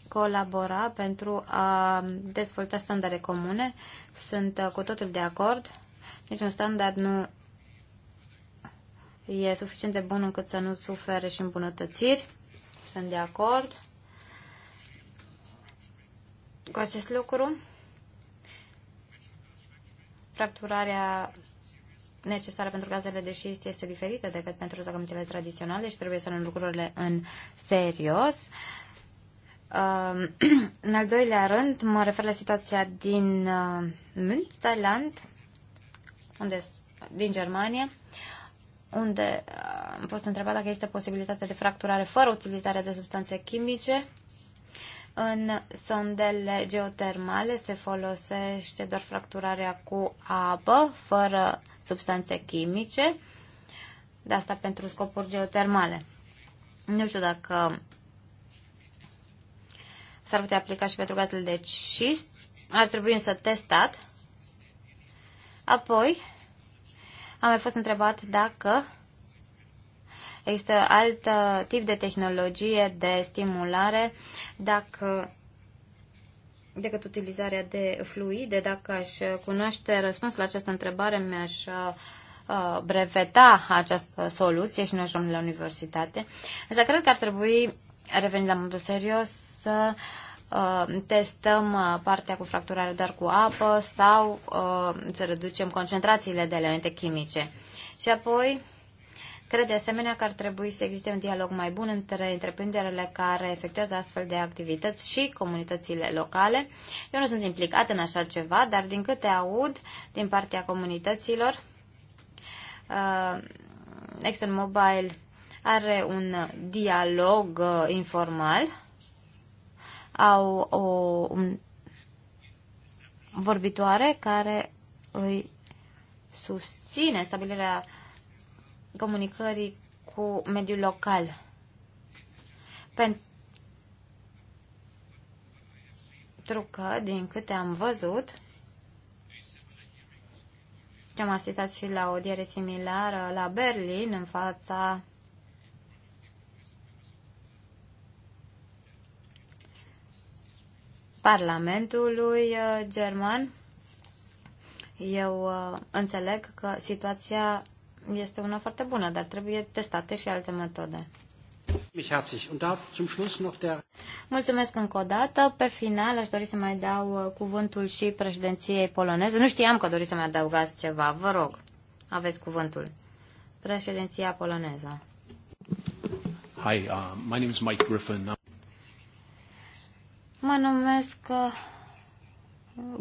colabora pentru a dezvolta standarde comune, sunt cu totul de acord. Niciun deci standard nu e suficient de bun încât să nu sufere și îmbunătățiri. Sunt de acord cu acest lucru. Fracturarea necesară pentru gazele de șist este diferită decât pentru zăcămintele tradiționale și trebuie să luăm lucrurile în serios. Um, în al doilea rând, mă refer la situația din uh, Münsterland, unde, din Germania, unde uh, am fost întrebat dacă este posibilitatea de fracturare fără utilizarea de substanțe chimice în sondele geotermale se folosește doar fracturarea cu apă, fără substanțe chimice, de asta pentru scopuri geotermale. Nu știu dacă s-ar putea aplica și pentru gazele de cist, Ar trebui însă testat. Apoi, am mai fost întrebat dacă Există alt uh, tip de tehnologie de stimulare dacă decât utilizarea de fluide. Dacă aș cunoaște răspunsul la această întrebare, mi-aș uh, breveta această soluție și nu aș rămâne la universitate. Însă cred că ar trebui, revenind la modul serios, să uh, testăm partea cu fracturare doar cu apă sau să reducem concentrațiile de elemente chimice. Și apoi, Cred de asemenea că ar trebui să existe un dialog mai bun între întreprinderile care efectuează astfel de activități și comunitățile locale. Eu nu sunt implicat în așa ceva, dar din câte aud din partea comunităților, uh, ExxonMobil are un dialog uh, informal, au o, un vorbitoare care îi susține stabilirea uh, comunicării cu mediul local. Pentru că, din câte am văzut, și am asistat și la o diere similară la Berlin, în fața Parlamentului uh, german. Eu uh, înțeleg că situația este una foarte bună, dar trebuie testate și alte metode. Mulțumesc încă o dată. Pe final aș dori să mai dau uh, cuvântul și președinției poloneze. Nu știam că doriți să mai adăugați ceva. Vă rog, aveți cuvântul. Președinția poloneză. Hi, uh, my name is Mike Griffin. Mă numesc uh,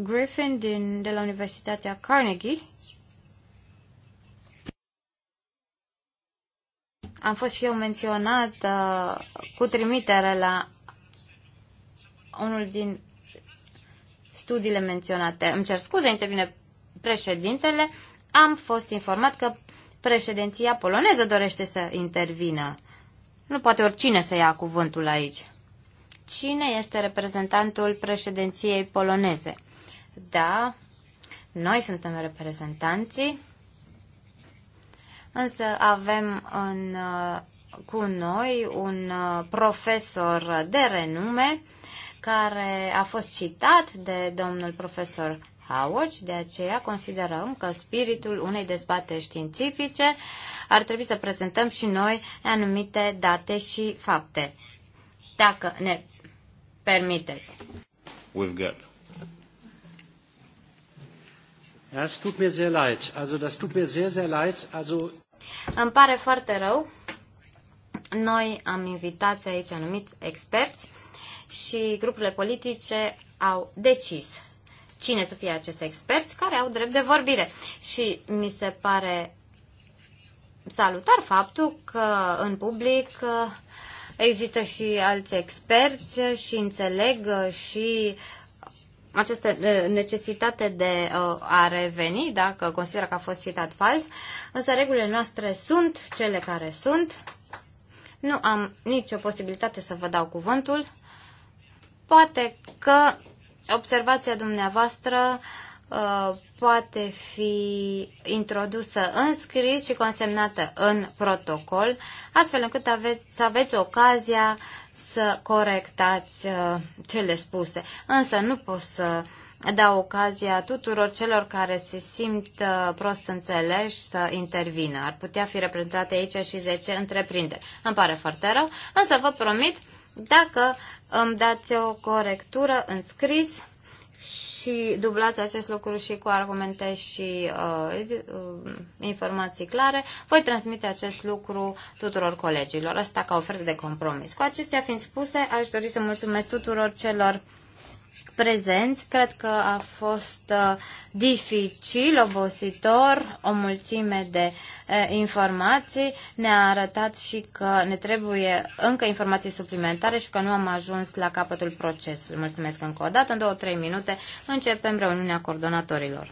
Griffin din, de la Universitatea Carnegie am fost și eu menționat uh, cu trimitere la unul din studiile menționate. Îmi cer scuze, intervine președintele. Am fost informat că președinția poloneză dorește să intervină. Nu poate oricine să ia cuvântul aici. Cine este reprezentantul președinției poloneze? Da, noi suntem reprezentanții însă avem în, uh, cu noi un uh, profesor de renume care a fost citat de domnul profesor Howard, de aceea considerăm că spiritul unei dezbateri științifice ar trebui să prezentăm și noi anumite date și fapte. Dacă ne permiteți. We've got Ja, es tut mir sehr leid. Also das tut mir sehr, sehr leid. Also... Îmi pare foarte rău. Noi am invitat aici anumiți experți și grupurile politice au decis cine să fie acești experți care au drept de vorbire. Și mi se pare salutar faptul că în public există și alți experți și înțeleg și această necesitate de a reveni, dacă consideră că a fost citat fals, însă regulile noastre sunt cele care sunt. Nu am nicio posibilitate să vă dau cuvântul. Poate că observația dumneavoastră poate fi introdusă în scris și consemnată în protocol, astfel încât aveți, să aveți ocazia să corectați uh, cele spuse. Însă nu pot să dau ocazia tuturor celor care se simt uh, prost înțeleși să intervină. Ar putea fi reprezentate aici și 10 întreprinderi. Îmi pare foarte rău, însă vă promit, dacă îmi dați o corectură în scris, și dublați acest lucru și cu argumente și uh, uh, informații clare, voi transmite acest lucru tuturor colegilor, asta ca ofertă de compromis. Cu acestea fiind spuse, aș dori să mulțumesc tuturor celor prezenți. Cred că a fost uh, dificil, obositor, o mulțime de uh, informații. Ne-a arătat și că ne trebuie încă informații suplimentare și că nu am ajuns la capătul procesului. Mulțumesc încă o dată. În două-trei minute începem reuniunea coordonatorilor.